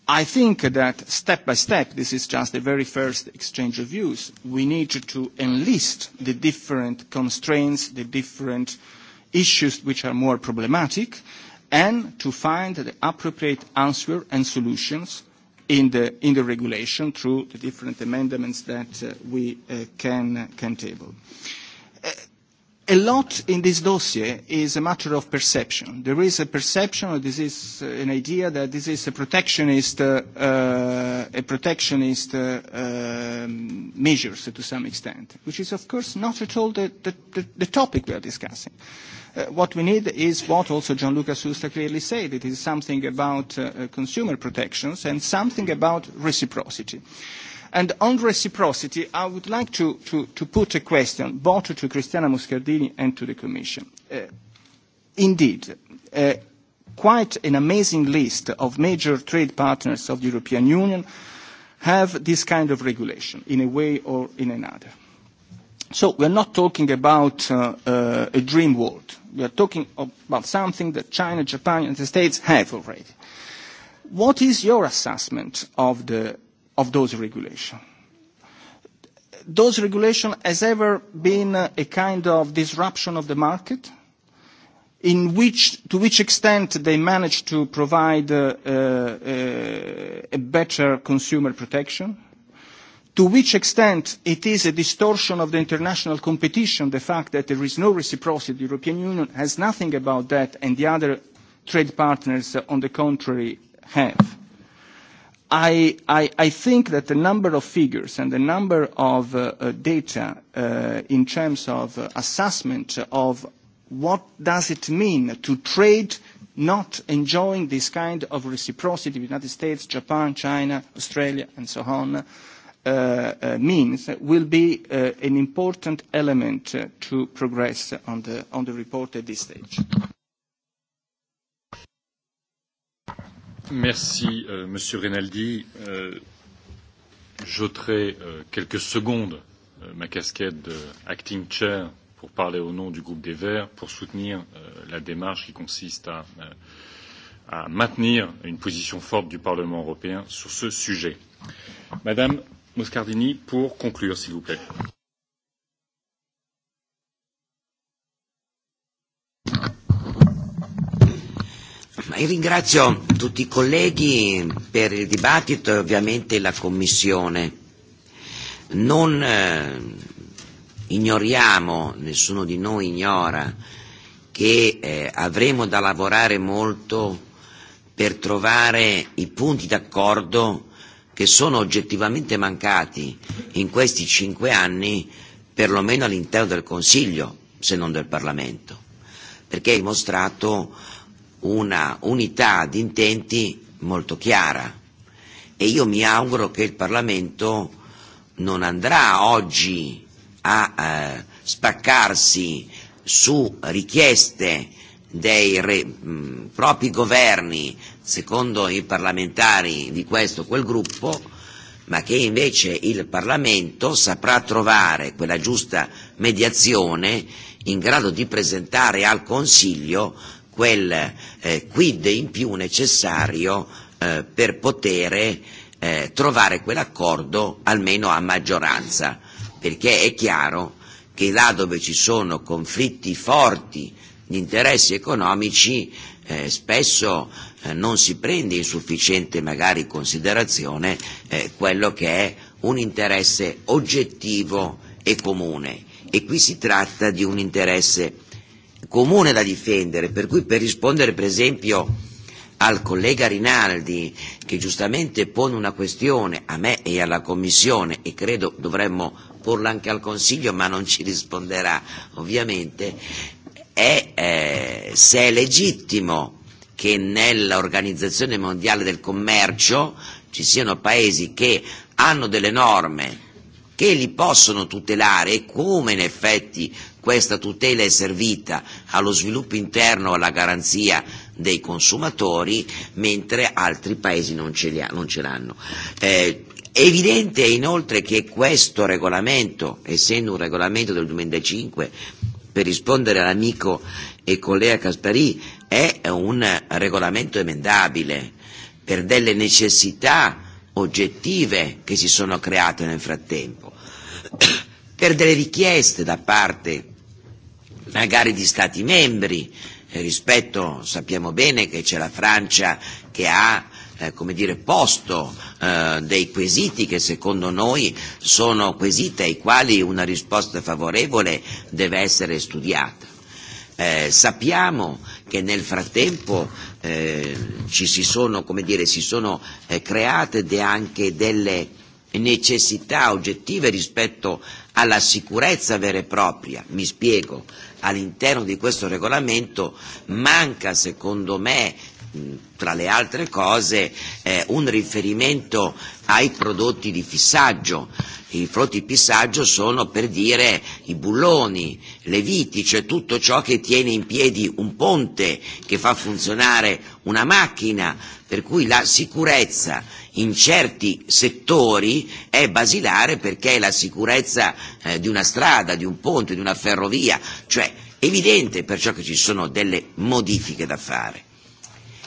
I think that step by step, this is just the very first exchange of views, we need to enlist the different constraints, the different issues which are more problematic, and to find the appropriate answer and solutions in the, in the regulation through the different amendments that uh, we uh, can, can table. Uh, a lot in this dossier is a matter of perception. There is a perception, or this is uh, an idea, that this is a protectionist, uh, uh, a protectionist uh, um, measures to some extent, which is of course not at all the, the, the, the topic we are discussing. Uh, what we need is what also Gianluca Susta clearly said. It is something about uh, uh consumer protections and something about reciprocity. Uh, And on reciprocity, I would like to, to, to put a question both to Cristiana Muscardini and to the Commission. Uh, indeed, uh, quite an amazing list of major trade partners of the European Union have this kind of regulation in a way or in another. So we are not talking about uh, uh, a dream world. We are talking about something that China, Japan, and the States have already. What is your assessment of the of those regulations. Those regulations has ever been a kind of disruption of the market, in which, to which extent they manage to provide uh, uh, a better consumer protection, to which extent it is a distortion of the international competition, the fact that there is no reciprocity. The European Union has nothing about that, and the other trade partners, uh, on the contrary, have I, I, I think that the number of figures and the number of uh, uh, data uh, in terms of uh, assessment of what does it mean to trade not enjoying this kind of reciprocity with the United States, Japan, China, Australia, and so on, uh, uh, means will be an important element to progress on the, on the report at this stage. Merci, euh, Monsieur Rinaldi. Euh, J'ôterai euh, quelques secondes euh, ma casquette de acting chair pour parler au nom du groupe des Verts, pour soutenir euh, la démarche qui consiste à, euh, à maintenir une position forte du Parlement européen sur ce sujet. Madame Moscardini, pour conclure, s'il vous plaît. Io ringrazio tutti i colleghi per il dibattito e ovviamente la Commissione. Non eh, ignoriamo, nessuno di noi ignora, che eh, avremo da lavorare molto per trovare i punti d'accordo che sono oggettivamente mancati in questi cinque anni, perlomeno all'interno del Consiglio, se non del Parlamento, perché è dimostrato una unità di intenti molto chiara e io mi auguro che il Parlamento non andrà oggi a eh, spaccarsi su richieste dei re, mh, propri governi, secondo i parlamentari di questo o quel gruppo, ma che invece il Parlamento saprà trovare quella giusta mediazione in grado di presentare al Consiglio quel eh, quid in più necessario eh, per poter eh, trovare quell'accordo almeno a maggioranza, perché è chiaro che là dove ci sono conflitti forti di interessi economici eh, spesso eh, non si prende in sufficiente magari considerazione eh, quello che è un interesse oggettivo e comune e qui si tratta di un interesse comune da difendere, per cui per rispondere per esempio al collega Rinaldi che giustamente pone una questione a me e alla Commissione e credo dovremmo porla anche al Consiglio ma non ci risponderà ovviamente, è eh, se è legittimo che nell'Organizzazione Mondiale del Commercio ci siano paesi che hanno delle norme che li possono tutelare e come in effetti questa tutela è servita allo sviluppo interno, e alla garanzia dei consumatori, mentre altri paesi non ce, li ha, non ce l'hanno. Eh, è evidente inoltre che questo regolamento, essendo un regolamento del 2005, per rispondere all'amico e collega Caspari, è un regolamento emendabile per delle necessità oggettive che si sono create nel frattempo, per delle richieste da parte magari di Stati membri, rispetto sappiamo bene che c'è la Francia che ha eh, come dire, posto eh, dei quesiti che secondo noi sono quesiti ai quali una risposta favorevole deve essere studiata. Eh, sappiamo che nel frattempo eh, ci si sono, come dire, si sono eh, create de anche delle necessità oggettive rispetto alla sicurezza vera e propria. Mi spiego, all'interno di questo regolamento manca, secondo me, tra le altre cose, eh, un riferimento ai prodotti di fissaggio. I prodotti di fissaggio sono per dire i bulloni, le viti, cioè tutto ciò che tiene in piedi un ponte, che fa funzionare una macchina, per cui la sicurezza in certi settori è basilare perché è la sicurezza eh, di una strada, di un ponte, di una ferrovia, cioè evidente perciò che ci sono delle modifiche da fare.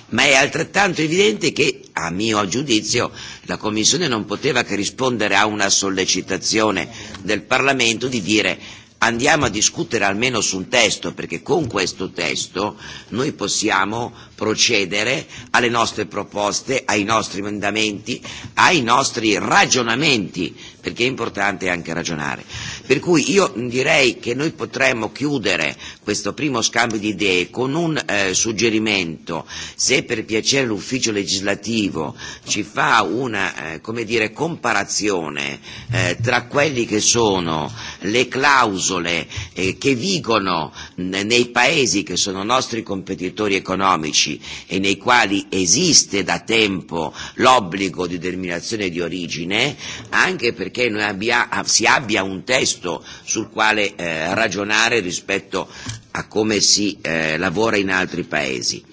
Ma è altrettanto evidente che, a mio giudizio, la Commissione non poteva che rispondere a una sollecitazione del Parlamento di dire andiamo a discutere almeno su un testo, perché con questo testo noi possiamo procedere alle nostre proposte, ai nostri emendamenti, ai nostri ragionamenti, perché è importante anche ragionare. Per cui io direi che noi potremmo chiudere questo primo scambio di idee con un eh, suggerimento, se per piacere l'ufficio legislativo ci fa una eh, come dire, comparazione eh, tra quelli che sono le clausole eh, che vigono nei paesi che sono nostri competitori economici, unici e nei quali esiste da tempo l'obbligo di determinazione di origine, anche perché noi abbia, si abbia un testo sul quale eh, ragionare rispetto a come si eh, lavora in altri paesi.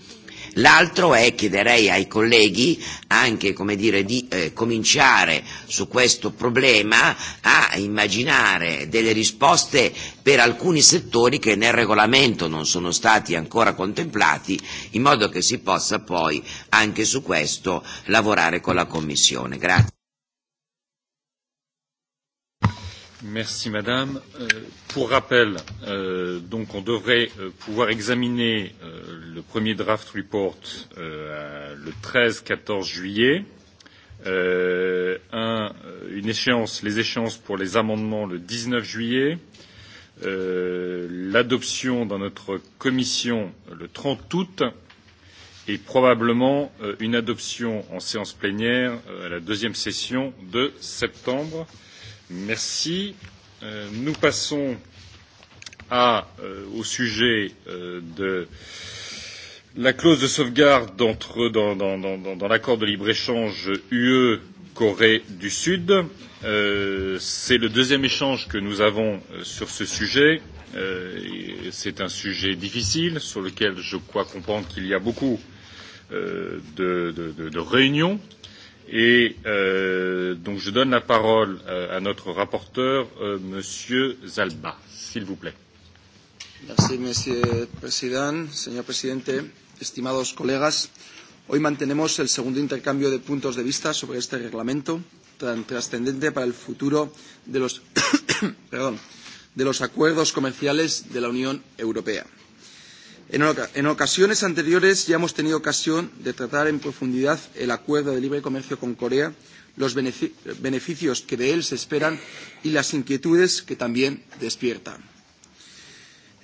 L'altro è, chiederei ai colleghi anche come dire, di eh, cominciare su questo problema a immaginare delle risposte per alcuni settori che nel regolamento non sono stati ancora contemplati, in modo che si possa poi anche su questo lavorare con la Commissione. Grazie. Merci Madame. Euh, pour rappel, euh, donc on devrait euh, pouvoir examiner euh, le premier draft report euh, le 13-14 juillet. Euh, un, euh, une échéance, les échéances pour les amendements le 19 juillet. Euh, L'adoption dans notre commission le 30 août et probablement euh, une adoption en séance plénière euh, à la deuxième session de septembre. Euh, Merci. Euh, nous passons à, euh, au sujet euh, de la clause de sauvegarde entre, dans, dans, dans, dans l'accord de libre-échange UE-Corée du Sud. Euh, C'est le deuxième échange que nous avons euh, sur ce sujet. Euh, C'est un sujet difficile sur lequel je crois comprendre qu'il y a beaucoup euh, de, de, de, de réunions Et euh, donc je donne la parole euh, à notre rapporteur, euh, Monsieur Zalba, s'il vous plaît. Merci, Monsieur le President, Señor Presidente, estimados colegas. Hoy mantenemos el segundo intercambio de puntos de vista sobre este reglamento tan trascendente para el futuro de los, perdón, de los acuerdos comerciales de la Unión Europea. En, ocasiones anteriores ya hemos tenido ocasión de tratar en profundidad el acuerdo de libre comercio con Corea, los beneficios que de él se esperan y las inquietudes que también despierta.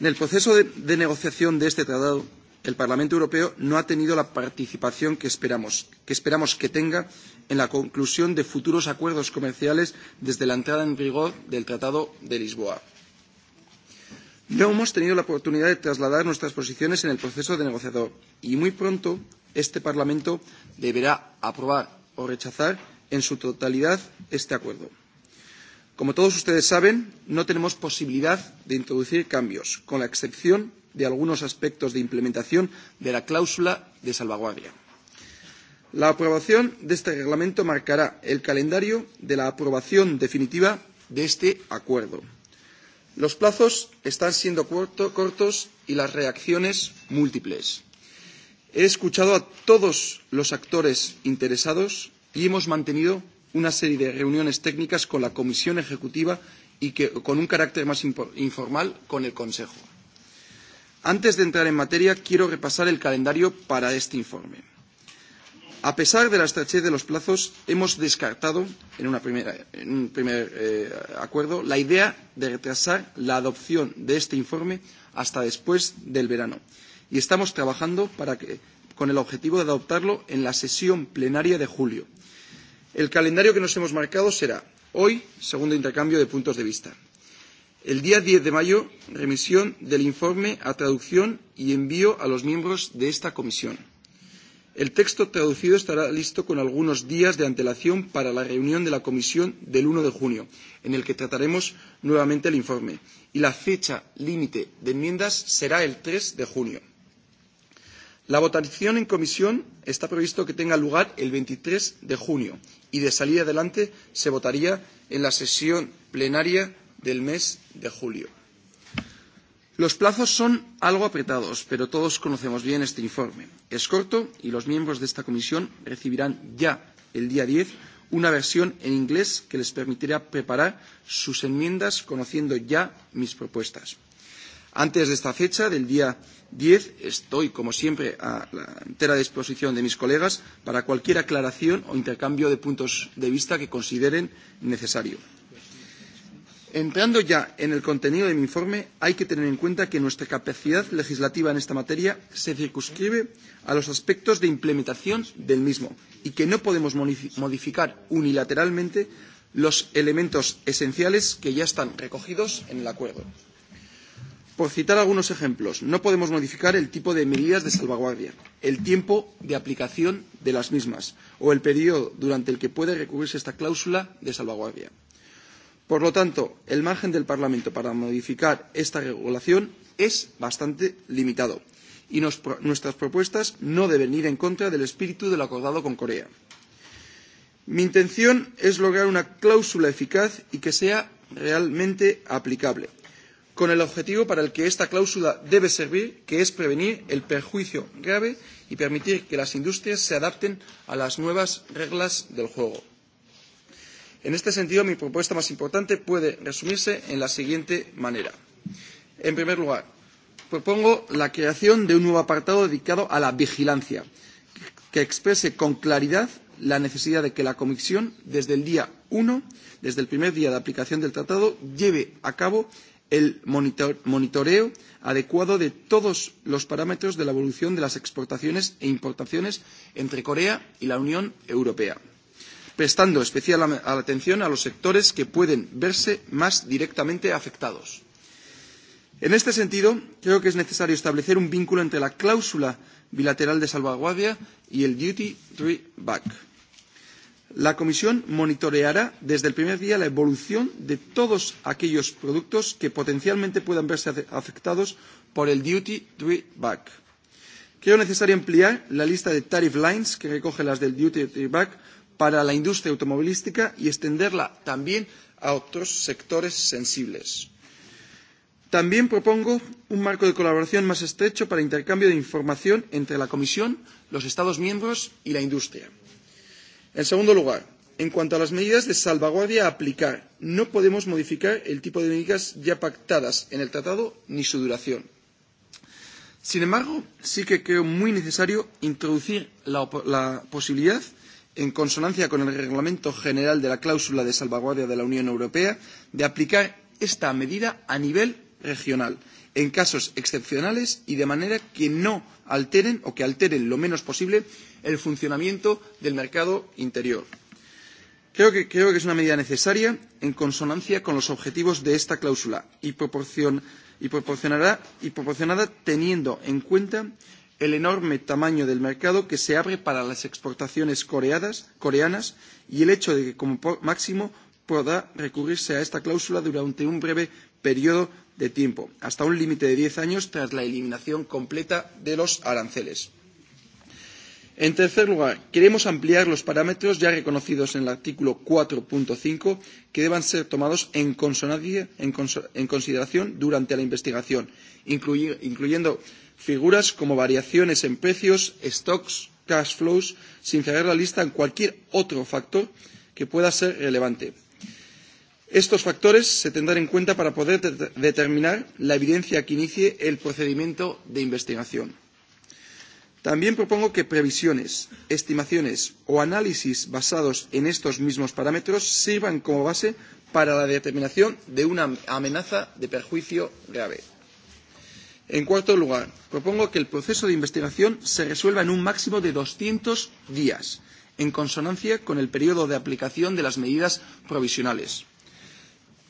En el proceso de, de negociación de este tratado, el Parlamento Europeo no ha tenido la participación que esperamos, que esperamos que tenga en la conclusión de futuros acuerdos comerciales desde la entrada en vigor del Tratado de Lisboa. No hemos tenido la oportunidad de trasladar nuestras posiciones en el proceso de negociador y muy pronto este Parlamento deberá aprobar o rechazar en su totalidad este acuerdo. Como todos ustedes saben, no tenemos posibilidad de introducir cambios, con la excepción de algunos aspectos de implementación de la cláusula de salvaguardia. La aprobación de este reglamento marcará el calendario de la aprobación definitiva de este acuerdo Los plazos están siendo corto, cortos y las reacciones múltiples. He escuchado a todos los actores interesados y hemos mantenido una serie de reuniones técnicas con la Comisión Ejecutiva y que, con un carácter más informal con el Consejo. Antes de entrar en materia, quiero repasar el calendario para este informe. A pesar de la estrechez de los plazos, hemos descartado en, una primera, en un primer eh, acuerdo la idea de retrasar la adopción de este informe hasta después del verano y estamos trabajando para que, con el objetivo de adoptarlo en la sesión plenaria de julio. El calendario que nos hemos marcado será hoy, segundo intercambio de puntos de vista. El día 10 de mayo, remisión del informe a traducción y envío a los miembros de esta comisión. El texto traducido estará listo con algunos días de antelación para la reunión de la comisión del 1 de junio, en el que trataremos nuevamente el informe, y la fecha límite de enmiendas será el 3 de junio. La votación en comisión está previsto que tenga lugar el 23 de junio y de salir adelante se votaría en la sesión plenaria del mes de julio. Los plazos son algo apretados, pero todos conocemos bien este informe. Es corto y los miembros de esta comisión recibirán ya el día 10 una versión en inglés que les permitirá preparar sus enmiendas conociendo ya mis propuestas. Antes de esta fecha, del día 10, estoy, como siempre, a la entera disposición de mis colegas para cualquier aclaración o intercambio de puntos de vista que consideren necesario. Entrando ya en el contenido de mi informe, hay que tener en cuenta que nuestra capacidad legislativa en esta materia se circunscribe a los aspectos de implementación del mismo y que no podemos modificar unilateralmente los elementos esenciales que ya están recogidos en el acuerdo. Por citar algunos ejemplos, no podemos modificar el tipo de medidas de salvaguardia, el tiempo de aplicación de las mismas o el periodo durante el que puede recurrirse esta cláusula de salvaguardia. Por lo tanto, el margen del Parlamento para modificar esta regulación es bastante limitado y nos, nuestras propuestas no deben ir en contra del espíritu de lo acordado con Corea. Mi intención es lograr una cláusula eficaz y que sea realmente aplicable, con el objetivo para el que esta cláusula debe servir, que es prevenir el perjuicio grave y permitir que las industrias se adapten a las nuevas reglas del juego. En este sentido, mi propuesta más importante puede resumirse en la siguiente manera. En primer lugar, propongo la creación de un nuevo apartado dedicado a la vigilancia, que exprese con claridad la necesidad de que la Comisión, desde el día 1, desde el primer día de aplicación del tratado, lleve a cabo el monitor, monitoreo adecuado de todos los parámetros de la evolución de las exportaciones e importaciones entre Corea y la Unión Europea prestando especial atención a los sectores que pueden verse más directamente afectados. En este sentido, creo que es necesario establecer un vínculo entre la cláusula bilateral de salvaguardia y el duty free back. La Comisión monitoreará desde el primer día la evolución de todos aquellos productos que potencialmente puedan verse afectados por el duty free back. Creo necesario ampliar la lista de tariff lines que recoge las del duty free back para la industria automovilística y extenderla también a otros sectores sensibles. También propongo un marco de colaboración más estrecho para intercambio de información entre la Comisión, los Estados miembros y la industria. En segundo lugar, en cuanto a las medidas de salvaguardia a aplicar, no podemos modificar el tipo de medidas ya pactadas en el tratado ni su duración. Sin embargo, sí que creo muy necesario introducir la, la posibilidad en consonancia con el Reglamento General de la Cláusula de Salvaguardia de la Unión Europea, de aplicar esta medida a nivel regional, en casos excepcionales y de manera que no alteren o que alteren lo menos posible el funcionamiento del mercado interior. Creo que, creo que es una medida necesaria en consonancia con los objetivos de esta cláusula y, proporcion, y, proporcionará, y proporcionada teniendo en cuenta el enorme tamaño del mercado que se abre para las exportaciones coreadas, coreanas y el hecho de que como máximo podrá recurrirse a esta cláusula durante un breve periodo de tiempo, hasta un límite de 10 años tras la eliminación completa de los aranceles. En tercer lugar, queremos ampliar los parámetros ya reconocidos en el artículo 4.5 que deban ser tomados en, consonancia, en, cons en consideración durante la investigación, incluyendo figuras como variaciones en precios, stocks, cash flows, sin cerrar la lista en cualquier otro factor que pueda ser relevante. Estos factores se tendrán en cuenta para poder de determinar la evidencia que inicie el procedimiento de investigación. También propongo que previsiones, estimaciones o análisis basados en estos mismos parámetros sirvan como base para la determinación de una amenaza de perjuicio grave. En cuarto lugar, propongo que el proceso de investigación se resuelva en un máximo de 200 días, en consonancia con el periodo de aplicación de las medidas provisionales.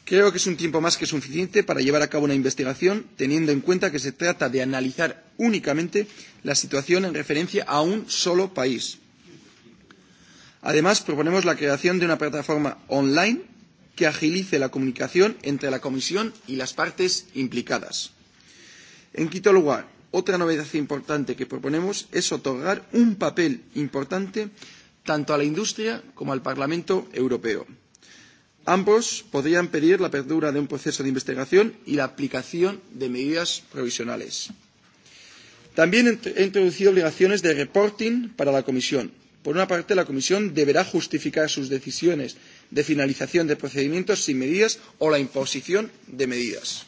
Creo que es un tiempo más que suficiente para llevar a cabo una investigación, teniendo en cuenta que se trata de analizar únicamente la situación en referencia a un solo país. Además, proponemos la creación de una plataforma online que agilice la comunicación entre la Comisión y las partes implicadas. En quinto lugar, otra novedad importante que proponemos es otorgar un papel importante tanto a la industria como al Parlamento Europeo. Ambos podrían pedir la apertura de un proceso de investigación y la aplicación de medidas provisionales. También he introducido obligaciones de reporting para la Comisión. Por una parte, la Comisión deberá justificar sus decisiones de finalización de procedimientos sin medidas o la imposición de medidas.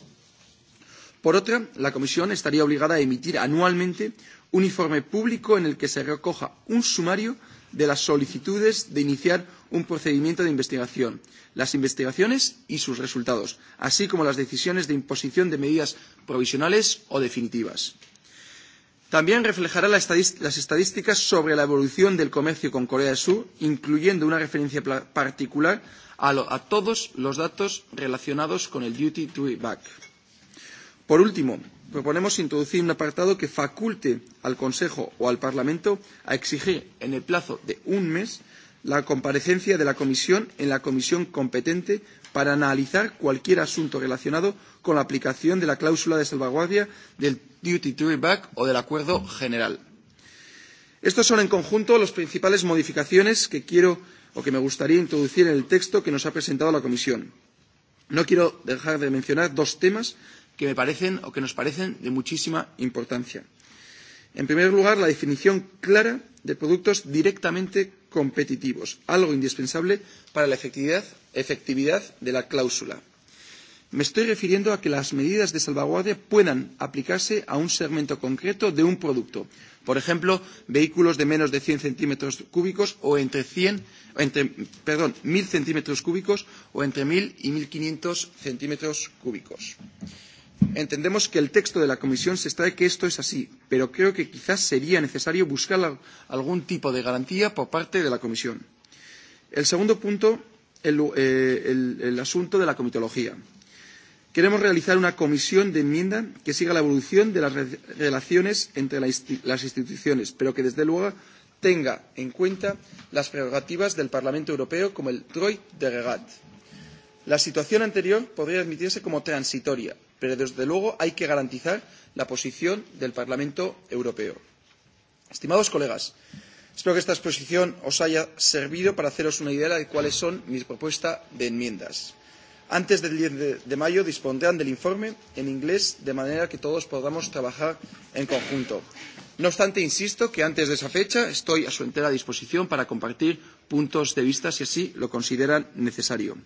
Por otra, la Comisión estaría obligada a emitir anualmente un informe público en el que se recoja un sumario de las solicitudes de iniciar un procedimiento de investigación, las investigaciones y sus resultados, así como las decisiones de imposición de medidas provisionales o definitivas. También reflejará las estadísticas sobre la evolución del comercio con Corea del Sur, incluyendo una referencia particular a, lo, a todos los datos relacionados con el duty to back. Por último, proponemos introducir un apartado que faculte al Consejo o al Parlamento a exigir, en el plazo de un mes, la comparecencia de la Comisión en la comisión competente para analizar cualquier asunto relacionado con la aplicación de la cláusula de salvaguardia del duty Drawback o del acuerdo general. Estos son en conjunto las principales modificaciones que quiero o que me gustaría introducir en el texto que nos ha presentado la Comisión. No quiero dejar de mencionar dos temas que me parecen o que nos parecen de muchísima importancia. En primer lugar, la definición clara de productos directamente competitivos, algo indispensable para la efectividad, efectividad de la cláusula. Me estoy refiriendo a que las medidas de salvaguardia puedan aplicarse a un segmento concreto de un producto. Por ejemplo, vehículos de menos de 100 centímetros cúbicos o entre, 100, entre perdón, 1.000 centímetros cúbicos o entre 1.000 y 1.500 centímetros cúbicos entendemos que el texto de la Comisión se extrae que esto es así, pero creo que quizás sería necesario buscar algún tipo de garantía por parte de la Comisión. El segundo punto, el, eh, el, el asunto de la comitología. Queremos realizar una comisión de enmienda que siga la evolución de las re relaciones entre la insti las instituciones, pero que desde luego tenga en cuenta las prerrogativas del Parlamento Europeo como el Troy de Regat. La situación anterior podría admitirse como transitoria, pero desde luego hay que garantizar la posición del Parlamento Europeo. Estimados colegas, espero que esta exposición os haya servido para haceros una idea de cuáles son mis propuestas de enmiendas. Antes del 10 de mayo dispondrán del informe en inglés de manera que todos podamos trabajar en conjunto. No obstante, insisto que antes de esa fecha estoy a su entera disposición para compartir puntos de vista si así lo consideran necesario.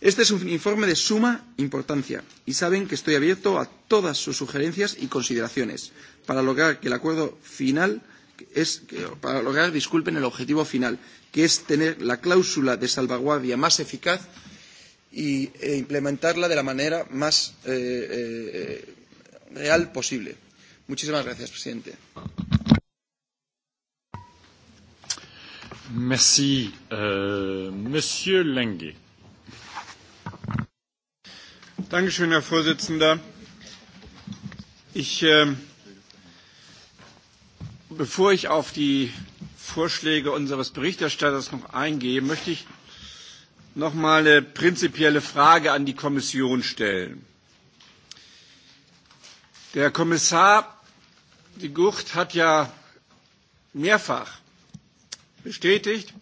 Este es un informe de suma importancia y saben que estoy abierto a todas sus sugerencias y consideraciones para lograr que el acuerdo final es para lograr, disculpen, el objetivo final, que es tener la cláusula de salvaguardia más eficaz e implementarla de la manera más eh, eh, real posible. Muchísimas gracias, presidente. Merci. Euh, Monsieur Lengue. Dankeschön, Herr Vorsitzender. Ich, äh, bevor ich auf die Vorschläge unseres Berichterstatters noch eingehe, möchte ich noch mal eine prinzipielle Frage an die Kommission stellen. Der Kommissar de Gucht hat ja mehrfach bestätigt,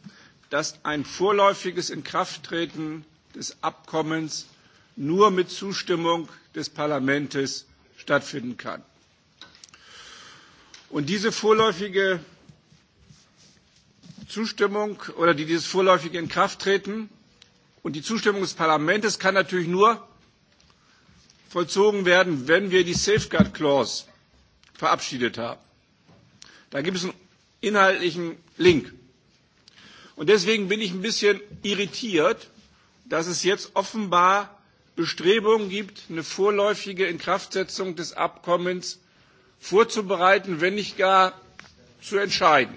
dass ein vorläufiges Inkrafttreten des Abkommens nur mit Zustimmung des Parlaments stattfinden kann. Und diese vorläufige Zustimmung oder die dieses vorläufige Inkrafttreten und die Zustimmung des Parlaments kann natürlich nur vollzogen werden, wenn wir die Safeguard Clause verabschiedet haben. Da gibt es einen inhaltlichen Link. Und deswegen bin ich ein bisschen irritiert, dass es jetzt offenbar Bestrebungen gibt, eine vorläufige Inkraftsetzung des Abkommens vorzubereiten, wenn nicht gar zu entscheiden.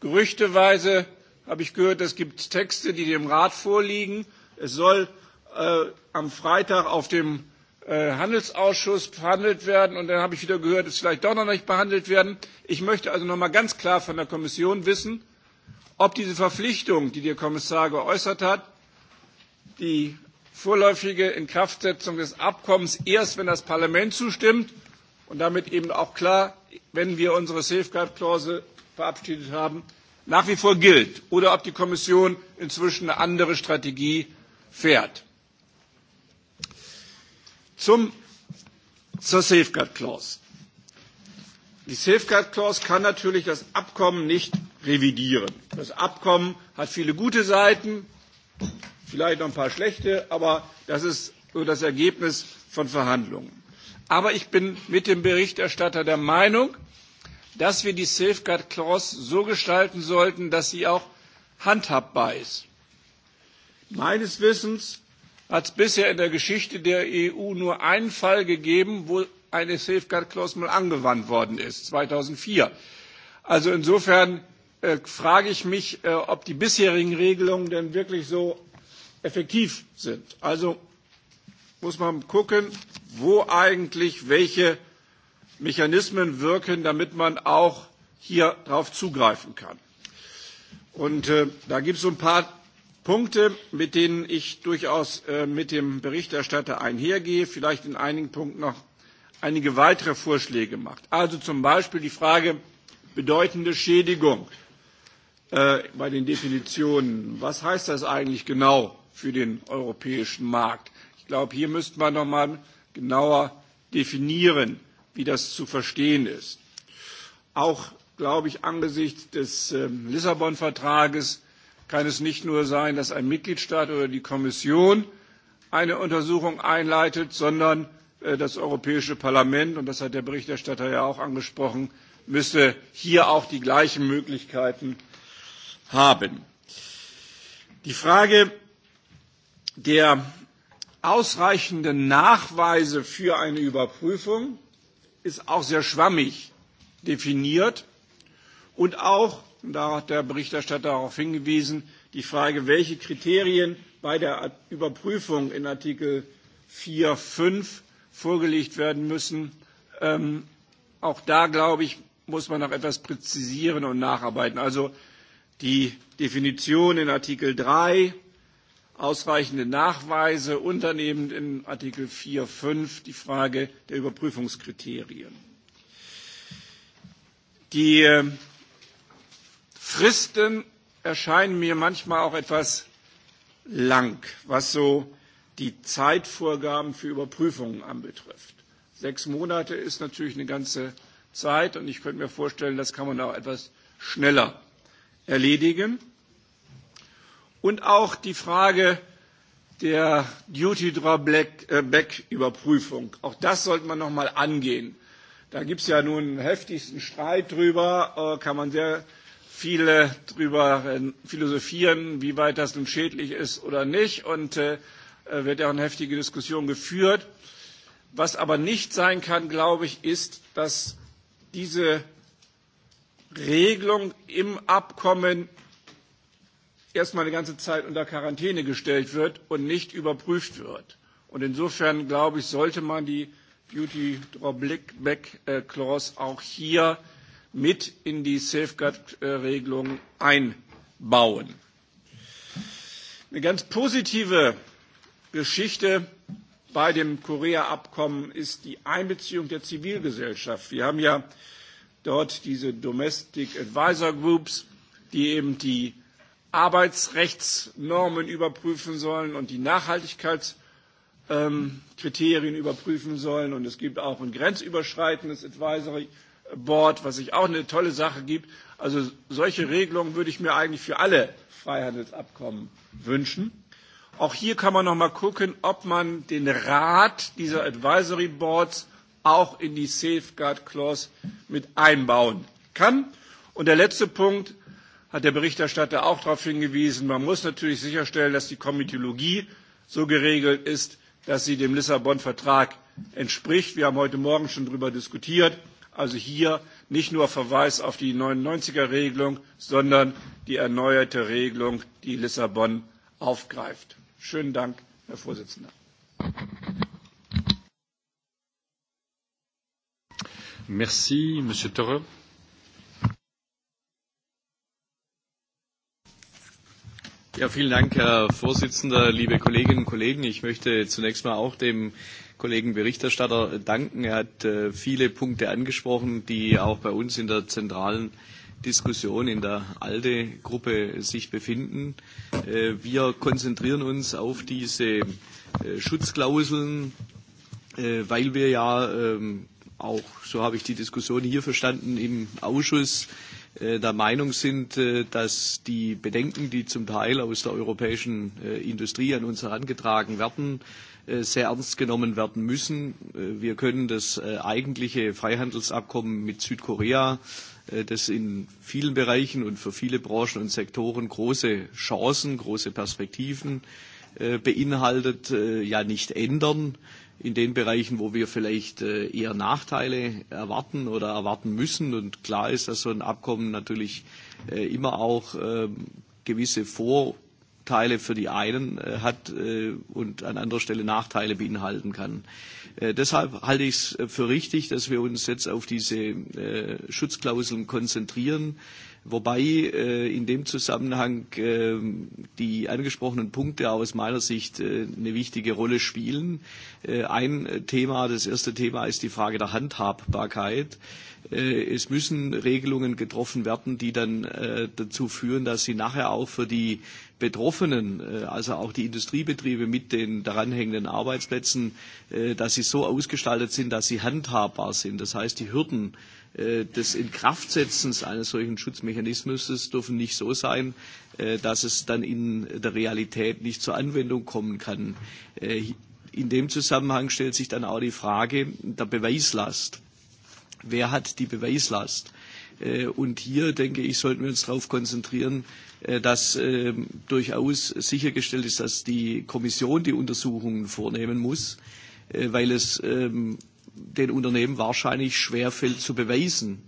Gerüchteweise habe ich gehört, es gibt Texte, die dem Rat vorliegen. Es soll äh, am Freitag auf dem äh, Handelsausschuss behandelt werden und dann habe ich wieder gehört, es vielleicht doch noch nicht behandelt werden. Ich möchte also noch mal ganz klar von der Kommission wissen, ob diese Verpflichtung, die der Kommissar geäußert hat, die vorläufige Inkraftsetzung des Abkommens erst, wenn das Parlament zustimmt und damit eben auch klar, wenn wir unsere Safeguard Clause verabschiedet haben, nach wie vor gilt oder ob die Kommission inzwischen eine andere Strategie fährt. Zum, zur Safeguard Clause. Die Safeguard Clause kann natürlich das Abkommen nicht revidieren. Das Abkommen hat viele gute Seiten, vielleicht noch ein paar schlechte, aber das ist so das Ergebnis von Verhandlungen. Aber ich bin mit dem Berichterstatter der Meinung, dass wir die Safeguard Clause so gestalten sollten, dass sie auch handhabbar ist. Meines Wissens hat es bisher in der Geschichte der EU nur einen Fall gegeben, wo eine Safeguard Clause mal angewandt worden ist, 2004. Also insofern äh, frage ich mich, äh, ob die bisherigen Regelungen denn wirklich so effektiv sind. Also muss man gucken, wo eigentlich welche Mechanismen wirken, damit man auch hier darauf zugreifen kann. Und äh, da gibt es so ein paar Punkte, mit denen ich durchaus äh, mit dem Berichterstatter einhergehe, vielleicht in einigen Punkten noch einige weitere Vorschläge macht. Also zum Beispiel die Frage bedeutende Schädigung äh, bei den Definitionen. Was heißt das eigentlich genau? für den europäischen Markt. Ich glaube, hier müsste man noch mal genauer definieren, wie das zu verstehen ist. Auch, glaube ich, angesichts des ähm, Lissabon-Vertrages kann es nicht nur sein, dass ein Mitgliedstaat oder die Kommission eine Untersuchung einleitet, sondern äh, das Europäische Parlament, und das hat der Berichterstatter ja auch angesprochen, müsste hier auch die gleichen Möglichkeiten haben. Die Frage der ausreichenden Nachweise für eine Überprüfung ist auch sehr schwammig definiert und auch, da hat der Berichterstatter darauf hingewiesen, die Frage, welche Kriterien bei der Überprüfung in Artikel 4, 5 vorgelegt werden müssen. Ähm, auch da, glaube ich, muss man noch etwas präzisieren und nacharbeiten. Also die Definition in Artikel 3 ausreichende Nachweise eben in Artikel 4.5 die Frage der Überprüfungskriterien. Die ähm, Fristen erscheinen mir manchmal auch etwas lang, was so die Zeitvorgaben für Überprüfungen anbetrifft. Sechs Monate ist natürlich eine ganze Zeit und ich könnte mir vorstellen, das kann man auch etwas schneller erledigen und auch die Frage der Duty Drawback äh, Überprüfung. Auch das sollte man noch mal angehen. Da gibt es ja nun einen heftigsten Streit drüber, äh, kann man sehr viele drüber äh, philosophieren, wie weit das nun schädlich ist oder nicht und äh, wird ja auch eine heftige Diskussion geführt. Was aber nicht sein kann, glaube ich, ist, dass diese Regelung im Abkommen erstmal eine ganze Zeit unter Quarantäne gestellt wird und nicht überprüft wird. Und insofern, glaube ich, sollte man die Duty Drawback Back äh, Clause auch hier mit in die Safeguard-Regelung einbauen. Eine ganz positive Geschichte bei dem Korea-Abkommen ist die Einbeziehung der Zivilgesellschaft. Wir haben ja dort diese Domestic Advisor Groups, die eben die Arbeitsrechtsnormen überprüfen sollen und die Nachhaltigkeitskriterien ähm, überprüfen sollen. Und es gibt auch ein grenzüberschreitendes Advisory Board, was ich auch eine tolle Sache gibt. Also solche Regelungen würde ich mir eigentlich für alle Freihandelsabkommen wünschen. Auch hier kann man noch mal gucken, ob man den Rat dieser Advisory Boards auch in die Safeguard Clause mit einbauen kann. Und der letzte Punkt, hat der Berichterstatter auch darauf hingewiesen, man muss natürlich sicherstellen, dass die Komitologie so geregelt ist, dass sie dem Lissabon-Vertrag entspricht. Wir haben heute Morgen schon darüber diskutiert. Also hier nicht nur Verweis auf die 99er-Regelung, sondern die erneuerte Regelung, die Lissabon aufgreift. Schönen Dank, Herr Vorsitzender. Merci, Monsieur Torre. Ja, vielen Dank, Herr Vorsitzender, liebe Kolleginnen und Kollegen. Ich möchte zunächst mal auch dem Kollegen Berichterstatter danken. Er hat äh, viele Punkte angesprochen, die auch bei uns in der zentralen Diskussion in der ALDE-Gruppe sich befinden. Äh, wir konzentrieren uns auf diese äh, Schutzklauseln, weil wir ja ähm, auch, so habe ich die Diskussion hier verstanden, im Ausschuss Äh, der Meinung sind, äh, dass die Bedenken, die zum Teil aus der europäischen äh, Industrie an uns herangetragen werden, sehr ernst genommen werden müssen. Wir können das eigentliche Freihandelsabkommen mit Südkorea, das in vielen Bereichen und für viele Branchen und Sektoren große Chancen, große Perspektiven beinhaltet, ja nicht ändern in den Bereichen, wo wir vielleicht äh, eher Nachteile erwarten oder erwarten müssen. Und klar ist, dass so ein Abkommen natürlich äh, immer auch ähm, gewisse Vorteile für die einen äh, hat und an anderer Stelle Nachteile beinhalten kann. Deshalb halte ich es für richtig, dass wir uns jetzt auf diese Schutzklauseln konzentrieren Wobei äh, in dem Zusammenhang äh, die angesprochenen Punkte aus meiner Sicht äh, eine wichtige Rolle spielen. Äh, ein Thema, das erste Thema ist die Frage der Handhabbarkeit. Äh, es müssen Regelungen getroffen werden, die dann äh, dazu führen, dass sie nachher auch für die Betroffenen, äh, also auch die Industriebetriebe mit den daranhängenden Arbeitsplätzen, äh, dass sie so ausgestaltet sind, dass sie handhabbar sind. Das heißt, die Hürden äh, des Inkraftsetzens eines solchen Schutzmechanismus dürfen nicht so sein, dass es dann in der Realität nicht zur Anwendung kommen kann. In dem Zusammenhang stellt sich dann auch die Frage der Beweislast. Wer hat die Beweislast? Äh, und hier, denke ich, sollten wir uns darauf konzentrieren, äh, dass ähm, durchaus sichergestellt ist, dass die Kommission die Untersuchungen vornehmen muss, äh, weil es ähm, den Unternehmen wahrscheinlich schwerfällt zu beweisen,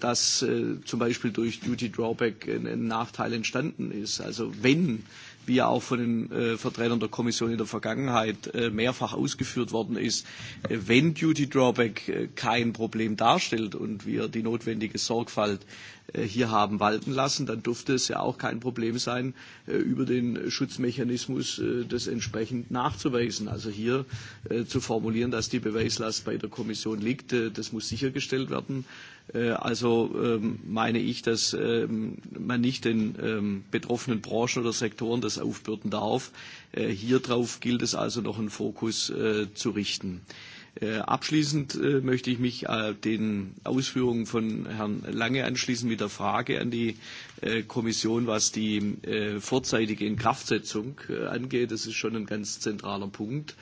dass zum Beispiel durch Duty Drawback ein Nachteil entstanden ist. Also wenn wie er auch von den äh, Vertretern der Kommission in der Vergangenheit äh, mehrfach ausgeführt worden ist, äh, wenn Duty Drawback äh, kein Problem darstellt und wir die notwendige Sorgfalt äh, hier haben walten lassen, dann dürfte es ja auch kein Problem sein, äh, über den Schutzmechanismus äh, das entsprechend nachzuweisen. Also hier zu formulieren, dass die Beweislast bei der Kommission liegt, das muss sichergestellt werden. Äh, also ähm, meine ich, dass ähm, man nicht den ähm, betroffenen Branchen oder Sektoren das aufbürden darf. Äh, Hierauf gilt es also noch einen Fokus äh, zu richten. Äh, abschließend äh, möchte ich mich äh, den Ausführungen von Herrn Lange anschließen mit der Frage an die Kommission, was die vorzeitige Inkraftsetzung angeht. Das ist schon ein ganz zentraler Punkt.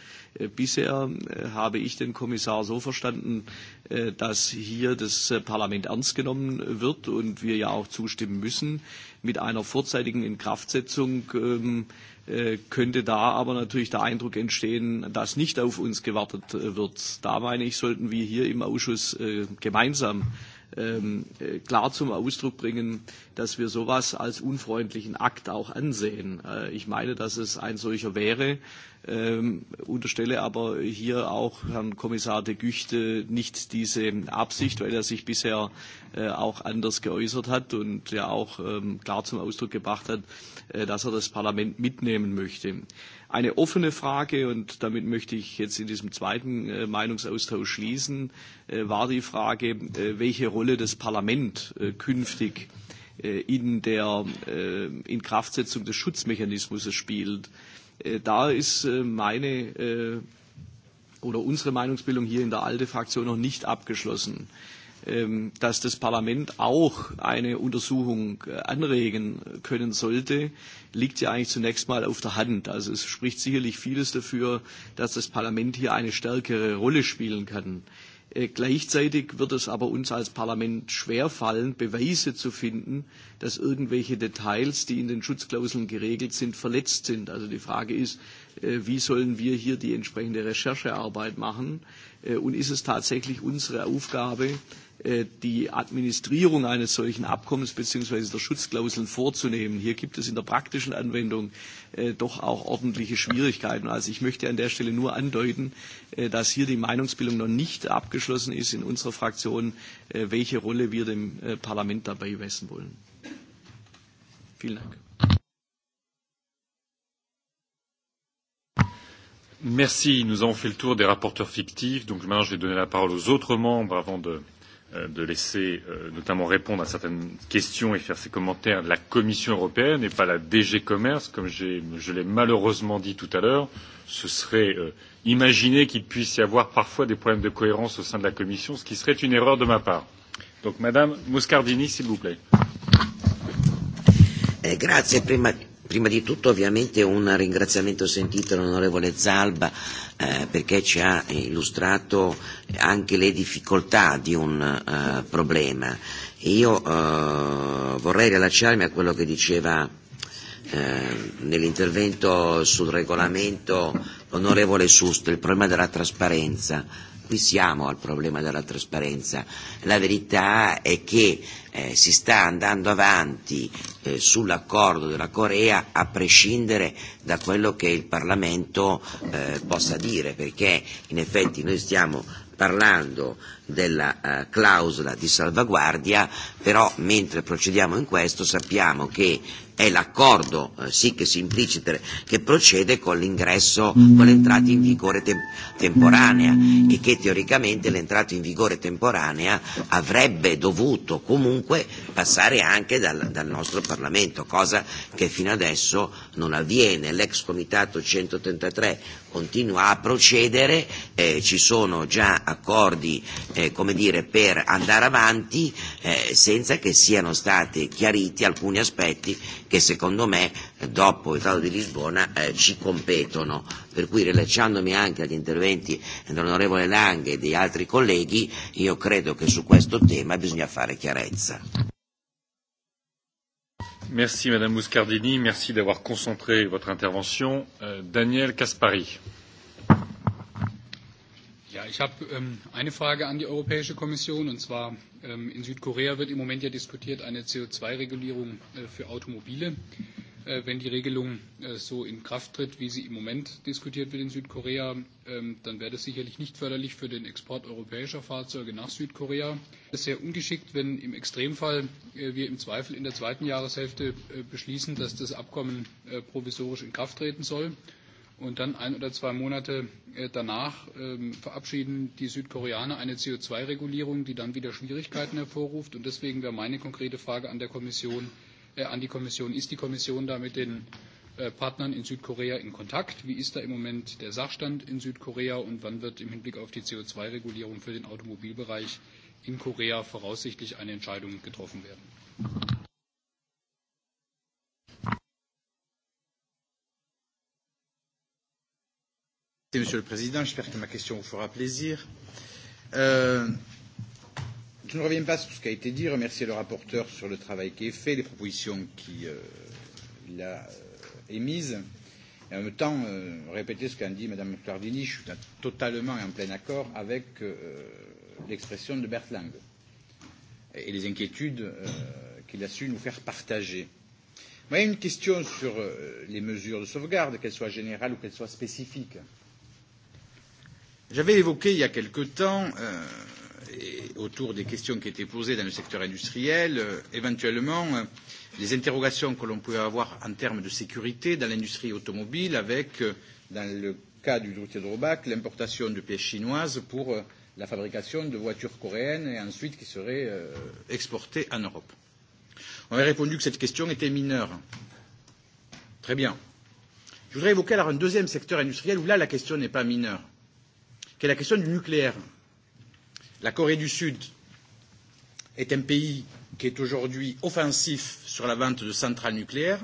Bisher habe ich den Kommissar so verstanden, dass hier das Parlament ernst genommen wird und wir ja auch zustimmen müssen. Mit einer vorzeitigen Inkraftsetzung ähm, Äh, könnte da aber natürlich der Eindruck entstehen, dass nicht auf uns gewartet äh, wird. Da meine ich, sollten wir hier im Ausschuss äh, gemeinsam ähm, klar zum Ausdruck bringen, dass wir sowas als unfreundlichen Akt auch ansehen. Ich meine, dass es ein solcher wäre, ähm, unterstelle aber hier auch Herrn Kommissar de Güchte nicht diese Absicht, weil er sich bisher äh, auch anders geäußert hat und ja auch ähm, klar zum Ausdruck gebracht hat, äh, dass er das Parlament mitnehmen möchte. Eine offene Frage, und damit möchte ich jetzt in diesem zweiten äh, Meinungsaustausch schließen, äh, war die Frage, äh, welche Rolle das Parlament äh, künftig äh, in der äh, Inkraftsetzung des Schutzmechanismus spielt. Äh, Äh, da ist äh, meine äh, oder unsere Meinungsbildung hier in der ALDE-Fraktion noch nicht abgeschlossen ähm, dass das Parlament auch eine Untersuchung anregen können sollte, liegt ja eigentlich zunächst mal auf der Hand. Also es spricht sicherlich vieles dafür, dass das Parlament hier eine stärkere Rolle spielen kann. Äh, gleichzeitig wird es aber uns als Parlament schwerfallen, Beweise zu finden, dass irgendwelche Details, die in den Schutzklauseln geregelt sind, verletzt sind. Also die Frage ist, äh, wie sollen wir hier die entsprechende Recherchearbeit machen? Äh, und ist es tatsächlich unsere Aufgabe, äh, die Administrierung eines solchen Abkommens bzw. der Schutzklauseln vorzunehmen. Hier gibt es in der praktischen Anwendung äh, doch auch ordentliche Schwierigkeiten. Also ich möchte an der Stelle nur andeuten, äh, dass hier die Meinungsbildung noch nicht abgeschlossen ist in unserer Fraktion, äh, welche Rolle wir dem äh, Parlament dabei messen wollen. Vielen Dank. Merci. Nous avons fait le tour des rapporteurs fictifs. Donc maintenant, je vais donner la parole aux autres membres avant de, euh, de laisser euh, notamment répondre à certaines questions et faire ses commentaires la Commission européenne et pas la DG Commerce, comme je l'ai malheureusement dit tout à l'heure. Ce serait euh, imaginer qu'il puisse y avoir parfois des problèmes de cohérence au sein de la Commission, ce qui serait une erreur de ma part. Donc Madame Moscardini, s'il vous plaît. Eh, grazie, prima Prima di tutto ovviamente un ringraziamento sentito all'onorevole Zalba eh, perché ci ha illustrato anche le difficoltà di un eh, problema. Io eh, vorrei rilacciarmi a quello che diceva Eh, nell'intervento sul regolamento l'onorevole Susto, il problema della trasparenza. Qui siamo al problema della trasparenza. La verità è che eh, si sta andando avanti eh, sull'accordo della Corea a prescindere da quello che il Parlamento eh, possa dire, perché in effetti noi stiamo parlando della eh, clausola di salvaguardia, però mentre procediamo in questo sappiamo che è l'accordo eh, si implicita che procede con l'ingresso, con l'entrata in vigore te- temporanea e che teoricamente l'entrata in vigore temporanea avrebbe dovuto comunque passare anche dal, dal nostro Parlamento, cosa che fino adesso non avviene. L'ex Comitato 133 continua a procedere, eh, ci sono già accordi eh, come dire, per andare avanti eh, senza che siano stati chiariti alcuni aspetti che secondo me dopo il Trattato di Lisbona eh, ci competono. Per cui rilasciandomi anche agli interventi dell'onorevole Lange e di altri colleghi, io credo che su questo tema bisogna fare chiarezza. Merci Madame Muscardini, merci d'avoir concentré votre intervention. Euh, Daniel Caspari. Ja, ich habe ähm, eine Frage an die Europäische Kommission und zwar Ähm, in Südkorea wird im Moment ja diskutiert eine CO2-Regulierung äh, für Automobile. Äh, wenn die Regelung äh, so in Kraft tritt, wie sie im Moment diskutiert wird in Südkorea, ähm, dann wäre das sicherlich nicht förderlich für den Export europäischer Fahrzeuge nach Südkorea. Es ist sehr ungeschickt, wenn im Extremfall wir im Zweifel in der zweiten Jahreshälfte beschließen, dass das Abkommen provisorisch in Kraft treten soll Und dann ein oder zwei Monate äh, danach ähm, verabschieden die Südkoreaner eine CO2-Regulierung, die dann wieder Schwierigkeiten hervorruft. Und deswegen wäre meine konkrete Frage an, der Kommission, äh, an die Kommission, ist die Kommission da mit den äh, Partnern in Südkorea in Kontakt? Wie ist da im Moment der Sachstand in Südkorea und wann wird im Hinblick auf die CO2-Regulierung für den Automobilbereich in Korea voraussichtlich eine Entscheidung getroffen werden? Merci, Monsieur le Président. J'espère que ma question vous fera plaisir. Euh, je ne reviens pas sur tout ce qui a été dit. Remercier le rapporteur sur le travail qui est fait, les propositions qu'il euh, a euh, émises. Et en même temps, euh, répéter ce qu'a dit Mme Clardini, je suis totalement en plein accord avec euh, l'expression de Bert Lang et les inquiétudes euh, qu'il a su nous faire partager. Moi, il y a une question sur euh, les mesures de sauvegarde, qu'elles soient générales ou qu'elles soient spécifiques. J'avais évoqué il y a quelque temps, euh, et autour des questions qui étaient posées dans le secteur industriel, euh, éventuellement euh, les interrogations que l'on pouvait avoir en termes de sécurité dans l'industrie automobile avec, euh, dans le cas du droutier de Robac, l'importation de pièces chinoises pour euh, la fabrication de voitures coréennes et ensuite qui seraient euh, exportées en Europe. On avait répondu que cette question était mineure. Très bien. Je voudrais évoquer alors un deuxième secteur industriel où là la question n'est pas mineure qui est la question du nucléaire. La Corée du Sud est un pays qui est aujourd'hui offensif sur la vente de centrales nucléaires.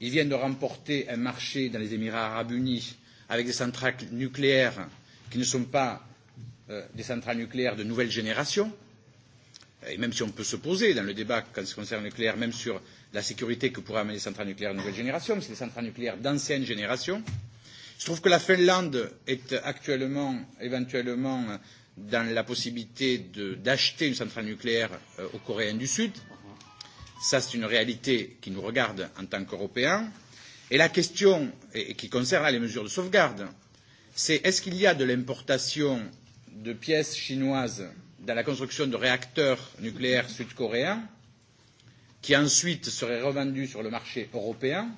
Ils viennent de remporter un marché dans les Émirats arabes unis avec des centrales nucléaires qui ne sont pas euh, des centrales nucléaires de nouvelle génération. Et même si on peut se poser dans le débat quand ce concerne le nucléaire, même sur la sécurité que pourraient amener les centrales nucléaires de nouvelle génération, mais c'est des centrales nucléaires d'ancienne génération. Euh, Je trouve que la Finlande est actuellement, éventuellement, dans la possibilité d'acheter une centrale nucléaire euh, aux Coréens du Sud. Ça, c'est une réalité qui nous regarde en tant qu'Européens. Et la question, et, et qui concerne là, les mesures de sauvegarde, c'est est-ce qu'il y a de l'importation de pièces chinoises dans la construction de réacteurs nucléaires sud-coréens qui ensuite seraient revendus sur le marché européen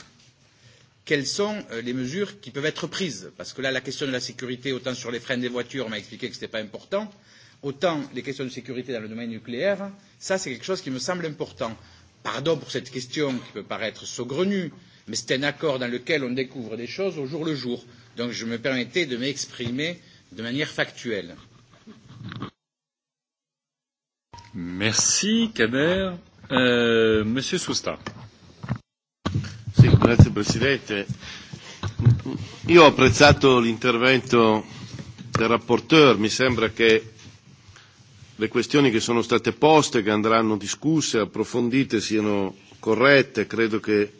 quelles sont euh, les mesures qui peuvent être prises Parce que là, la question de la sécurité, autant sur les freins des voitures, on m'a expliqué que ce n'était pas important, autant les questions de sécurité dans le domaine nucléaire, ça c'est quelque chose qui me semble important. Pardon pour cette question qui peut paraître saugrenue, mais c'est un accord dans lequel on découvre des choses au jour le jour. Donc je me permettais de m'exprimer de manière factuelle. Merci, Kader. Euh, Monsieur Sousta. Sì, grazie Presidente. Io ho apprezzato l'intervento del rapporteur, mi sembra che le questioni che sono state poste, che andranno discusse, approfondite, siano corrette, credo che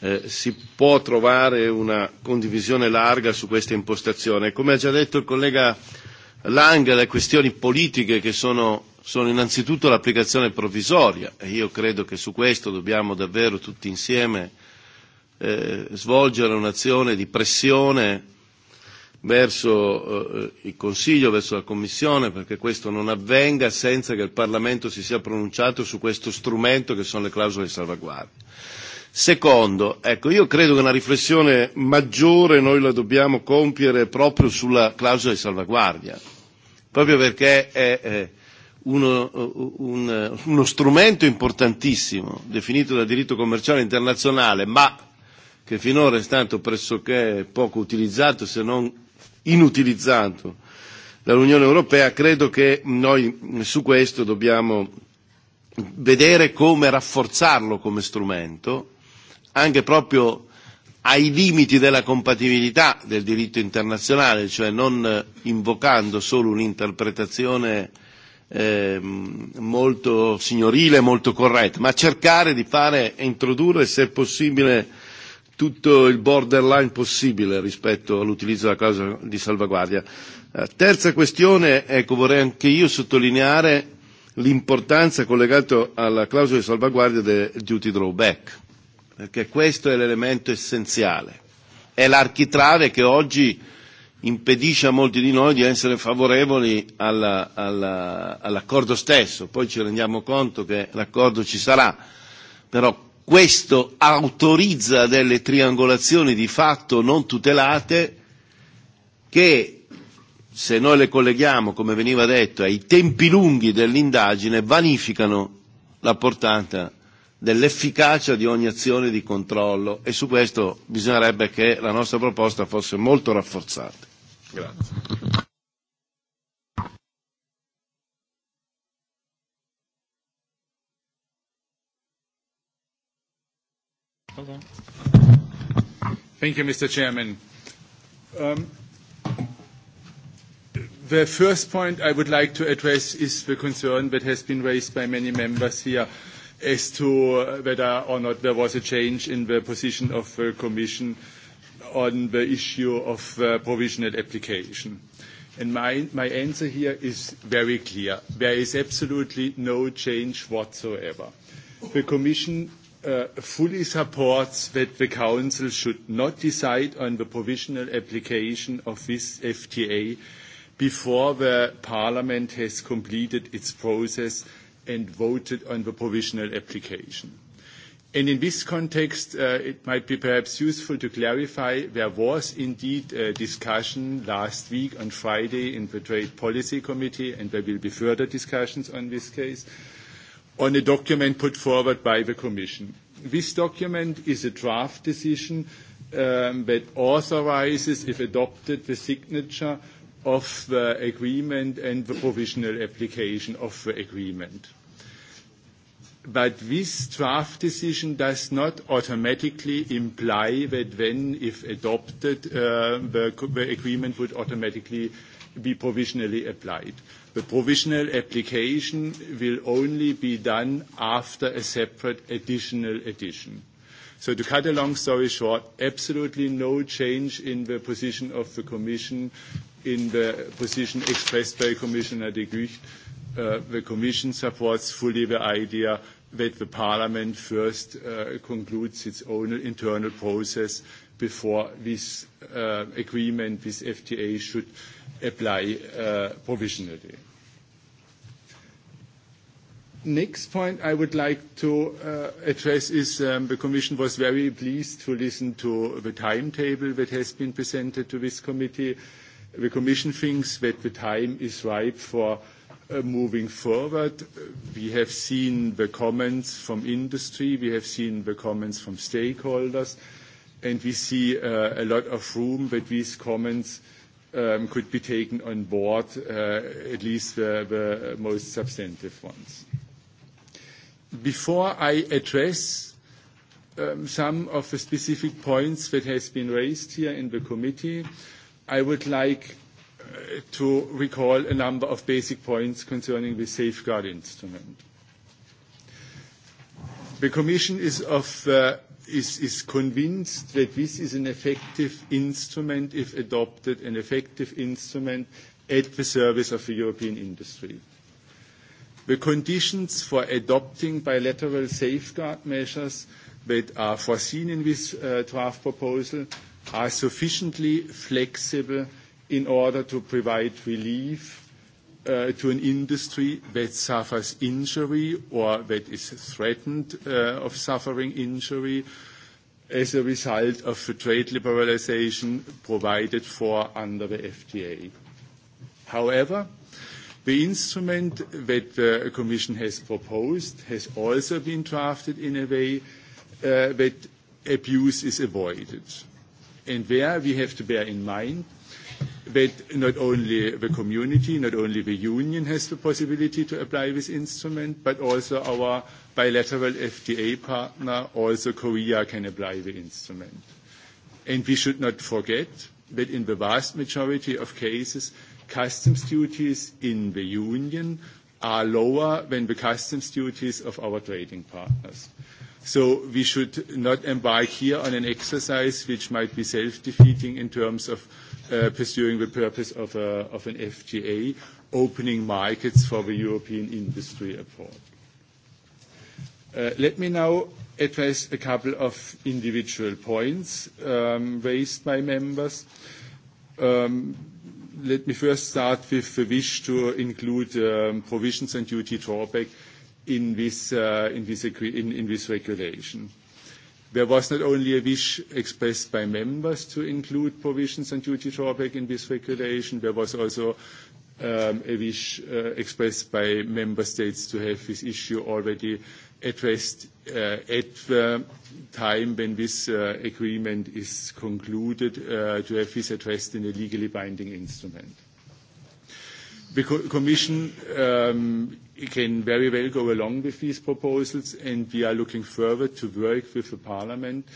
eh, si può trovare una condivisione larga su questa impostazione. Come ha già detto il collega Lang, le questioni politiche che sono sono innanzitutto l'applicazione provvisoria e io credo che su questo dobbiamo davvero tutti insieme eh, svolgere un'azione di pressione verso eh, il Consiglio, verso la Commissione, perché questo non avvenga senza che il Parlamento si sia pronunciato su questo strumento che sono le clausole di salvaguardia. Secondo, ecco, io credo che una riflessione maggiore noi la dobbiamo compiere proprio sulla clausola di salvaguardia, proprio perché è, eh, uno, un, uno strumento importantissimo definito da diritto commerciale internazionale, ma che finora è stato pressoché poco utilizzato se non inutilizzato dall'Unione Europea, credo che noi su questo dobbiamo vedere come rafforzarlo come strumento, anche proprio ai limiti della compatibilità del diritto internazionale, cioè non invocando solo un'interpretazione eh, Ehm, molto signorile, molto corretta, ma cercare di fare e introdurre, se possibile, tutto il borderline possibile rispetto all'utilizzo della causa di salvaguardia. Eh, terza questione, ecco, vorrei anche io sottolineare l'importanza collegata alla clausola di salvaguardia del duty drawback, perché questo è l'elemento essenziale, è l'architrave che oggi impedisce a molti di noi di essere favorevoli alla, alla, all'accordo stesso. Poi ci rendiamo conto che l'accordo ci sarà, però questo autorizza delle triangolazioni di fatto non tutelate che se noi le colleghiamo, come veniva detto, ai tempi lunghi dell'indagine, vanificano la portata dell'efficacia di ogni azione di controllo e su questo bisognerebbe che la nostra proposta fosse molto rafforzata. Grazie. Thank you, Mr. Chairman. Um, the first point I would like to address is the concern that has been raised by many members here as to uh, whether or not there was a change in the position of the Commission on the issue of uh, provisional application. And my, my answer here is very clear. There is absolutely no change whatsoever. The Commission uh, fully supports that the Council should not decide on the provisional application of this FTA before the Parliament has completed its process and voted on the provisional application. And in this context, uh, it might be perhaps useful to clarify there was indeed a discussion last week on Friday in the Trade Policy Committee, and there will be further discussions on this case, on a document put forward by the Commission. This document is a draft decision um, that authorizes, if adopted, the signature of the agreement and the provisional application of the agreement. But this draft decision does not automatically imply that when, if adopted, uh, the, the agreement would automatically be provisionally applied. The provisional application will only be done after a separate additional edition. So to cut a long story short, absolutely no change in the position of the Commission, in the position expressed by Commissioner de Gucht. Uh, the Commission supports fully the idea that the parliament first uh, concludes its own internal process before this uh, agreement, this FTA, should apply uh, provisionally. Next point I would like to address is um, the Commission was very pleased to listen to the timetable that has been presented to this committee. The Commission thinks that the time is ripe for Uh, moving forward. Uh, we have seen the comments from industry, we have seen the comments from stakeholders, and we see uh, a lot of room that these comments um, could be taken on board, at least the, most substantive ones. Before I address um, some of the specific points that has been raised here in the committee, I would like to recall a number of basic points concerning the safeguard instrument. The Commission is, of, uh, is, is convinced that this is an effective instrument, if adopted, an effective instrument at the service of the European industry. The conditions for adopting bilateral safeguard measures that are foreseen in this uh, draft proposal are sufficiently flexible in order to provide relief uh, to an industry that suffers injury or that is threatened uh, of suffering injury as a result of the trade liberalization provided for under the FTA. However, the instrument that the Commission has proposed has also been drafted in a way uh, that abuse is avoided. And there we have to bear in mind that not only the community, not only the union has the possibility to apply this instrument, but also our bilateral FTA partner, also Korea can apply the instrument. And we should not forget that in the vast majority of cases, customs duties in the union are lower than the customs duties of our trading partners. So we should not embark here on an exercise which might be self-defeating in terms of Uh, pursuing the purpose of, a, uh, of an FTA, opening markets for the European industry abroad. Uh, let me now address a couple of individual points um, raised by members. Um, let me first start with the wish to include um, provisions and duty drawback in this, uh, in this, in, in this regulation. There was not only a wish expressed by members to include provisions on duty drawback in this regulation, there was also um, a wish uh, expressed by member states to have this issue already addressed uh, at the time when this uh, agreement is concluded, uh, to have this addressed in a legally binding instrument. The Commission um, can very well go along with these proposals, and we are looking forward to work with the Parliament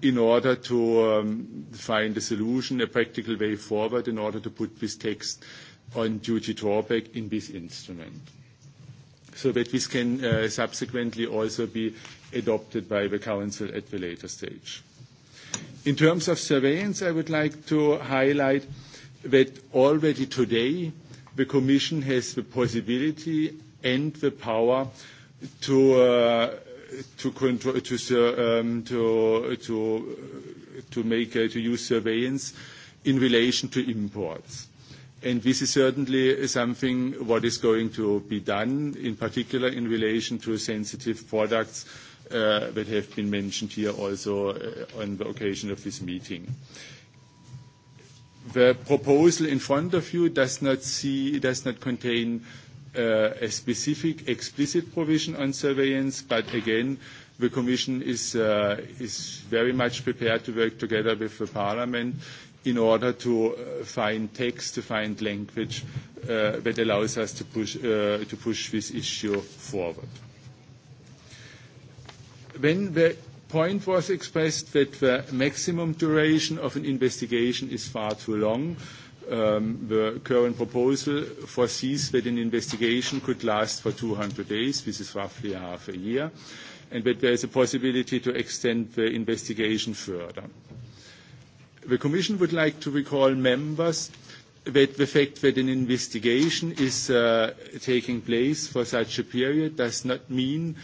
in order to um, find a solution, a practical way forward, in order to put this text on duty drawback in this instrument, so that this can uh, subsequently also be adopted by the Council at a later stage. In terms of surveillance, I would like to highlight that already today, the Commission has the possibility and the power to uh, to control to um, to to uh, to make uh, to use surveillance in relation to imports. And this is certainly something what is going to be done, in particular in relation to sensitive products uh, that have been mentioned here also uh, on the occasion of this meeting. The proposal in front of you does not, see, does not contain uh, a specific explicit provision on surveillance, but again, the Commission is, uh, is very much prepared to work together with the Parliament in order to uh, find text, to find language that allows us to push, to push this issue forward. When the point was expressed that the maximum duration of an investigation is far too long. Um, the current proposal foresees that an investigation could last for 200 days, this is roughly half a year, and that there is a possibility to extend the investigation further. The Commission would like to recall members that the fact that an investigation is uh, taking place for such a period does not mean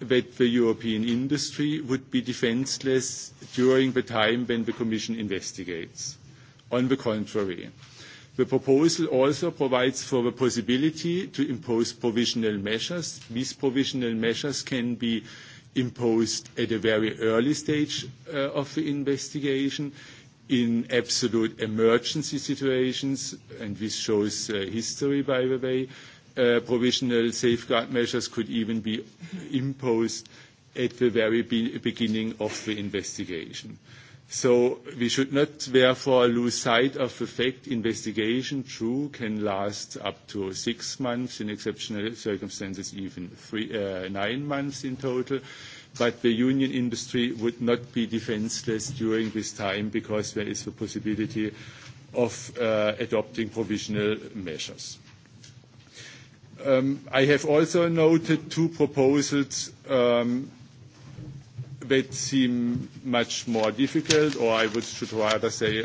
that the European industry would be defenceless during the time when the Commission investigates. On the contrary, The proposal also provides for the possibility to impose provisional measures. These provisional measures can be imposed at a very early stage uh, of the investigation in absolute emergency situations, and this shows uh, history, by the way, Uh, provisional safeguard measures could even be imposed at the very be beginning of the investigation. So we should not therefore lose sight of the fact investigation, true, can last up to six months, in exceptional circumstances, even three, uh, nine months in total. But the union industry would not be defenseless during this time because there is the possibility of uh, adopting provisional measures. Um, I have also noted two proposals um, that seem much more difficult, or I would should rather say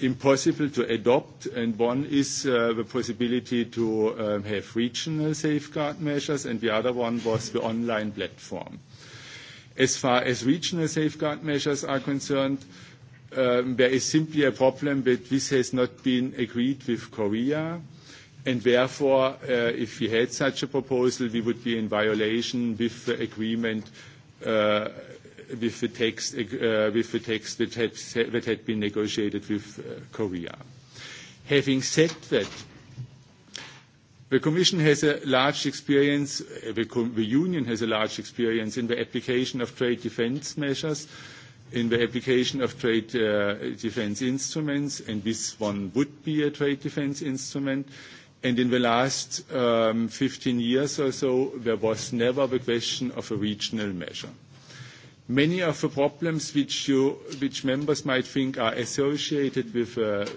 impossible to adopt. And one is uh, the possibility to um, have regional safeguard measures, and the other one was the online platform. As far as regional safeguard measures are concerned, um, there is simply a problem that this has not been agreed with Korea. And therefore, uh, if we had such a proposal, we would be in violation with the agreement, uh, with the text, uh, with the text that, had, been negotiated with Korea. Having said that, the Commission has a large experience, the, the Union has a large experience in the application of trade defense measures, in the application of trade defense instruments, and this one would be a trade defense instrument in the last 15 um, years or so, there was never the question of a regional measure. Many of the problems which, members might think are associated with a,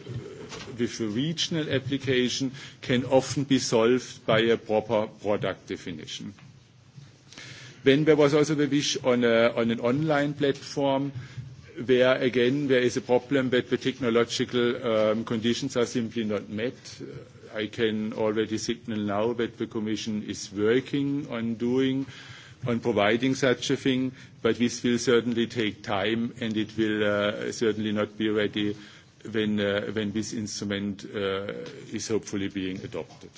regional application can often be solved by a proper product definition. Then there was also the wish on, an online platform where again, there is a problem that the technological um, conditions are simply not met. I can already signal now that the Commission is working on doing, on providing such a thing, but this will certainly take time, and it will uh, certainly not be ready when uh, this instrument uh, is hopefully being adopted.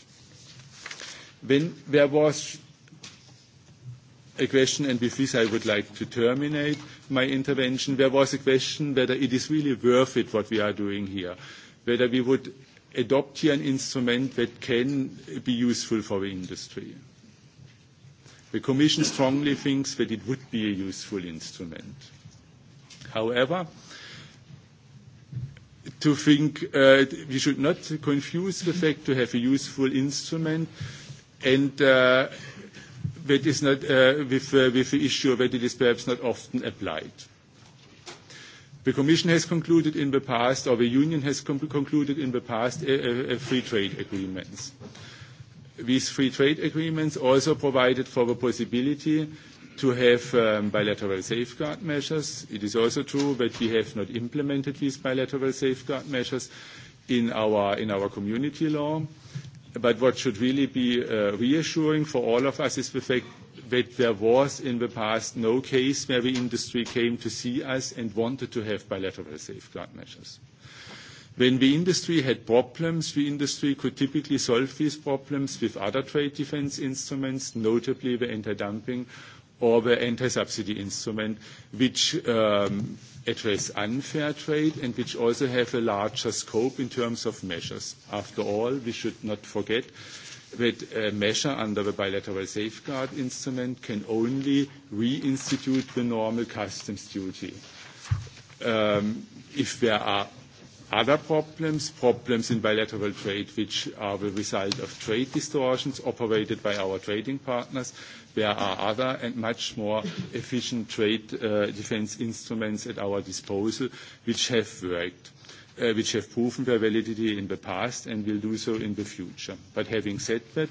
Then there was a question, and with this I would like to terminate my intervention. There was a question whether it is really worth it what we are doing here, whether we would adopt here an instrument that can be useful for the industry. The Commission strongly thinks that it would be a useful instrument. However, to think uh, we should not confuse the fact to have a useful instrument and uh, that is not uh, with, uh, with the issue that it is perhaps not often applied. The Commission has concluded in the past, or the Union has concluded in the past, a, a free trade agreements. These free trade agreements also provided for the possibility to have um, bilateral safeguard measures. It is also true that we have not implemented these bilateral safeguard measures in our, in our community law. But what should really be uh, reassuring for all of us is the fact that there was in the past no case where the industry came to see us and wanted to have bilateral safeguard measures. When the industry had problems, the industry could typically solve these problems with other trade defense instruments, notably the anti-dumping or the anti-subsidy instrument, which um, address unfair trade and which also have a larger scope in terms of measures. After all, we should not forget that a measure under the bilateral safeguard instrument can only reinstitute the normal customs duty. Um, if there are other problems, problems in bilateral trade which are the result of trade distortions operated by our trading partners, there are other and much more efficient trade uh, defense instruments at our disposal which have worked. Uh, which have proven their validity in the past and will do so in the future. But having said that,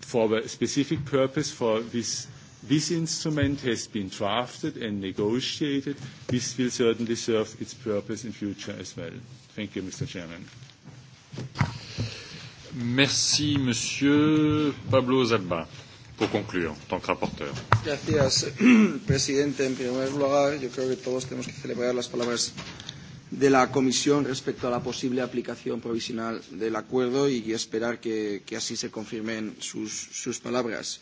for the specific purpose for this, this instrument has been drafted and negotiated. This will certainly serve its purpose in future as well. Thank you, Mr. Chairman. Merci, Monsieur Pablo Zalba, pour conclure, en tant que rapporteur. Gracias, presidente. En primer lugar, yo creo que todos tenemos que celebrar las palabras de la Comisión respecto a la posible aplicación provisional del acuerdo y esperar que, que así se confirmen sus, sus palabras.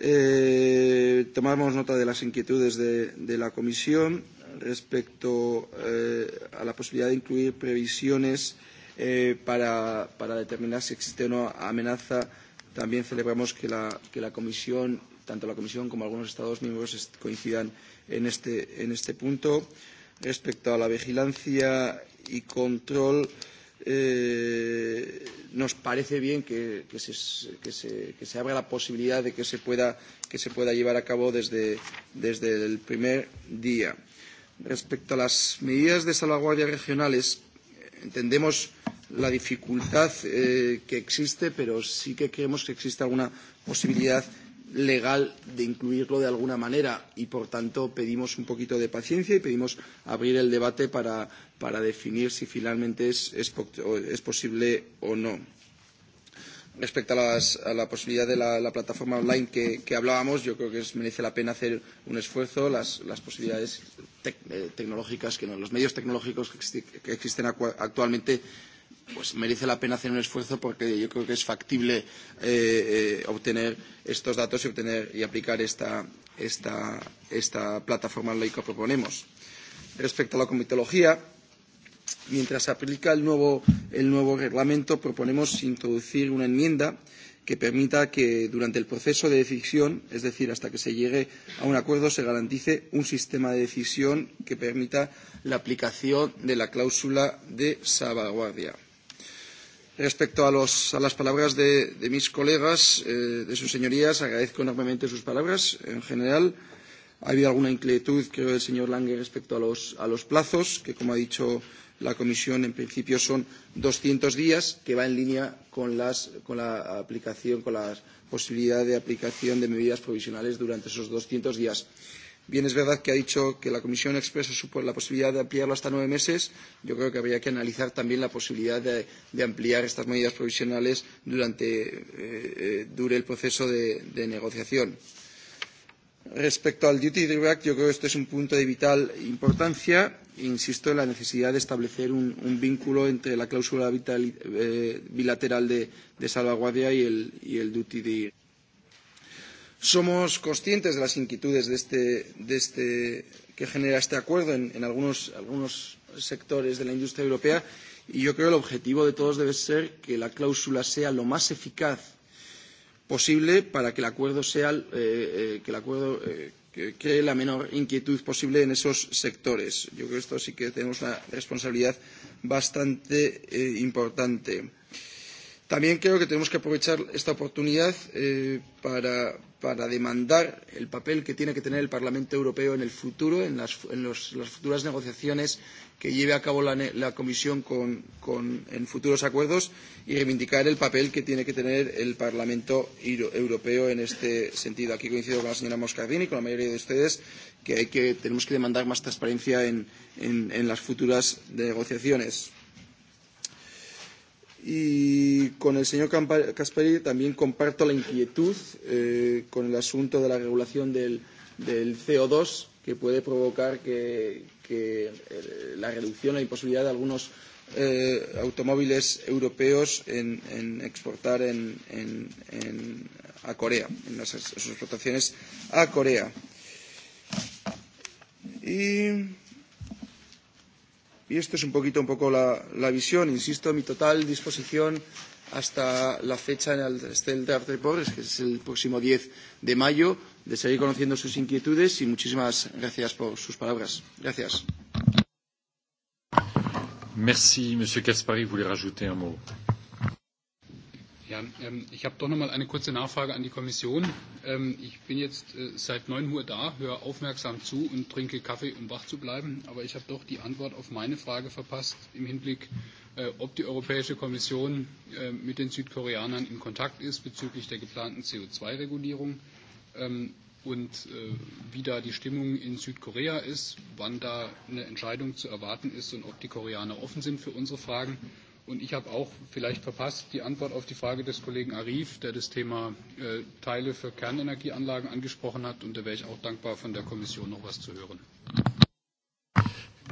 Eh, tomamos nota de las inquietudes de, de la Comisión respecto eh, a la posibilidad de incluir previsiones eh, para, para determinar si existe o no amenaza. También celebramos que la, que la Comisión, tanto la Comisión como algunos Estados miembros coincidan en este, en este punto respecto a la vigilancia y control eh, nos parece bien que, que, se, que, se, que se abra la posibilidad de que se pueda, que se pueda llevar a cabo desde, desde el primer día. Respecto a las medidas de salvaguardia regionales, entendemos la dificultad eh, que existe, pero sí que creemos que existe alguna posibilidad legal de incluirlo de alguna manera y, por tanto, pedimos un poquito de paciencia y pedimos abrir el debate para, para definir si finalmente es, es, es posible o no. Respecto a, las, a la posibilidad de la, la plataforma online que, que hablábamos, yo creo que es, merece la pena hacer un esfuerzo. Las, las posibilidades tec, eh, tecnológicas, que no, los medios tecnológicos que, existen, que existen actualmente pues merece la pena hacer un esfuerzo porque yo creo que es factible eh, eh, obtener estos datos y obtener y aplicar esta, esta, esta plataforma ley que proponemos. Respecto a la comitología, mientras se aplica el nuevo, el nuevo reglamento, proponemos introducir una enmienda que permita que durante el proceso de decisión, es decir, hasta que se llegue a un acuerdo, se garantice un sistema de decisión que permita la aplicación de la cláusula de salvaguardia. Respecto a, los, a las palabras de, de mis colegas, eh, de sus señorías, agradezco enormemente sus palabras. En general, ha habido alguna inquietud, creo, del señor Lange respecto a los, a los plazos, que, como ha dicho la Comisión, en principio son 200 días, que va en línea con, las, con la aplicación, con la posibilidad de aplicación de medidas provisionales durante esos 200 días. Bien, es verdad que ha dicho que la Comisión expresa su, la posibilidad de ampliarlo hasta nueve meses. Yo creo que habría que analizar también la posibilidad de, de ampliar estas medidas provisionales durante eh, eh, dure el proceso de, de negociación. Respecto al duty drawback, yo creo que este es un punto de vital importancia. Insisto en la necesidad de establecer un, un vínculo entre la cláusula vital, eh, bilateral de, de salvaguardia y el, y el duty drawback. Somos conscientes de las inquietudes de este, de este, que genera este acuerdo en, en algunos, algunos sectores de la industria europea y yo creo que el objetivo de todos debe ser que la cláusula sea lo más eficaz posible para que el acuerdo sea eh, eh, que el acuerdo eh, que cree la menor inquietud posible en esos sectores. Yo creo que esto sí que tenemos una responsabilidad bastante eh, importante. También creo que tenemos que aprovechar esta oportunidad eh, para, para demandar el papel que tiene que tener el Parlamento Europeo en el futuro, en las, en los, las futuras negociaciones que lleve a cabo la, la Comisión con, con, en futuros acuerdos y reivindicar el papel que tiene que tener el Parlamento Europeo en este sentido. Aquí coincido con la señora Moscardini, con la mayoría de ustedes, que, hay que tenemos que demandar más transparencia en, en, en las futuras negociaciones. Y con el señor Caspari también comparto la inquietud eh, con el asunto de la regulación del, del CO2, que puede provocar que, que eh, la reducción, la imposibilidad de algunos eh, automóviles europeos en, en exportar en, en, en, a Corea, en las, sus exportaciones a Corea. Y Y esto es un poquito un poco la, la visión. Insisto, mi total disposición hasta la fecha en el Estel de Arte de Pobres, que es el próximo 10 de mayo, de seguir conociendo sus inquietudes y muchísimas gracias por sus palabras. Gracias. Merci, Monsieur Caspari. Vous voulez rajouter un mot Ja, ähm, ich habe doch noch mal eine kurze Nachfrage an die Kommission. Ähm, ich bin jetzt äh, seit 9 Uhr da, höre aufmerksam zu und trinke Kaffee, um wach zu bleiben. Aber ich habe doch die Antwort auf meine Frage verpasst im Hinblick, äh, ob die Europäische Kommission äh, mit den Südkoreanern in Kontakt ist bezüglich der geplanten CO2-Regulierung ähm, und äh, wie da die Stimmung in Südkorea ist, wann da eine Entscheidung zu erwarten ist und ob die Koreaner offen sind für unsere Fragen. Mhm Und ich habe auch vielleicht verpasst die Antwort auf die Frage des Kollegen Arif, der das Thema äh, Teile für Kernenergieanlagen angesprochen hat. Und da wäre ich auch dankbar, von der Kommission noch was zu hören.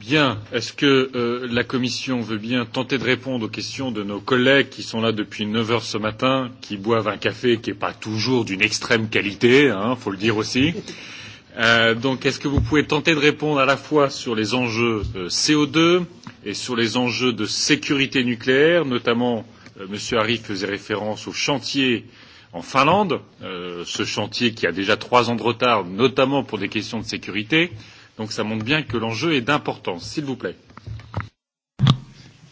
Bien. Est-ce que euh, la Commission veut bien tenter de répondre aux questions de nos collègues qui sont là depuis 9 heures ce matin, qui boivent un café qui n'est pas toujours d'une extrême qualité, il faut le dire aussi Euh, donc, est-ce que vous pouvez tenter de répondre à la fois sur les enjeux euh, CO2 et sur les enjeux de sécurité nucléaire, notamment euh, M. Harry faisait référence au chantier en Finlande, euh, ce chantier qui a déjà trois ans de retard, notamment pour des questions de sécurité. Donc, ça montre bien que l'enjeu est d'importance. S'il vous plaît.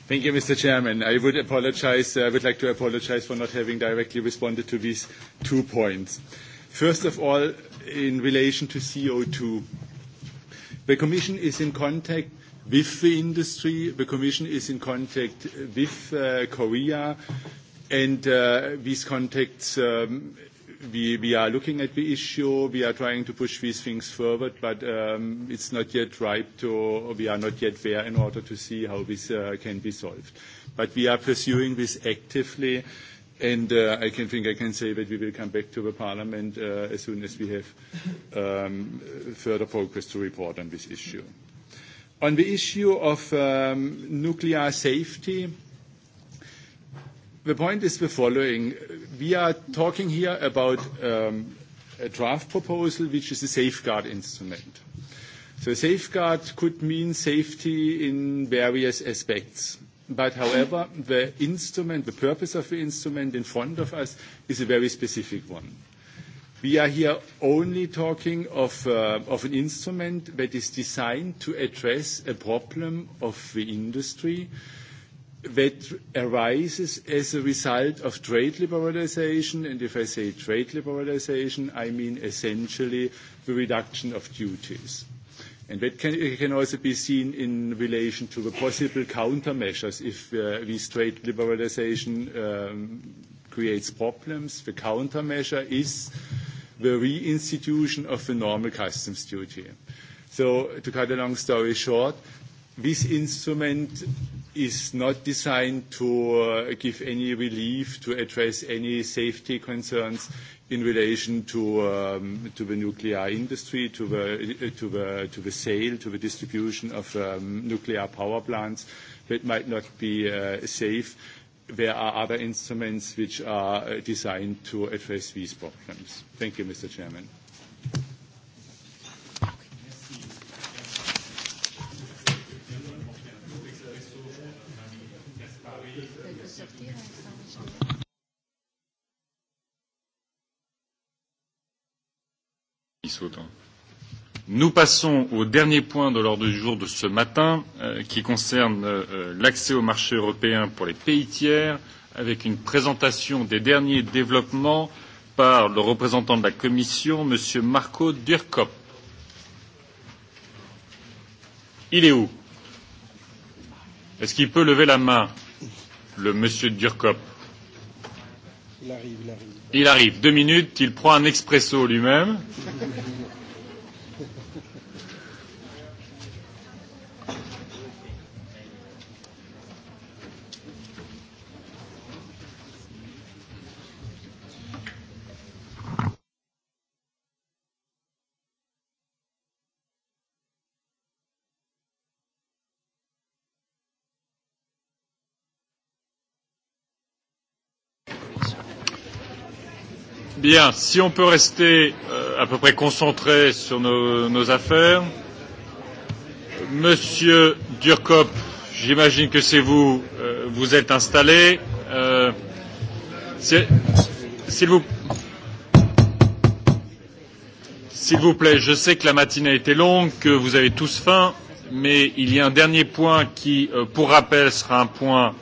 Thank you, Mr. Chairman. I would apologize. Uh, I would like to apologize for not having directly responded to these two points. Uh, First of all, in relation to CO2, the Commission is in contact with the industry. The Commission is in contact with uh, Korea, and uh, these contacts, um, we, we are looking at the issue. We are trying to push these things forward, but um, it's not yet ripe to... We are not yet there in order to see how this uh, can be solved. But we are pursuing this actively, And uh, I can think I can say that we will come back to the parliament uh, as soon as we have um, further progress to report on this issue. On the issue of um, nuclear safety, the point is the following. We are talking here about um, a draft proposal, which is a safeguard instrument. So safeguard could mean safety in various aspects. But however, the instrument, the purpose of the instrument in front of us is a very specific one. We are here only talking uh, of, an instrument that is designed to address a problem of the industry that arises as a result of trade liberalization. And if I say trade liberalization, I mean essentially the reduction of duties. And that can, also be seen in relation to the possible countermeasures if this uh, trade liberalization um, creates problems. The countermeasure is the reinstitution of the normal customs duty. So to cut a long story short, this instrument is not designed to uh, give any relief to address any safety concerns in relation to, um, the nuclear industry, uh, to the, sale, to the distribution of um, nuclear power plants that might not be uh, safe. There are other instruments which are designed to address these problems. Thank you, Mr. Chairman. Nous passons au dernier point de l'ordre du jour de ce matin, euh, qui concerne euh, euh, l'accès au marché européen pour les pays tiers, avec une présentation des derniers développements par le représentant de la Commission, M. Marco Durkop. Il est où Est-ce qu'il peut lever la main, le M. Durkop Il arrive, il arrive. Il arrive. Deux minutes, il prend un expresso lui-même. Bien, si on peut rester euh, à peu près concentré sur nos, nos affaires. Monsieur Durkop, j'imagine que c'est vous, euh, vous êtes installé. Euh, S'il vous, S'il vous plaît, je sais que la matinée a été longue, que vous avez tous faim, mais il y a un dernier point qui, euh, pour rappel, sera un point euh,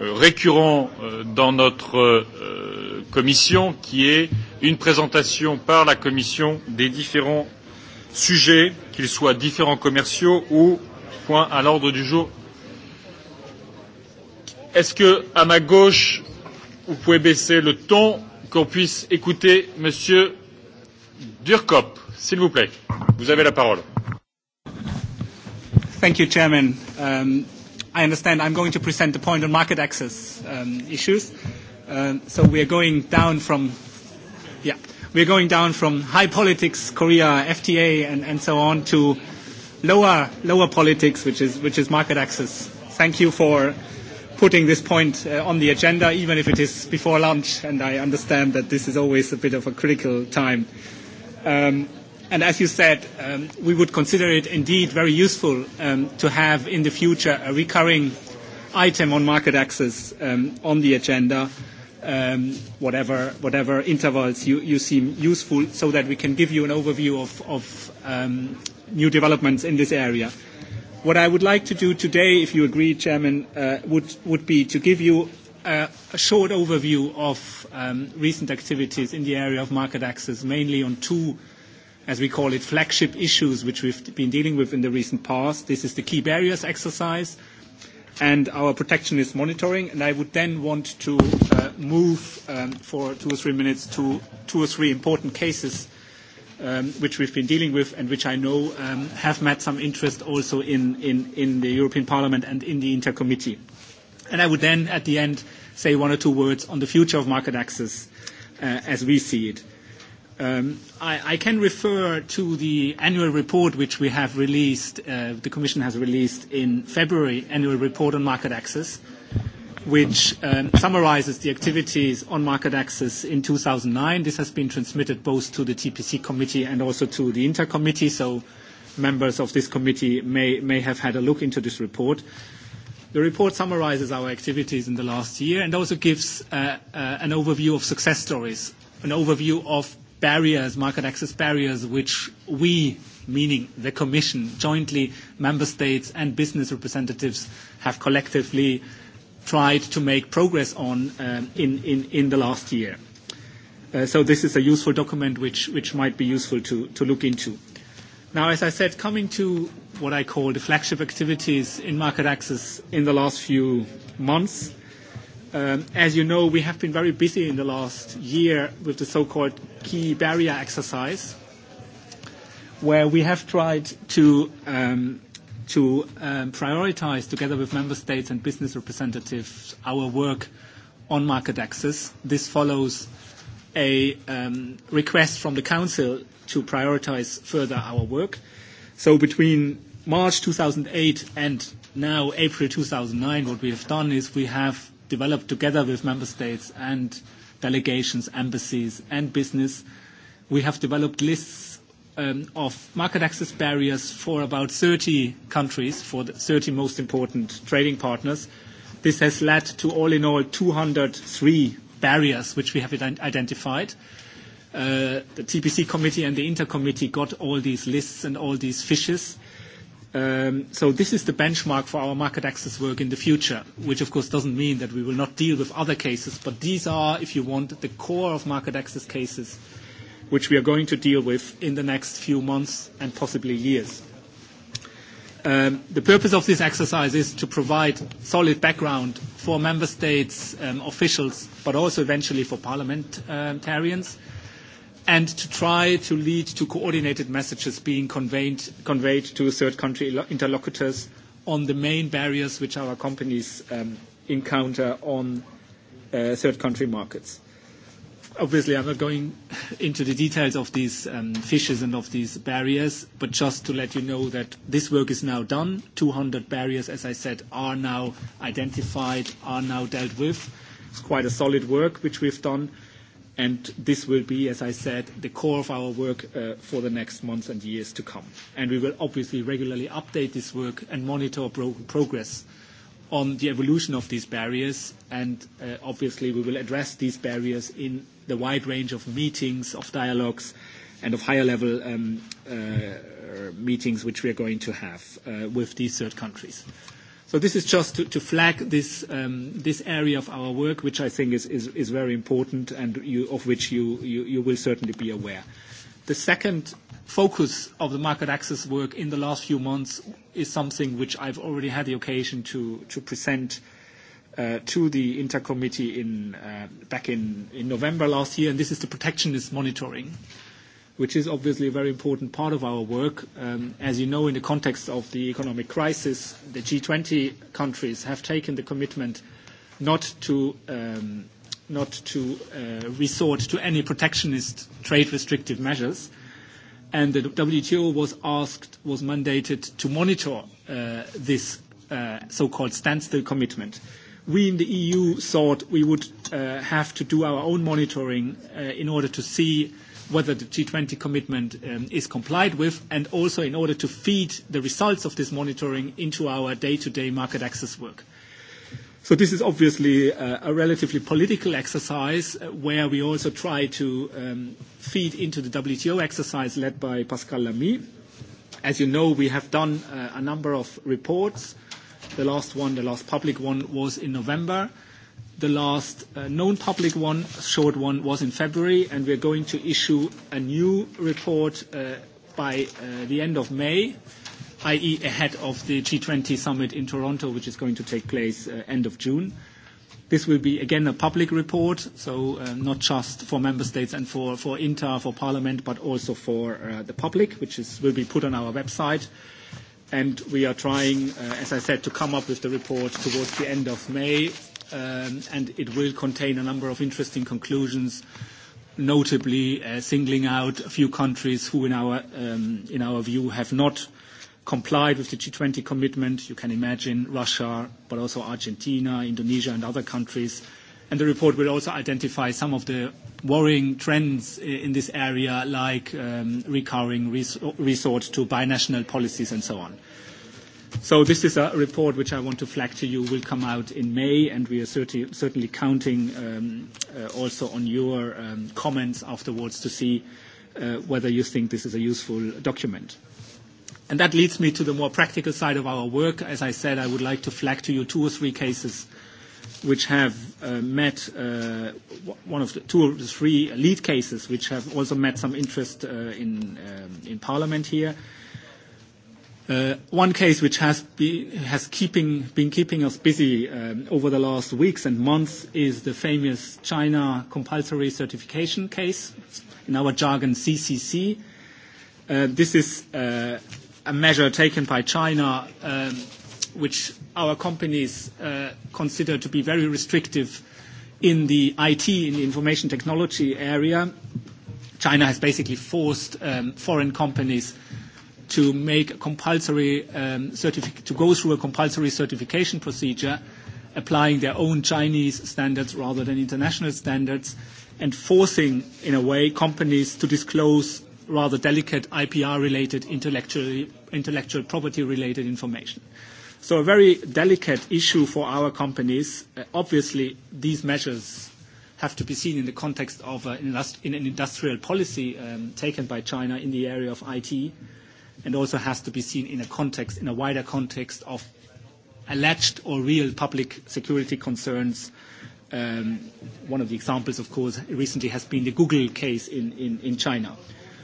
Euh, récurrent euh, dans notre euh, commission qui est une présentation par la commission des différents sujets, qu'ils soient différents commerciaux ou points à l'ordre du jour. Est-ce que, à ma gauche, vous pouvez baisser le ton, qu'on puisse écouter Monsieur Durkop, s'il vous plaît. Vous avez la parole. Thank you, Chairman. Um, I understand I'm going to present the point on market access um, issues. Um, so we are going down from, yeah, we are going down from high politics, Korea, FTA, and, and so on to lower lower politics, which is which is market access. Thank you for putting this point uh, on the agenda, even if it is before lunch. And I understand that this is always a bit of a critical time. Um, And as you said, um, we would consider it indeed very useful um, to have in the future a recurring item on market access um, on the agenda, um, whatever, whatever intervals you, you seem useful, so that we can give you an overview of, of um, new developments in this area. What I would like to do today, if you agree, Chairman, uh, would, would be to give you uh, a short overview of um, recent activities in the area of market access, mainly on two as we call it, flagship issues which we've been dealing with in the recent past. This is the key barriers exercise and our protectionist monitoring. And I would then want to uh, move um, for two or three minutes to two or three important cases um, which we've been dealing with and which I know um, have met some interest also in, in, in the European Parliament and in the Intercommittee. And I would then, at the end, say one or two words on the future of market access uh, as we see it. Um, I, can refer to the annual report which we have released, uh, the Commission has released in February, annual report on market access, which um, summarizes the activities on market access in 2009. This has been transmitted both to the TPC committee and also to the Inter committee, so members of this committee may, may have had a look into this report. The report summarizes our activities in the last year and also gives uh, uh, an overview of success stories, an overview of barriers, market access barriers, which we, meaning the Commission, jointly, member states and business representatives, have collectively tried to make progress on um, in, in, in the last year. Uh, so this is a useful document which, which might be useful to, to look into. Now, as I said, coming to what I call the flagship activities in market access in the last few months, Um, as you know, we have been very busy in the last year with the so-called key barrier exercise, where we have tried to, um, to um, prioritize, together with member states and business representatives, our work on market access. This follows a um, request from the Council to prioritize further our work. So between March 2008 and now April 2009, what we have done is we have developed together with member states and delegations, embassies, and business. We have developed lists um, of market access barriers for about 30 countries, for the 30 most important trading partners. This has led to all in all 203 barriers which we have identified. Uh, the TPC committee and the Inter committee got all these lists and all these fishes. Um, so this is the benchmark for our market access work in the future, which of course doesn't mean that we will not deal with other cases, but these are, if you want, the core of market access cases, which we are going to deal with in the next few months and possibly years. Um, the purpose of this exercise is to provide solid background for member states um, officials, but also eventually for parliamentarians, and to try to lead to coordinated messages being conveyed, conveyed to third country interlocutors on the main barriers which our companies um, encounter on uh, third country markets. Obviously, I'm not going into the details of these um, fishes and of these barriers, but just to let you know that this work is now done. 200 barriers, as I said, are now identified, are now dealt with. It's quite a solid work which we've done and this will be, as I said, the core of our work uh, for the next months and years to come. we will obviously regularly update this work and monitor progress on the evolution of these barriers. Uh, obviously, we will address these barriers in the wide range of meetings, of dialogues, and of higher-level um, uh, meetings which we are going to have with these third countries. So this is just to, flag this, um, this area of our work, which I think is, is, is very important and of which you, you, will certainly be aware. The second focus of the market access work in the last few months is something which I've already had the occasion to, to present uh, to the Inter in, uh, back in, in November last year, and this is the protectionist monitoring which is obviously a very important part of our work. Um, as you know, in the context of the economic crisis, the G20 countries have taken the commitment not to, um, not to uh, resort to any protectionist trade restrictive measures. And the WTO was asked, was mandated to monitor uh, this uh, so-called standstill commitment. We in the EU thought we would uh, have to do our own monitoring uh, in order to see whether the G20 commitment um, is complied with, and also in order to feed the results of this monitoring into our day-to-day market access work. So this is obviously a, uh, a relatively political exercise uh, where we also try to um, feed into the WTO exercise led by Pascal Lamy. As you know, we have done uh, a number of reports. The last one, the last public one, was in November. The last uh, known public one, short one, was in February, and we're going to issue a new report uh, by uh, the end of May, i.e., ahead of the G20 summit in Toronto, which is going to take place end of June. This will be, again, a public report, so not just for member states and for, for INTA, for parliament, but also for the public, which is, will be put on our website and we are trying, as I said, to come up with the report towards the end of May, Um, and it will contain a number of interesting conclusions, notably uh, singling out a few countries who, in our, um, in our view, have not complied with the G20 commitment. You can imagine Russia, but also Argentina, Indonesia, and other countries. And the report will also identify some of the worrying trends in this area, like um, recurring res resort to binational policies and so on. So this is a report which I want to flag to you will come out in May, and we are certainly counting um, uh, also on your um, comments afterwards to see uh, whether you think this is a useful document. And that leads me to the more practical side of our work. As I said, I would like to flag to you two or three cases which have uh, met uh, one of the two or three lead cases, which have also met some interest uh, in, um, in parliament here. Uh, one case which has, been keeping us busy um, over the last weeks and months is the famous China compulsory certification case, in our jargon CCC. Uh, this is uh, a measure taken by China um, which our companies consider to be very restrictive in the IT, in the information technology area. China has basically forced um, foreign companies to make a compulsory um, certific- to go through a compulsory certification procedure, applying their own Chinese standards rather than international standards, and forcing, in a way, companies to disclose rather delicate IPR-related intellectual, intellectual property-related information. So a very delicate issue for our companies. Uh, obviously, these measures have to be seen in the context of uh, in an industrial policy um, taken by China in the area of IT. Mm-hmm and also has to be seen in a context, in a wider context of alleged or real public security concerns. Um, one of the examples, of course, recently has been the Google case in, in, in China.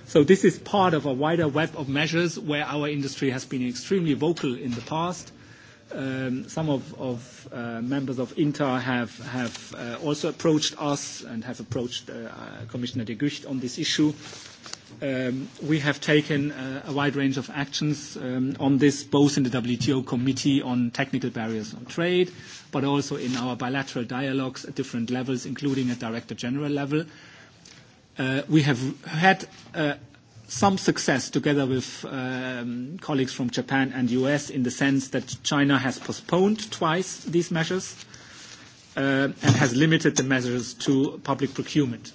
So this is part of a wider web of measures where our industry has been extremely vocal in the past. Um, some of, of uh, members of INTA have, have uh, also approached us and have approached uh, uh Commissioner de Gucht on this issue. Um, we have taken uh, a wide range of actions um, on this, both in the WTO Committee on Technical Barriers on Trade, but also in our bilateral dialogues at different levels, including at Director General level. Uh, we have had uh, some success together with um, colleagues from Japan and U.S. in the sense that China has postponed twice these measures uh, and has limited the measures to public procurement.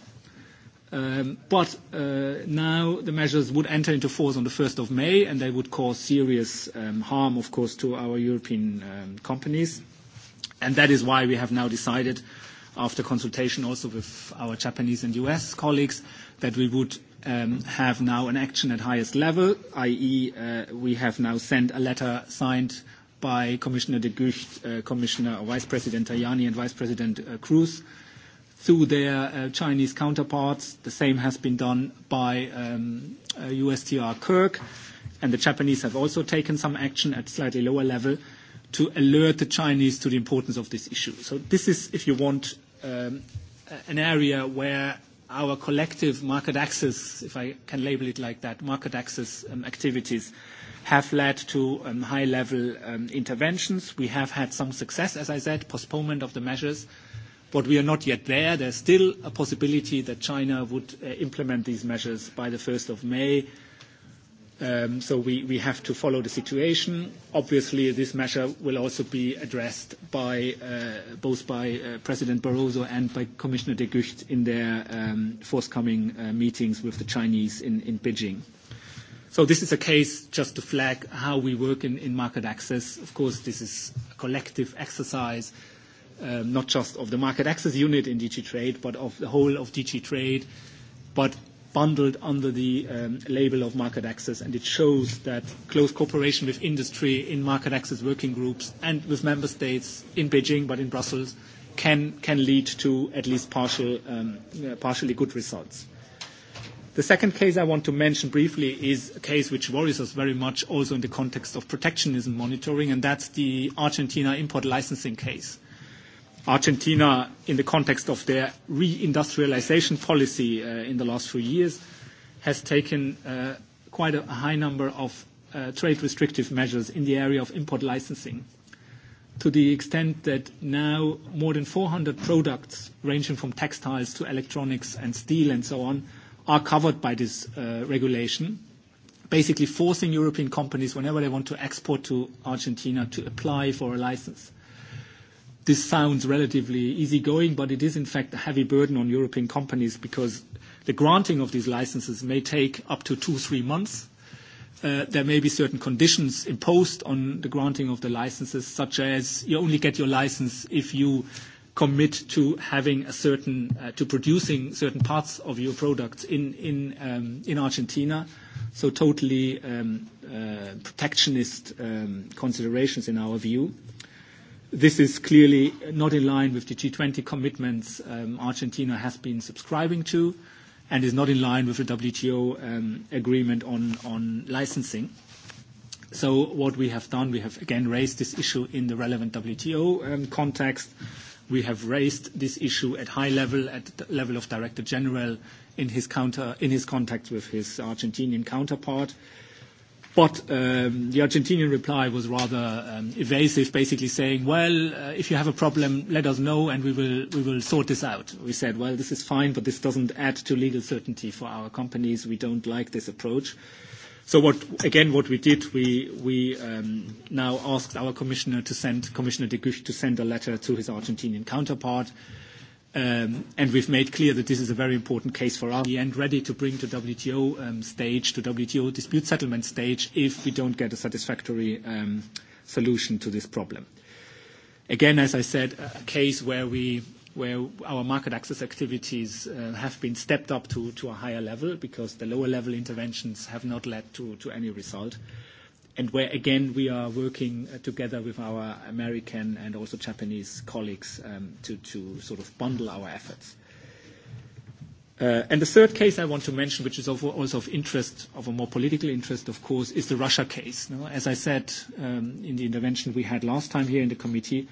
Um, but uh, now the measures would enter into force on the 1st of May, and they would cause serious um, harm, of course, to our European um, companies. And that is why we have now decided, after consultation also with our Japanese and US colleagues, that we would um, have now an action at highest level, i.e., uh, we have now sent a letter signed by Commissioner de Gucht, uh, Commissioner Vice President Tajani, and Vice President uh, Cruz, through their uh, Chinese counterparts. The same has been done by USTR um, uh, Kirk, and the Japanese have also taken some action at slightly lower level to alert the Chinese to the importance of this issue. So this is, if you want, um, an area where our collective market access, if I can label it like that, market access um, activities have led to high-level interventions. We have had some success, as I said, postponement of the measures But we are not yet there. There's still a possibility that China would uh, implement these measures by the 1st of May. Um, so we, have to follow the situation. Obviously, this measure will also be addressed by uh, both by uh, President Barroso and by Commissioner de Gucht in their um, forthcoming meetings with the Chinese in, Beijing. So this is a case just to flag how we work in market access. Of course, this is a collective exercise Um, not just of the market access unit in DG Trade, but of the whole of DG Trade, but bundled under the um, label of market access. And it shows that close cooperation with industry in market access working groups and with member states in Beijing, but in Brussels, can, can lead to at least um, partially good results. The second case I want to mention briefly is a case which worries us very much also in the context of protectionism monitoring, and that's the Argentina import licensing case. Argentina, in the context of their reindustrialization policy uh, in the last few years, has taken uh, quite a high number of uh, trade restrictive measures in the area of import licensing, to the extent that now more than 400 products, ranging from textiles to electronics and steel and so on, are covered by this uh, regulation, basically forcing European companies, whenever they want to export to Argentina, to apply for a license. This sounds relatively easygoing, but it is in fact a heavy burden on European companies because the granting of these licenses may take up to two, three months. Uh, there may be certain conditions imposed on the granting of the licenses, such as you only get your license if you commit to having a certain uh, to producing certain parts of your products in in um, in Argentina. So totally um, uh, protectionist um, considerations in our view. This is clearly not in line with the G20 commitments um, Argentina has been subscribing to and is not in line with the WTO um, agreement on, licensing. So what we have done, we have again raised this issue in the relevant WTO um, context. We have raised this issue at high level, at the level of Director General in his, contact with his Argentinian counterpart. But um, the Argentinian reply was rather um, evasive, basically saying, "Well, uh, if you have a problem, let us know, and we will, we will sort this out." We said, "Well, this is fine, but this doesn't add to legal certainty for our companies. We don't like this approach." So what, again, what we did, we, um, now asked our commissioner to send, Commissioner de Gucht, to send a letter to his Argentinian counterpart, Um, and we've made clear that this is a very important case for us and ready to bring to WTO um, stage, to WTO dispute settlement stage, if we don't get a satisfactory um, solution to this problem. Again, as I said, a case where, we, where our market access activities uh, have been stepped up to, to a higher level because the lower level interventions have not led to, to any result and where again we are working uh, together with our American and also Japanese colleagues um, to, to sort of bundle our efforts. Uh, and the third case I want to mention, which is of, also of interest, of a more political interest, of course, is the Russia case. Now, as I said um, in the intervention we had last time here in the committee,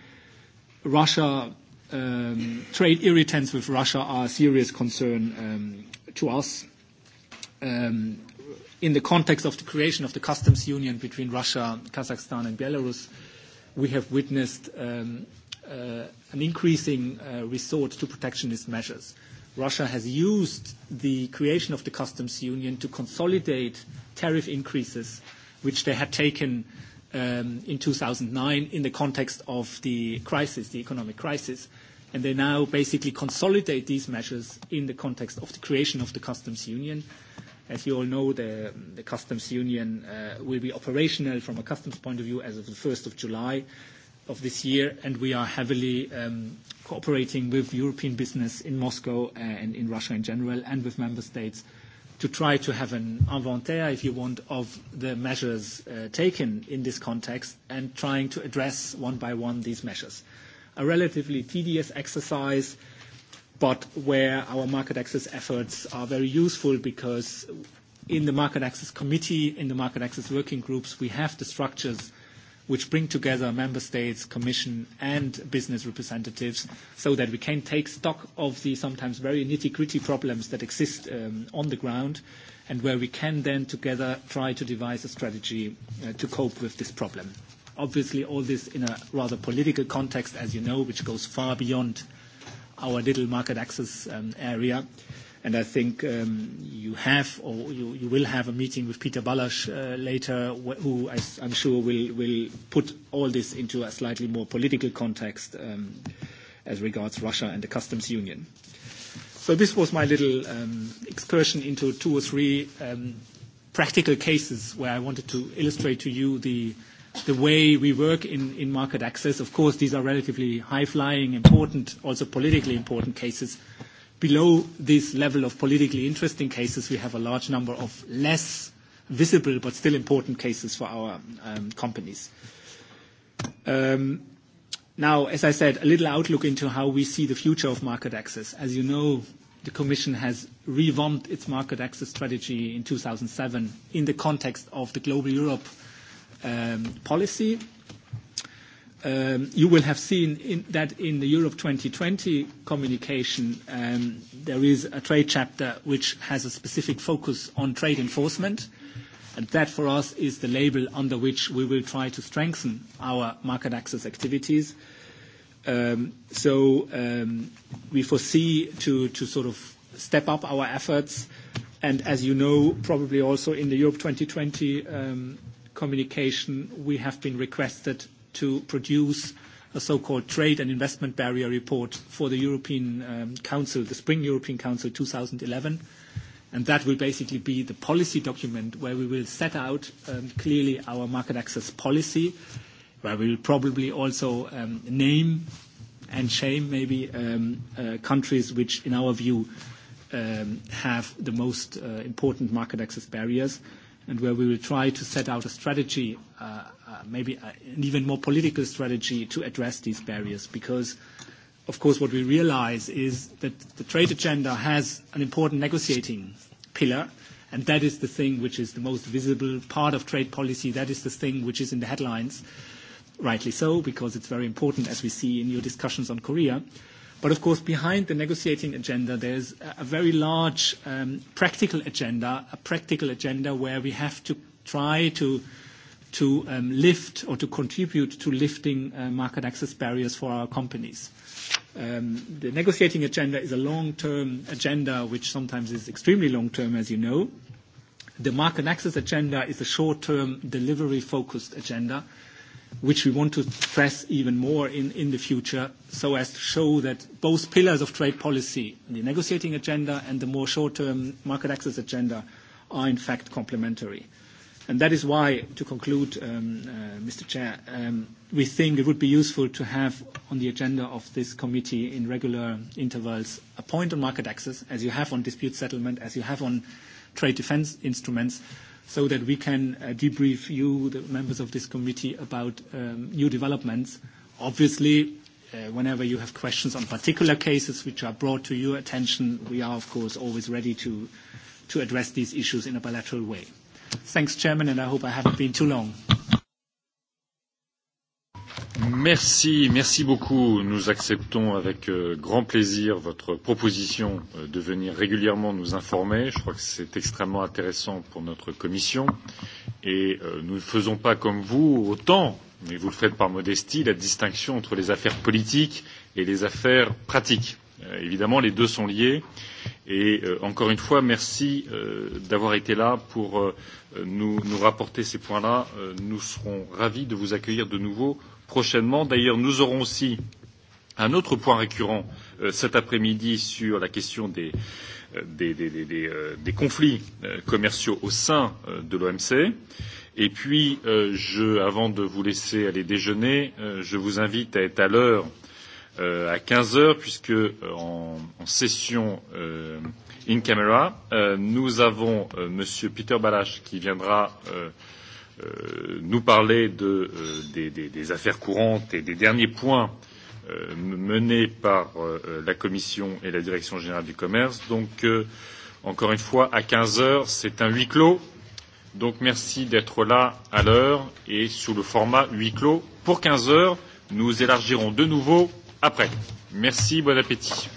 Russia um, trade irritants with Russia are a serious concern um, to us. Um, in the context of the creation of the customs union between Russia, Kazakhstan, and Belarus, we have witnessed um, uh, an increasing uh, resort to protectionist measures. Russia has used the creation of the customs union to consolidate tariff increases, which they had taken um, in 2009 in the context of the crisis, the economic crisis. And they now basically consolidate these measures in the context of the creation of the customs union. As you all know, the, customs union uh, will be operational from a customs point of view as of the 1st of July of this year, and we are heavily um, cooperating with European business in Moscow uh, and in Russia in general, and with member states to try to have an inventaire, if you want, of the measures uh, taken in this context and trying to address one by one these measures. A relatively tedious exercise, spot where our market access efforts are very useful because in the market access committee, in the market access working groups, we have the structures which bring together member states, commission, and business representatives so that we can take stock of the sometimes very nitty-gritty problems that exist um, on the ground and where we can then together try to devise a strategy uh, to cope with this problem. Obviously, all this in a rather political context, as you know, which goes far beyond uh, our little market access um, area. And I think um, you have or you, will have a meeting with Peter Balasch uh, later, who I'm sure will, will put all this into a slightly more political context um, as regards Russia and the customs union. So this was my little excursion into two or three practical cases where I wanted to illustrate to you the the way we work in, in market access. Of course, these are relatively high-flying, important, also politically important cases. Below this level of politically interesting cases, we have a large number of less visible but still important cases for our um, companies. Um, now, as I said, a little outlook into how we see the future of market access. As you know, the Commission has revamped its market access strategy in 2007 in the context of the Global Europe Um, policy. Um, you will have seen in, that in the Europe 2020 communication, um, there is a trade chapter which has a specific focus on trade enforcement, and that for us is the label under which we will try to strengthen our market access activities. so we foresee to, to sort of step up our efforts, and as you know, probably also in the Europe 2020 communication, we have been requested to produce a so-called trade and investment barrier report for the European um, Council, the Spring European Council 2011. And that will basically be the policy document where we will set out um, clearly our market access policy, where we will probably also um, name and shame maybe uh, countries which, in our view, have the most uh, important market access barriers and where we will try to set out a strategy, uh, uh, maybe uh, an even more political strategy to address these barriers. Because, of course, what we realize is that the trade agenda has an important negotiating pillar, and that is the thing which is the most visible part of trade policy. That is the thing which is in the headlines, rightly so, because it's very important, as we see in your discussions on Korea. But of course, behind the negotiating agenda, there's a very large um, practical agenda, a practical agenda where we have to try to to um, lift or to contribute to lifting uh, market access barriers for our companies. Um, the negotiating agenda is a long-term agenda, which sometimes is extremely long-term, as you know. The market access agenda is a short-term, delivery-focused agenda, which we want to stress even more in, in the future so as to show that both pillars of trade policy, the negotiating agenda and the more short-term market access agenda, are in fact complementary. And that is why, to conclude, Mr. Um, uh, Chair, um, we think it would be useful to have on the agenda of this committee in regular intervals a point on market access, as you have on dispute settlement, as you have on trade defense instruments, so that we can uh, debrief you, the members of this committee, about um, new developments. Obviously, uh, whenever you have questions on particular cases which are brought to your attention, we are, of course, always ready to, to address these issues in a bilateral way. Thanks, Chairman, and I hope I haven't been too long. Merci, merci beaucoup. Nous acceptons avec euh, grand plaisir votre proposition euh, de venir régulièrement nous informer. Je crois que c'est extrêmement intéressant pour notre commission. Et euh, nous ne faisons pas comme vous autant, mais vous le faites par modestie, la distinction entre les affaires politiques et les affaires pratiques. Euh, évidemment, les deux sont liés. Et euh, encore une fois, merci euh, d'avoir été là pour euh, nous, nous rapporter ces points-là. Euh, nous serons ravis de vous accueillir de nouveau prochainement. D'ailleurs, nous aurons aussi un autre point récurrent euh, cet après-midi sur la question des, euh, des, des, des, des, euh, des conflits euh, commerciaux au sein euh, de l'OMC. Et puis, euh, je, avant de vous laisser aller déjeuner, euh, je vous invite à être à l'heure euh, à 15 heures, puisque euh, en, en session euh, in camera, euh, nous avons euh, Monsieur Peter Balash qui viendra euh, euh, nous parler de, euh, des, des, des affaires courantes et des derniers points euh, menés par euh, la Commission et la Direction générale du commerce. Donc, euh, encore une fois, à 15 heures, c'est un huis clos. Donc, merci d'être là à l'heure et sous le format huis clos pour 15 heures. Nous élargirons de nouveau après. Merci, bon appétit.